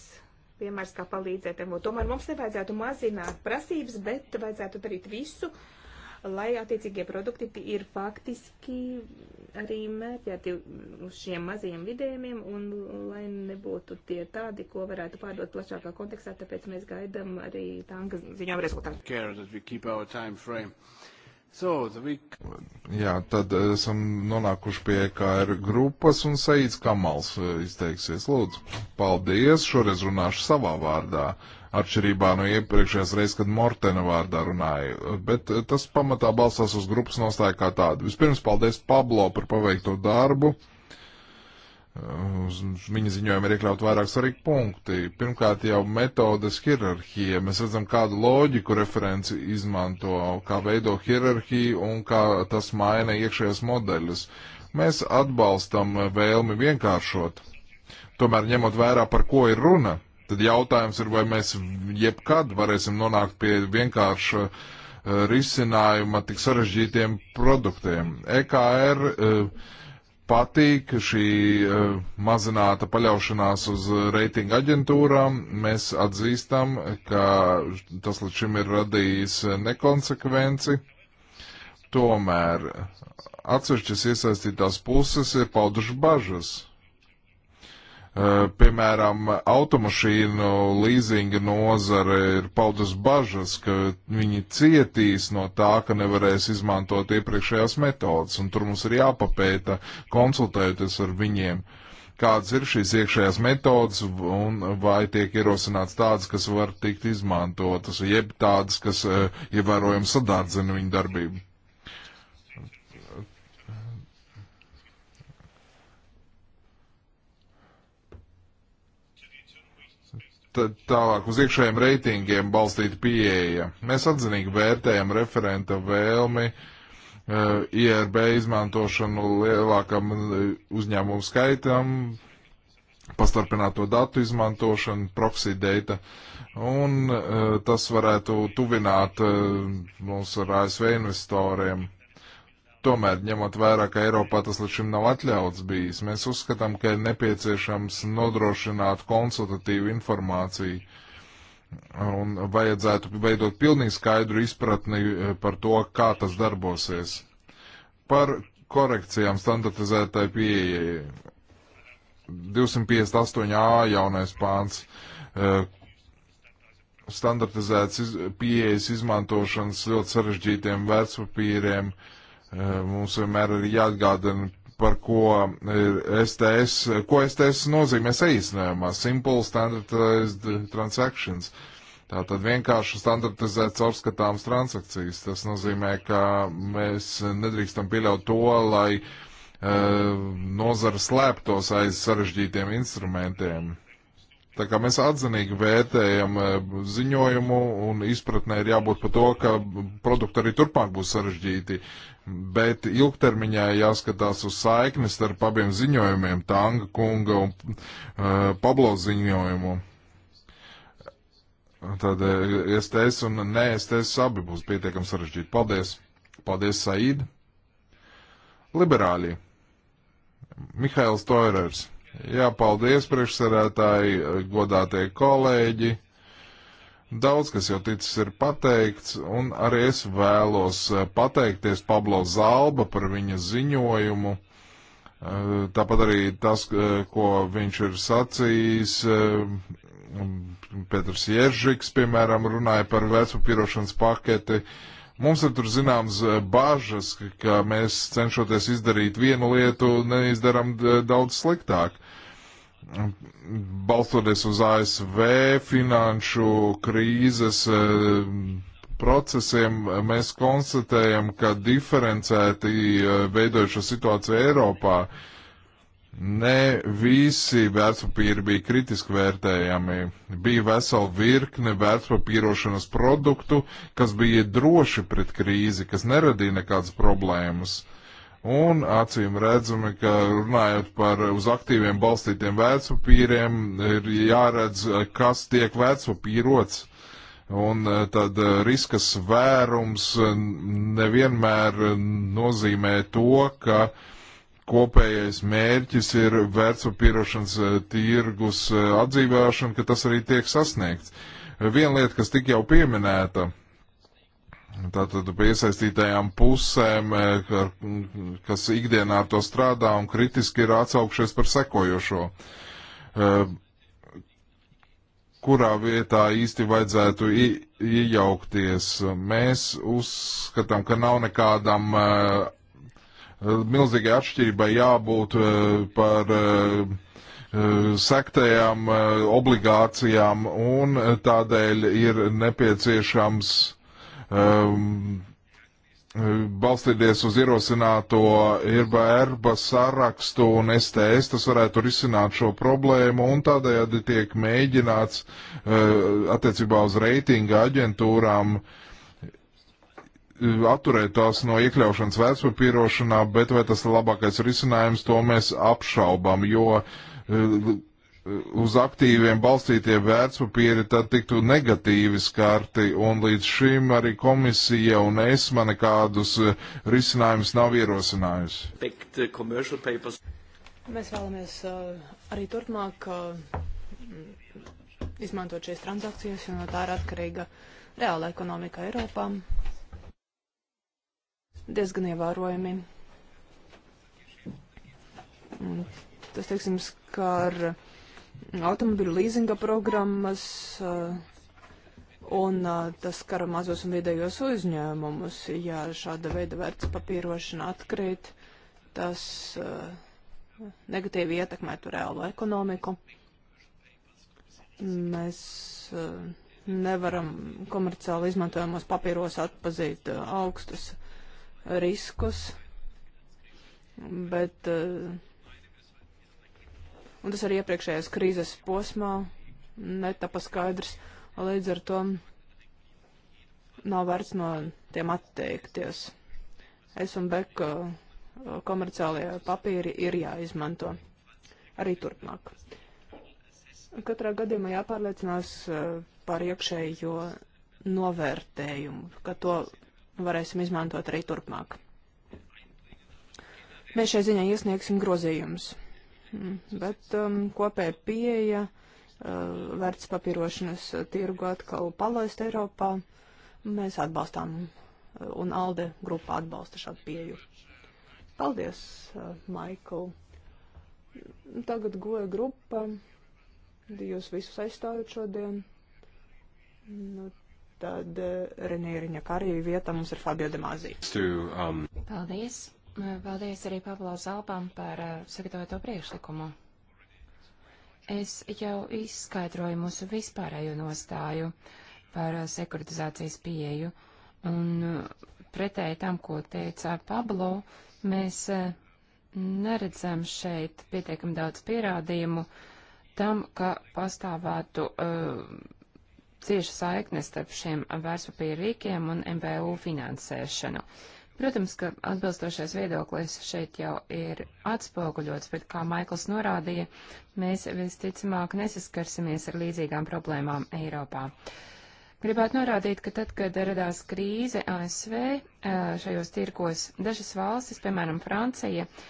piemērs, kā palīdzēt MVU. Tomēr mums nevajadzētu mazināt prasības, bet vajadzētu darīt visu, lai attiecīgie produkti ir faktiski arī mērķēti uz šiem mazajiem vidējumiem un lai nebūtu tie tādi, ko varētu pārdot plašākā kontekstā, tāpēc mēs gaidam arī tā ziņām rezultātu. So, week... Jā, tad esam nonākuši pie KR grupas un Saīts Kamals eh, izteiksies. Lūdzu, paldies, šoreiz runāšu savā vārdā, atšķirībā no iepriekšējās reizes, kad Mortena vārdā runāju, bet eh, tas pamatā balstās uz grupas nostāju kā tādu. Vispirms paldies Pablo par paveikto darbu Viņa ziņojumā ir iekļaut vairāk svarīgi punkti. Pirmkārt, jau metodas hierarhija. Mēs redzam, kādu loģiku referenci izmanto, kā veido hierarhiju un kā tas maina iekšējos modeļus. Mēs atbalstam vēlmi vienkāršot. Tomēr ņemot vērā, par ko ir runa, tad jautājums ir, vai mēs jebkad varēsim nonākt pie vienkārša eh, risinājuma tik sarežģītiem produktiem. EKR uh, eh, patīk šī e, mazināta paļaušanās uz reitingu aģentūrām. Mēs atzīstam, ka tas līdz šim ir radījis nekonsekvenci. Tomēr atsevišķas iesaistītās puses ir pauduši bažas Eh, piemēram, automašīnu līzinga nozare ir paudas bažas, ka viņi cietīs no tā, ka nevarēs izmantot iepriekšējās metodas, un tur mums ir jāpapēta, konsultējoties ar viņiem, kādas ir šīs iekšējās metodas, un vai tiek ierosināts tādas, kas var tikt izmantotas, jeb tādas, kas eh, ievērojami sadārdzina viņu darbību. tālāk uz iekšējiem reitingiem balstīta pieeja. Mēs atzinīgi vērtējam referenta vēlmi uh, eh, IRB izmantošanu lielākam eh, uzņēmumu skaitam, pastarpināto datu izmantošanu, proxy data, un uh, tas varētu tuvināt uh, mūs ar ASV investoriem. Tomēr, ņemot vērā, ka Eiropā tas līdz šim nav atļauts bijis, mēs uzskatām, ka ir nepieciešams nodrošināt konsultatīvu informāciju un vajadzētu veidot pilnīgi skaidru izpratni eh, par to, kā tas darbosies. Par korekcijām standartizētai pieejai. 258a jaunais pāns eh, standartizēts pieejas izmantošanas ļoti sarežģītiem vērtspapīriem. Uh, Eh, mums vienmēr ir jāatgādina, par ko STS, ko STS nozīmē saīsinājumā - Simple Standardized Transactions. Tātad vienkārši standartizēt caurskatāmas transakcijas. Tas nozīmē, ka mēs nedrīkstam pieļaut to, lai uh, nozara slēptos aiz sarežģītiem instrumentiem. Tā kā mēs atzinīgi vērtējam eh, ziņojumu un izpratnē ir jābūt par to, ka produkti arī turpmāk būs sarežģīti, bet ilgtermiņā jāskatās uz saikni starp abiem ziņojumiem, Tanga kunga un uh, Pablo ziņojumu. Tad STS eh, un ne STS abi būs pietiekami sarežģīti. Paldies! Paldies, Saīd! Liberāļi! Mihails Toirers! Jā, paldies priekšsarētāji, godātie kolēģi. Daudz, kas jau ticis ir pateikts, un arī es vēlos eh, pateikties Pablo Zalba par viņa ziņojumu. Eh, tāpat arī tas, eh, ko viņš ir sacījis, Pēters Jeržiks, piemēram, runāja par vecu pirošanas paketi. Uh, Mums ir tur zināms eh, bāžas, ka mēs cenšoties izdarīt vienu lietu, neizdaram eh, daudz sliktāk. Balstoties uz ASV finanšu krīzes eh, procesiem, mēs konstatējam, ka diferencēti veidojušo situāciju Eiropā uh, Ne visi vērtspapīri bija kritiski vērtējami. Bija vesela virkne vērtspapīrošanas produktu, kas bija droši pret krīzi, kas neradīja nekādas problēmas. Un acīm redzami, ka runājot par uz aktīviem balstītiem vērtspapīriem, ir jāredz, kas tiek vērtspapīrots. Un eh, tad eh, riska svērums nevienmēr nozīmē to, ka uh, kopējais mērķis ir vērtspapīrošanas eh, tirgus eh, atdzīvēšana, ka tas arī tiek sasniegts. Viena lieta, kas tik jau pieminēta, tātad piesaistītajām pusēm, eh, kas ikdienā ar to strādā un kritiski ir atsaukšies par sekojošo kurā vietā īsti vajadzētu iejaukties. Mēs uzskatām, ka nav nekādam uh, Eh, milzīgai atšķirībai jābūt eh, par eh, sektējām obligācijām un tādēļ ir nepieciešams um, balstīties uz ierosināto IRBA erba sarakstu un STS, tas varētu risināt šo problēmu un tādējādi tiek mēģināts uh, attiecībā uz reitinga aģentūrām uh, atturēt tās no iekļaušanas vērtspapīrošanā, bet vai tas ir labākais risinājums, to mēs apšaubam, jo eh, uz aktīviem balstītie vērtspapīri tad tiktu negatīvi skarti, un līdz šim arī komisija un ESMA nekādus eh, risinājumus nav ierosinājusi. Eh, mēs vēlamies arī turpmāk izmantot šīs transakcijas, jo no tā ir atkarīga reāla ekonomika Eiropā diezgan ievērojami. Tas, teiksim, skar automobiļu līzinga programmas eh, un eh, tas skar mazos un vidējos uzņēmumus. Ja šāda veida vērts papīrošana atkrīt, tas eh, negatīvi ietekmētu reālo ekonomiku. Mēs nevaram komerciāli izmantojamos papīros atpazīt augstus riskus, bet, eh, un tas arī iepriekšējās krīzes posmā netapa skaidrs, līdz ar to nav vērts no tiem atteikties. Es un Beka eh, komerciālajie papīri ir jāizmanto arī turpmāk. Katrā gadījumā jāpārliecinās eh, par iekšējo novērtējumu, ka to varēsim izmantot arī turpmāk. Mēs šai ziņā iesniegsim grozījumus, mm, bet um, kopēja pieeja uh, vērtspapīrošanas tirgu atkal palaist Eiropā. Mēs atbalstām uh, un ALDE grupa atbalsta šādu pieju. Paldies, uh, Maikl. Tagad goja grupa, jūs visus aizstāvjat šodien. Nu, tad eh, Renīriņa Karī vietā mums ir Fabio Demāzī. Um... Paldies! Paldies arī Pablo Zalpam par uh, sagatavoto priekšlikumu. Es jau izskaidroju mūsu vispārējo nostāju par uh, sekuritizācijas pieeju, un uh, pretēji tam, ko teica Pablo, mēs neredzam šeit pietiekam daudz pierādījumu tam, ka pastāvētu uh, cieša saikne starp šiem vērtspapīra rīkiem un MBU finansēšanu. Protams, ka atbilstošais viedoklis šeit jau ir atspoguļots, bet, kā Maikls norādīja, mēs visticamāk nesaskarsimies ar līdzīgām problēmām Eiropā. Gribētu norādīt, ka tad, kad radās krīze ASV eh, šajos tirkos, dažas valstis, piemēram, Francija, uh,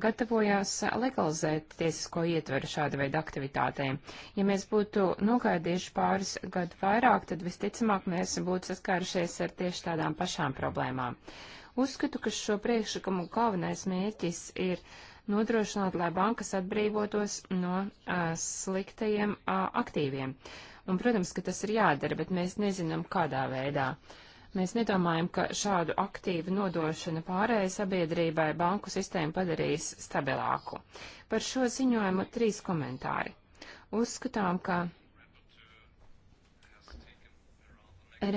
gatavojās legalizēt tiesisko ietveru šāda veida aktivitātēm. Ja mēs būtu nogaidījuši pāris gadu vairāk, tad visticamāk mēs būtu saskārušies ar tieši tādām pašām problēmām. Uzskatu, ka šo priekšlikumu galvenais mērķis ir nodrošināt, lai bankas atbrīvotos no a, sliktajiem a, aktīviem. Un, protams, ka tas ir jādara, bet mēs nezinām, kādā veidā. A, Mēs nedomājam, ka šādu aktīvu nodošana pārējai sabiedrībai banku sistēmu padarīs stabilāku. Par šo ziņojumu trīs komentāri. Uzskatām, ka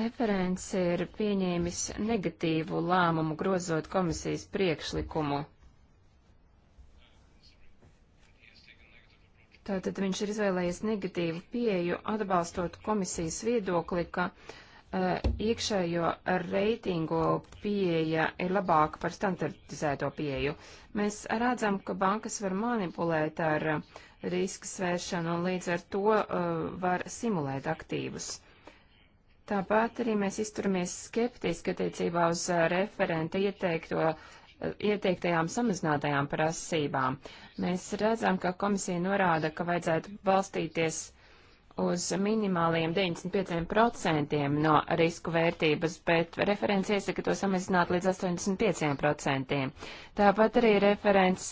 referents ir pieņēmis negatīvu lēmumu grozot komisijas priekšlikumu. Tātad viņš ir izvēlējies negatīvu pieju, atbalstot komisijas viedokli, ka uh, Eh, iekšējo reitingu pieeja ir labāka par standartizēto pieeju. Mēs redzam, ka bankas var manipulēt ar eh, riska svēršanu un līdz ar to eh, var simulēt aktīvus. Tāpat arī mēs izturamies skeptiski attiecībā uz referenta ieteikto ieteiktajām samazinātajām prasībām. Mēs redzam, ka komisija norāda, ka vajadzētu balstīties uz minimāliem 95% no risku vērtības, bet referents iesaka to samazināt līdz 85%. Tāpat arī referents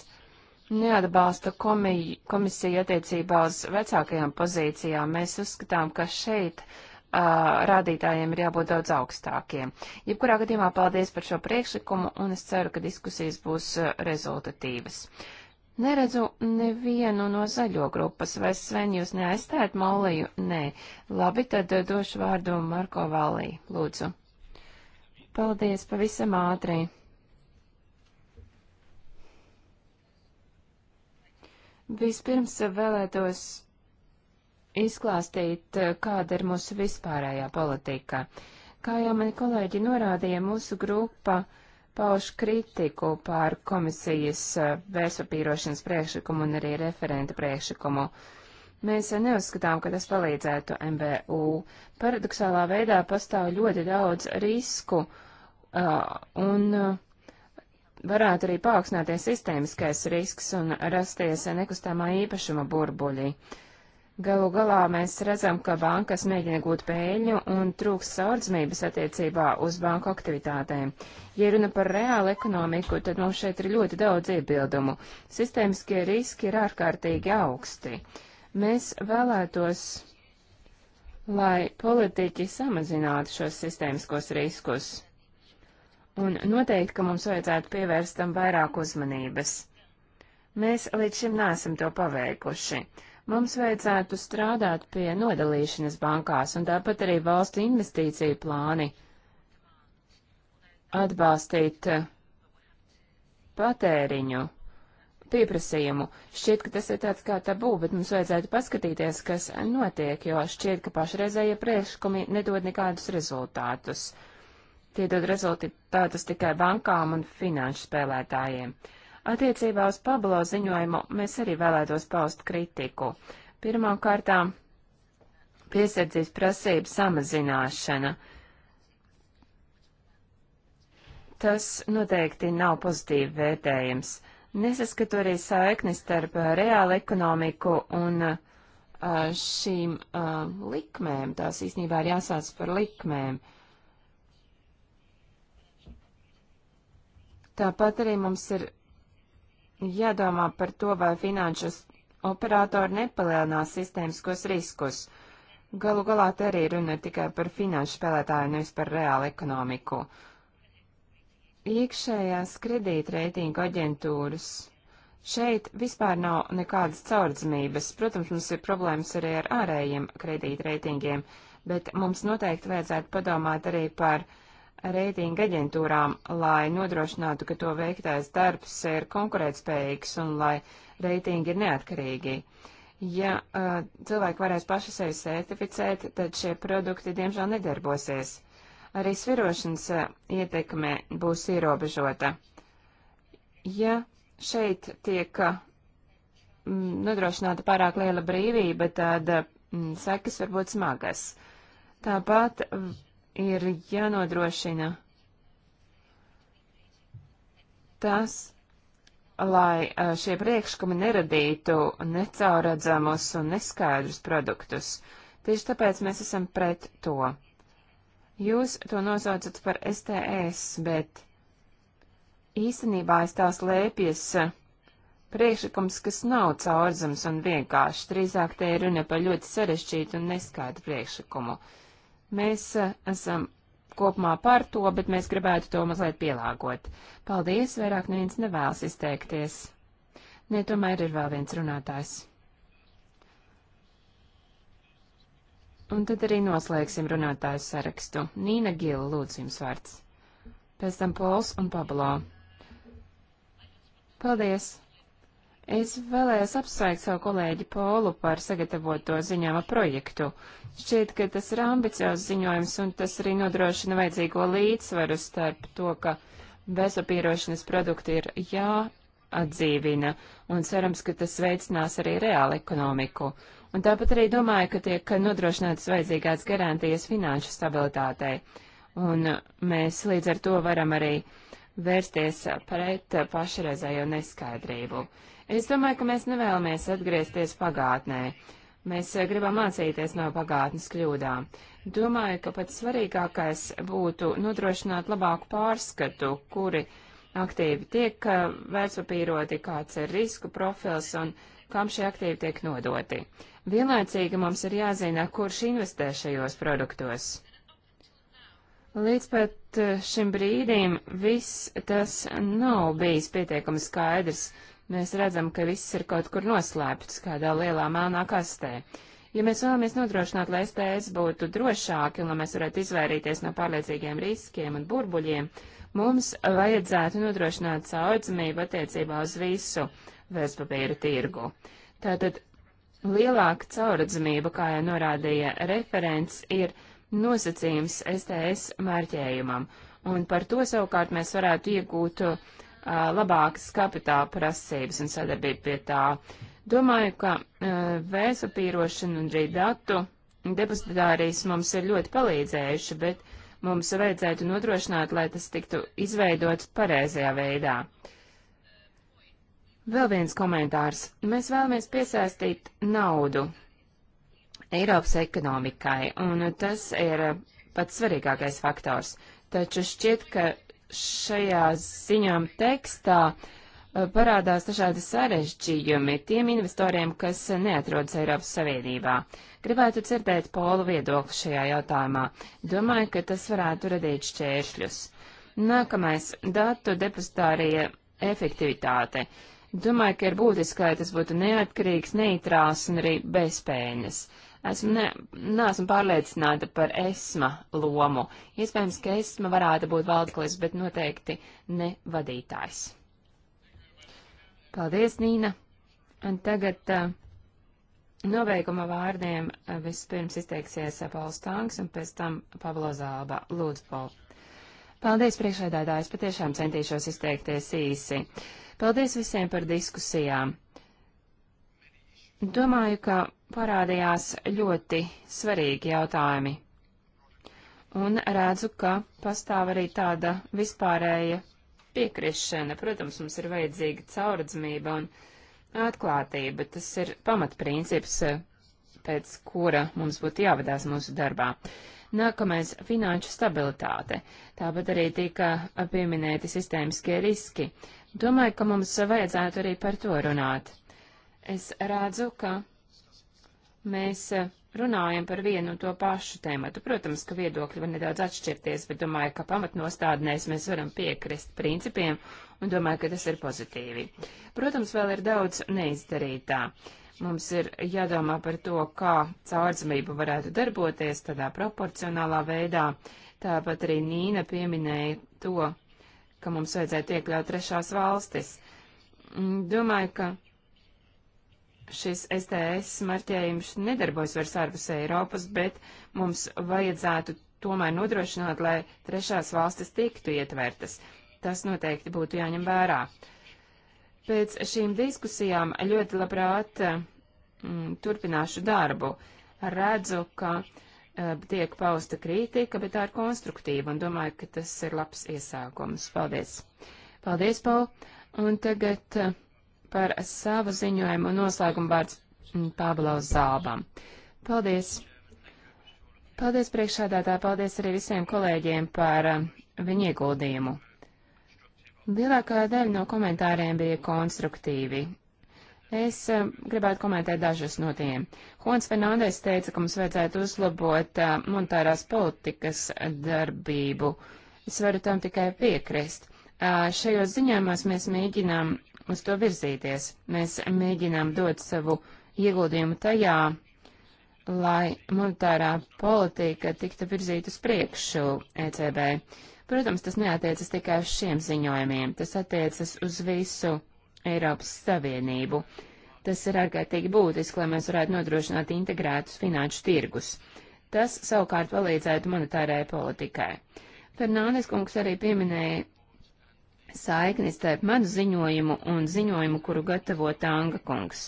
neatbalsta komi komisiju attiecībā uz vecākajām pozīcijām. Mēs uzskatām, ka šeit uh, rādītājiem ir jābūt daudz augstākiem. Jebkurā gadījumā paldies par šo priekšlikumu, un es ceru, ka diskusijas būs uh, rezultatīvas. Uh, Neredzu nevienu no zaļo grupas, vai Sven jūs neaizstājat Molliju? Nē. Labi, tad došu vārdu Marko Valī, lūdzu. Paldies, pavisam ātri. Vispirms vēlētos izklāstīt, kāda ir mūsu vispārējā politika. Kā jau mani kolēģi norādīja, mūsu grupa uh, pauž kritiku pār komisijas eh, vēstpapīrošanas priekšlikumu un arī referenta priekšlikumu. Mēs eh, neuzskatām, ka tas palīdzētu MBU. Paradoxālā veidā pastāv ļoti daudz risku eh, un varētu arī paaugstināties sistēmiskais risks un rasties nekustamā īpašuma burbuļi. Uh, Galu galā mēs redzam, ka bankas mēģina gūt pēļņu un trūks saurdzmības attiecībā uz banku aktivitātēm. Ja runa par reālu ekonomiku, tad mums šeit ir ļoti daudz iebildumu. Sistēmiskie riski ir ārkārtīgi augsti. Mēs vēlētos, lai politiķi samazinātu šos sistēmiskos riskus. Un noteikti, ka mums vajadzētu pievērst tam vairāk uzmanības. Mēs līdz šim nesam to paveikuši. Mums vajadzētu strādāt pie nodalīšanas bankās un tāpat arī valstu investīciju plāni atbalstīt eh, patēriņu pieprasījumu. Šķiet, ka tas ir tāds kā tabū, bet mums vajadzētu paskatīties, kas notiek, jo šķiet, ka pašreizējie priekšlikumi nedod nekādus rezultātus. Tie dod rezultātus tikai bankām un finanšu spēlētājiem. Attiecībā uz Pablo ziņojumu mēs arī vēlētos paust kritiku. Pirmām kārtām piesardzības prasība samazināšana. Tas noteikti nav pozitīvi vērtējams. Nesaskatu arī saikni starp uh, reālu ekonomiku un uh, šīm uh, likmēm. Tās īstenībā ir jāsāc par likmēm. Tāpat arī mums ir jādomā par to, vai finanšu operatori nepalielinās sistēmiskos riskus. Galu galā te arī runa ir tikai par finanšu spēlētāju, nevis par reālu ekonomiku. Iekšējās kredītreitinga aģentūras. Šeit vispār nav nekādas caurdzamības. Protams, mums ir problēmas arī ar ārējiem kredītreitingiem, bet mums noteikti vajadzētu padomāt arī par uh, reitinga aģentūrām, lai nodrošinātu, ka to veiktais darbs ir konkurētspējīgs un lai reitingi ir neatkarīgi. Ja uh, cilvēki varēs paši sevi certificēt, tad šie produkti diemžēl nedarbosies. Arī svirošanas uh, ietekme būs ierobežota. Ja šeit tiek uh, nodrošināta pārāk liela brīvība, tad uh, sekas var būt smagas. Tāpat ir jānodrošina tas, lai šie priekšlikumi neradītu necaurredzamus un neskaidrus produktus. Tieši tāpēc mēs esam pret to. Jūs to nosaucat par STS, bet īstenībā aiz tās lēpjas priekšlikums, kas nav caurzams un vienkāršs, drīzāk te ir runa par ļoti sarežģītu un neskaidru priekšlikumu. Uh, Mēs eh, esam kopumā par to, bet mēs gribētu to mazliet pielāgot. Paldies, vairāk neviens nevēlas izteikties. Nē, ne, tomēr ir vēl viens runātājs. Un tad arī noslēgsim runātāju sarakstu. Nīna Gila, lūdzu jums vārds. Pēc tam Pols un Pablo. Paldies! Es vēlējos apsveikt savu kolēģi Polu par sagatavoto ziņāma projektu. Šķiet, ka tas ir ambiciozs ziņojums, un tas arī nodrošina vajadzīgo līdzsvaru starp to, ka bezapīrošanas produkti ir jāatdzīvina, un cerams, ka tas veicinās arī reālu ekonomiku. Un tāpat arī domāju, ka tiek nodrošinātas vajadzīgās garantijas finanšu stabilitātei. Un mēs līdz ar to varam arī uh, vērsties pret pašreizējo neskaidrību. Es domāju, ka mēs nevēlamies atgriezties pagātnē. Mēs gribam mācīties no pagātnes kļūdām. Domāju, ka pats svarīgākais būtu nodrošināt labāku pārskatu, kuri aktīvi tiek eh, vērtspapīroti, kāds ir risku profils un kam šie aktīvi tiek nodoti. Vienlaicīgi mums ir jāzina, kurš investē šajos produktos. Līdz pat eh, šim brīdim viss tas nav bijis pietiekami skaidrs. Mēs redzam, ka viss ir kaut kur noslēpts kādā lielā melnā kastē. Ja mēs vēlamies nodrošināt, lai STS būtu drošāki un lai mēs varētu izvairīties no pārliecīgiem riskiem un burbuļiem, mums vajadzētu nodrošināt caurdzamību attiecībā uz visu vēstpapīra tirgu. Tātad lielāka caurdzamība, kā jau norādīja referents, ir nosacījums STS mērķējumam, un par to savukārt mēs varētu iegūt uh, labākas kapitāla prasības un sadarbību pie tā. Domāju, ka uh, vēsapīrošana un arī datu depozitārijas mums ir ļoti palīdzējuši, bet mums vajadzētu nodrošināt, lai tas tiktu izveidots pareizajā veidā. Vēl viens komentārs. Mēs vēlamies piesaistīt naudu Eiropas ekonomikai, un tas ir pats svarīgākais faktors. Taču šķiet, ka šajā ziņām tekstā e, parādās dažādi sarežģījumi tiem investoriem, kas neatrodas Eiropas Savienībā. Gribētu dzirdēt polu viedokli šajā jautājumā. Domāju, ka tas varētu radīt šķēršļus. Nākamais - datu depozitārie efektivitāte. Domāju, ka ir būtiski, lai tas būtu neatkarīgs, neitrāls un arī bezpēļņas. Esmu, ne, neesmu pārliecināta par esma lomu. Iespējams, ka esma varētu būt valdklis, bet noteikti ne vadītājs. Paldies, Nīna! Un tagad uh, nobeiguma vārdiem eh, vispirms izteiksies eh, Pauls Tanks un pēc tam Pablo Zāba. Lūdzu, Paul. Paldies, priekšēdētājs, patiešām centīšos izteikties īsi. Paldies visiem par diskusijām. Domāju, ka parādījās ļoti svarīgi jautājumi. Un redzu, ka pastāv arī tāda vispārēja piekrišana. Protams, mums ir vajadzīga caurdzmība un atklātība. Tas ir pamatprincips, pēc kura mums būtu jāvadās mūsu darbā. Nākamais - finanšu stabilitāte. Tāpat arī tika pieminēti sistēmiskie riski. Domāju, ka mums vajadzētu arī par to runāt. Es redzu, ka mēs eh, runājam par vienu un to pašu tēmatu. Protams, ka viedokļi var nedaudz atšķirties, bet domāju, ka pamatnostādnēs mēs varam piekrist principiem un domāju, ka tas ir pozitīvi. Protams, vēl ir daudz neizdarītā. Mums ir jādomā par to, kā caurdzamība varētu darboties tādā proporcionālā veidā. Tāpat arī Nīna pieminēja to, ka mums vajadzētu iekļaut trešās valstis. Mm, domāju, ka šis STS marķējums nedarbojas vairs ārpus Eiropas, bet mums vajadzētu tomēr nodrošināt, lai trešās valstis tiktu ietvertas. Tas noteikti būtu jāņem vērā. Pēc šīm diskusijām ļoti labprāt mm, turpināšu darbu. Redzu, ka mm, tiek pausta kritika, bet tā ir konstruktīva un domāju, ka tas ir labs iesākums. Paldies! Paldies, Paul! Un tagad. Uh, par savu ziņojumu un noslēgumu vārds Pāvilaus Zābam. Paldies! Paldies priekšādātā, paldies arī visiem kolēģiem par um, viņu ieguldījumu. Lielākā daļa no komentāriem bija konstruktīvi. Es uh, gribētu komentēt dažus no tiem. Hons Fernandes teica, ka mums vajadzētu uzlabot uh, monetārās politikas darbību. Es varu tam tikai piekrist. Uh, šajos ziņojumos mēs mēģinām uz to virzīties. Mēs mēģinām dot savu ieguldījumu tajā, lai monetārā politika tiktu virzīta uz priekšu ECB. Protams, tas neatiecas tikai uz šiem ziņojumiem, tas attiecas uz visu Eiropas Savienību. Tas ir ārkārtīgi būtiski, lai mēs varētu nodrošināt integrētus finanšu tirgus. Tas savukārt palīdzētu monetārai politikai. Fernandes kungs arī pieminēja saiknis starp manu ziņojumu un ziņojumu, kuru gatavo Tanga kungs.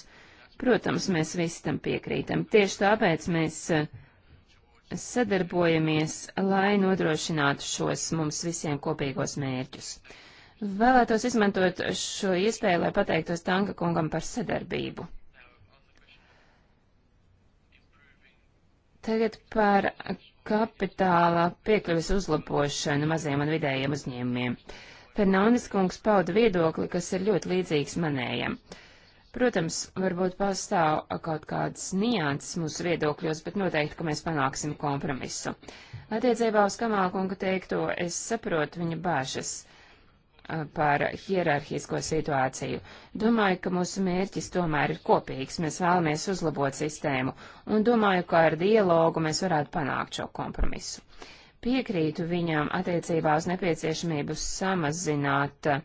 Protams, mēs visi tam piekrītam. Tieši tāpēc mēs eh, sadarbojamies, lai nodrošinātu šos mums visiem kopīgos mērķus. Vēlētos izmantot šo iespēju, lai pateiktos Tanga kungam par sadarbību. Tagad par kapitāla piekļuves uzlabošanu maziem un vidējiem uzņēmumiem. Uh, Fernandes kungs pauda viedokli, kas ir ļoti līdzīgs manējam. Protams, varbūt pastāv kaut kādas nianses mūsu viedokļos, bet noteikti, ka mēs panāksim kompromisu. Attiecībā uz Kamālkunga teikto, es saprotu viņa bāžas par hierarhisko situāciju. Domāju, ka mūsu mērķis tomēr ir kopīgs, mēs vēlamies uzlabot sistēmu, un domāju, ka ar dialogu mēs varētu panākt šo kompromisu. Piekrītu viņam attiecībā uz nepieciešamību samazināt uh,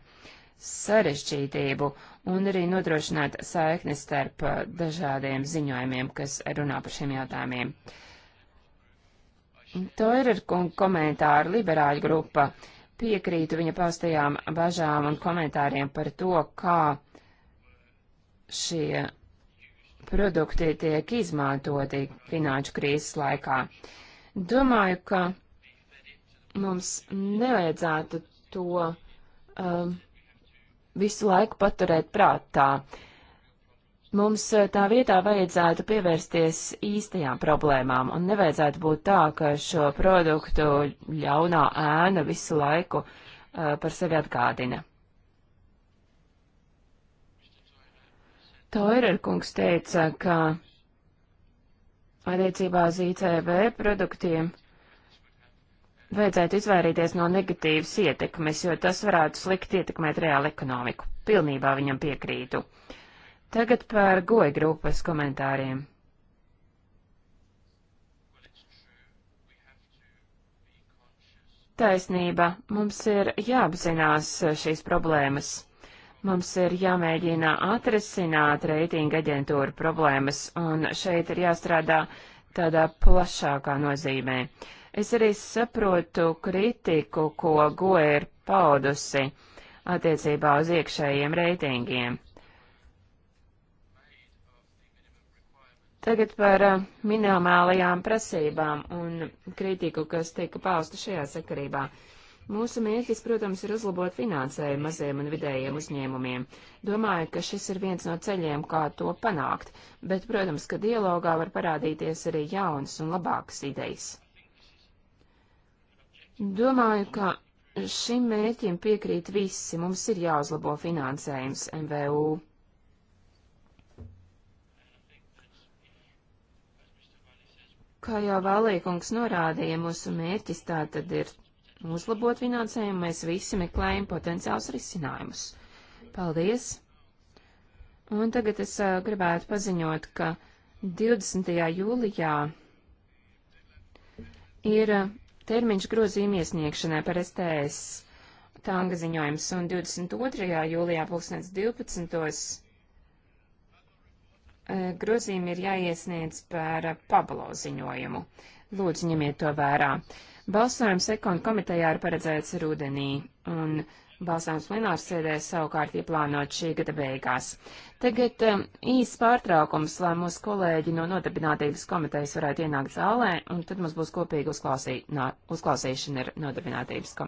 sarežģītību un arī nodrošināt saikni starp uh, dažādiem ziņojumiem, kas runā par šiem jautājumiem. To ir ar komentāru liberāļu grupa. Piekrītu viņa paustajām bažām un komentāriem par to, kā šie produkti tiek izmantoti finanšu krīzes laikā. Domāju, ka Mums nevajadzētu to um, visu laiku paturēt prātā. Mums uh, tā vietā vajadzētu pievērsties īstajām problēmām, un nevajadzētu būt tā, ka šo produktu ļaunā ēna visu laiku uh, par sevi atgādina. Toirer kungs teica, ka attiecībā uz ICV produktiem vajadzētu izvairīties no negatīvas ietekmes, jo tas varētu slikti ietekmēt reālu ekonomiku. Pilnībā viņam piekrītu. Tagad par goja grupas komentāriem. Taisnība, mums ir jāapzinās šīs problēmas. Mums ir jāmēģina atrisināt reitinga aģentūra problēmas, un šeit ir jāstrādā tādā plašākā nozīmē. Uh, Es arī saprotu kritiku, ko Goe ir paudusi attiecībā uz iekšējiem reitingiem. Tagad par uh, minimālajām prasībām un kritiku, kas tika pausta šajā sakarībā. Mūsu mērķis, protams, ir uzlabot finansējumu maziem un vidējiem uzņēmumiem. Domāju, ka šis ir viens no ceļiem, kā to panākt, bet, protams, ka dialogā var parādīties arī jaunas un labākas idejas. Domāju, ka šim mērķim piekrīt visi. Mums ir jāuzlabo finansējums MVU. Kā jau Valīkungs norādīja, mūsu mērķis tā tad ir uzlabot finansējumu, mēs visi meklējam potenciāls risinājumus. Paldies! Un tagad es uh, gribētu paziņot, ka 20. jūlijā ir termiņš grozījuma iesniegšanai par STS tanga ziņojums un 22. jūlijā 2012. E, grozījumi ir jāiesniedz par Pablo ziņojumu. Lūdzu, ņemiet to vērā. Balsojums ekonu komitejā ir paredzēts rudenī, un Balsājums plenārsēdē savukārt ieplānot šī gada beigās. Tagad um, īsts pārtraukums, lai mūsu kolēģi no nodarbinātības komitejas varētu ienākt zālē, un tad mums būs kopīga uzklausī, nā, uzklausīšana ar nodarbinātības komiteju.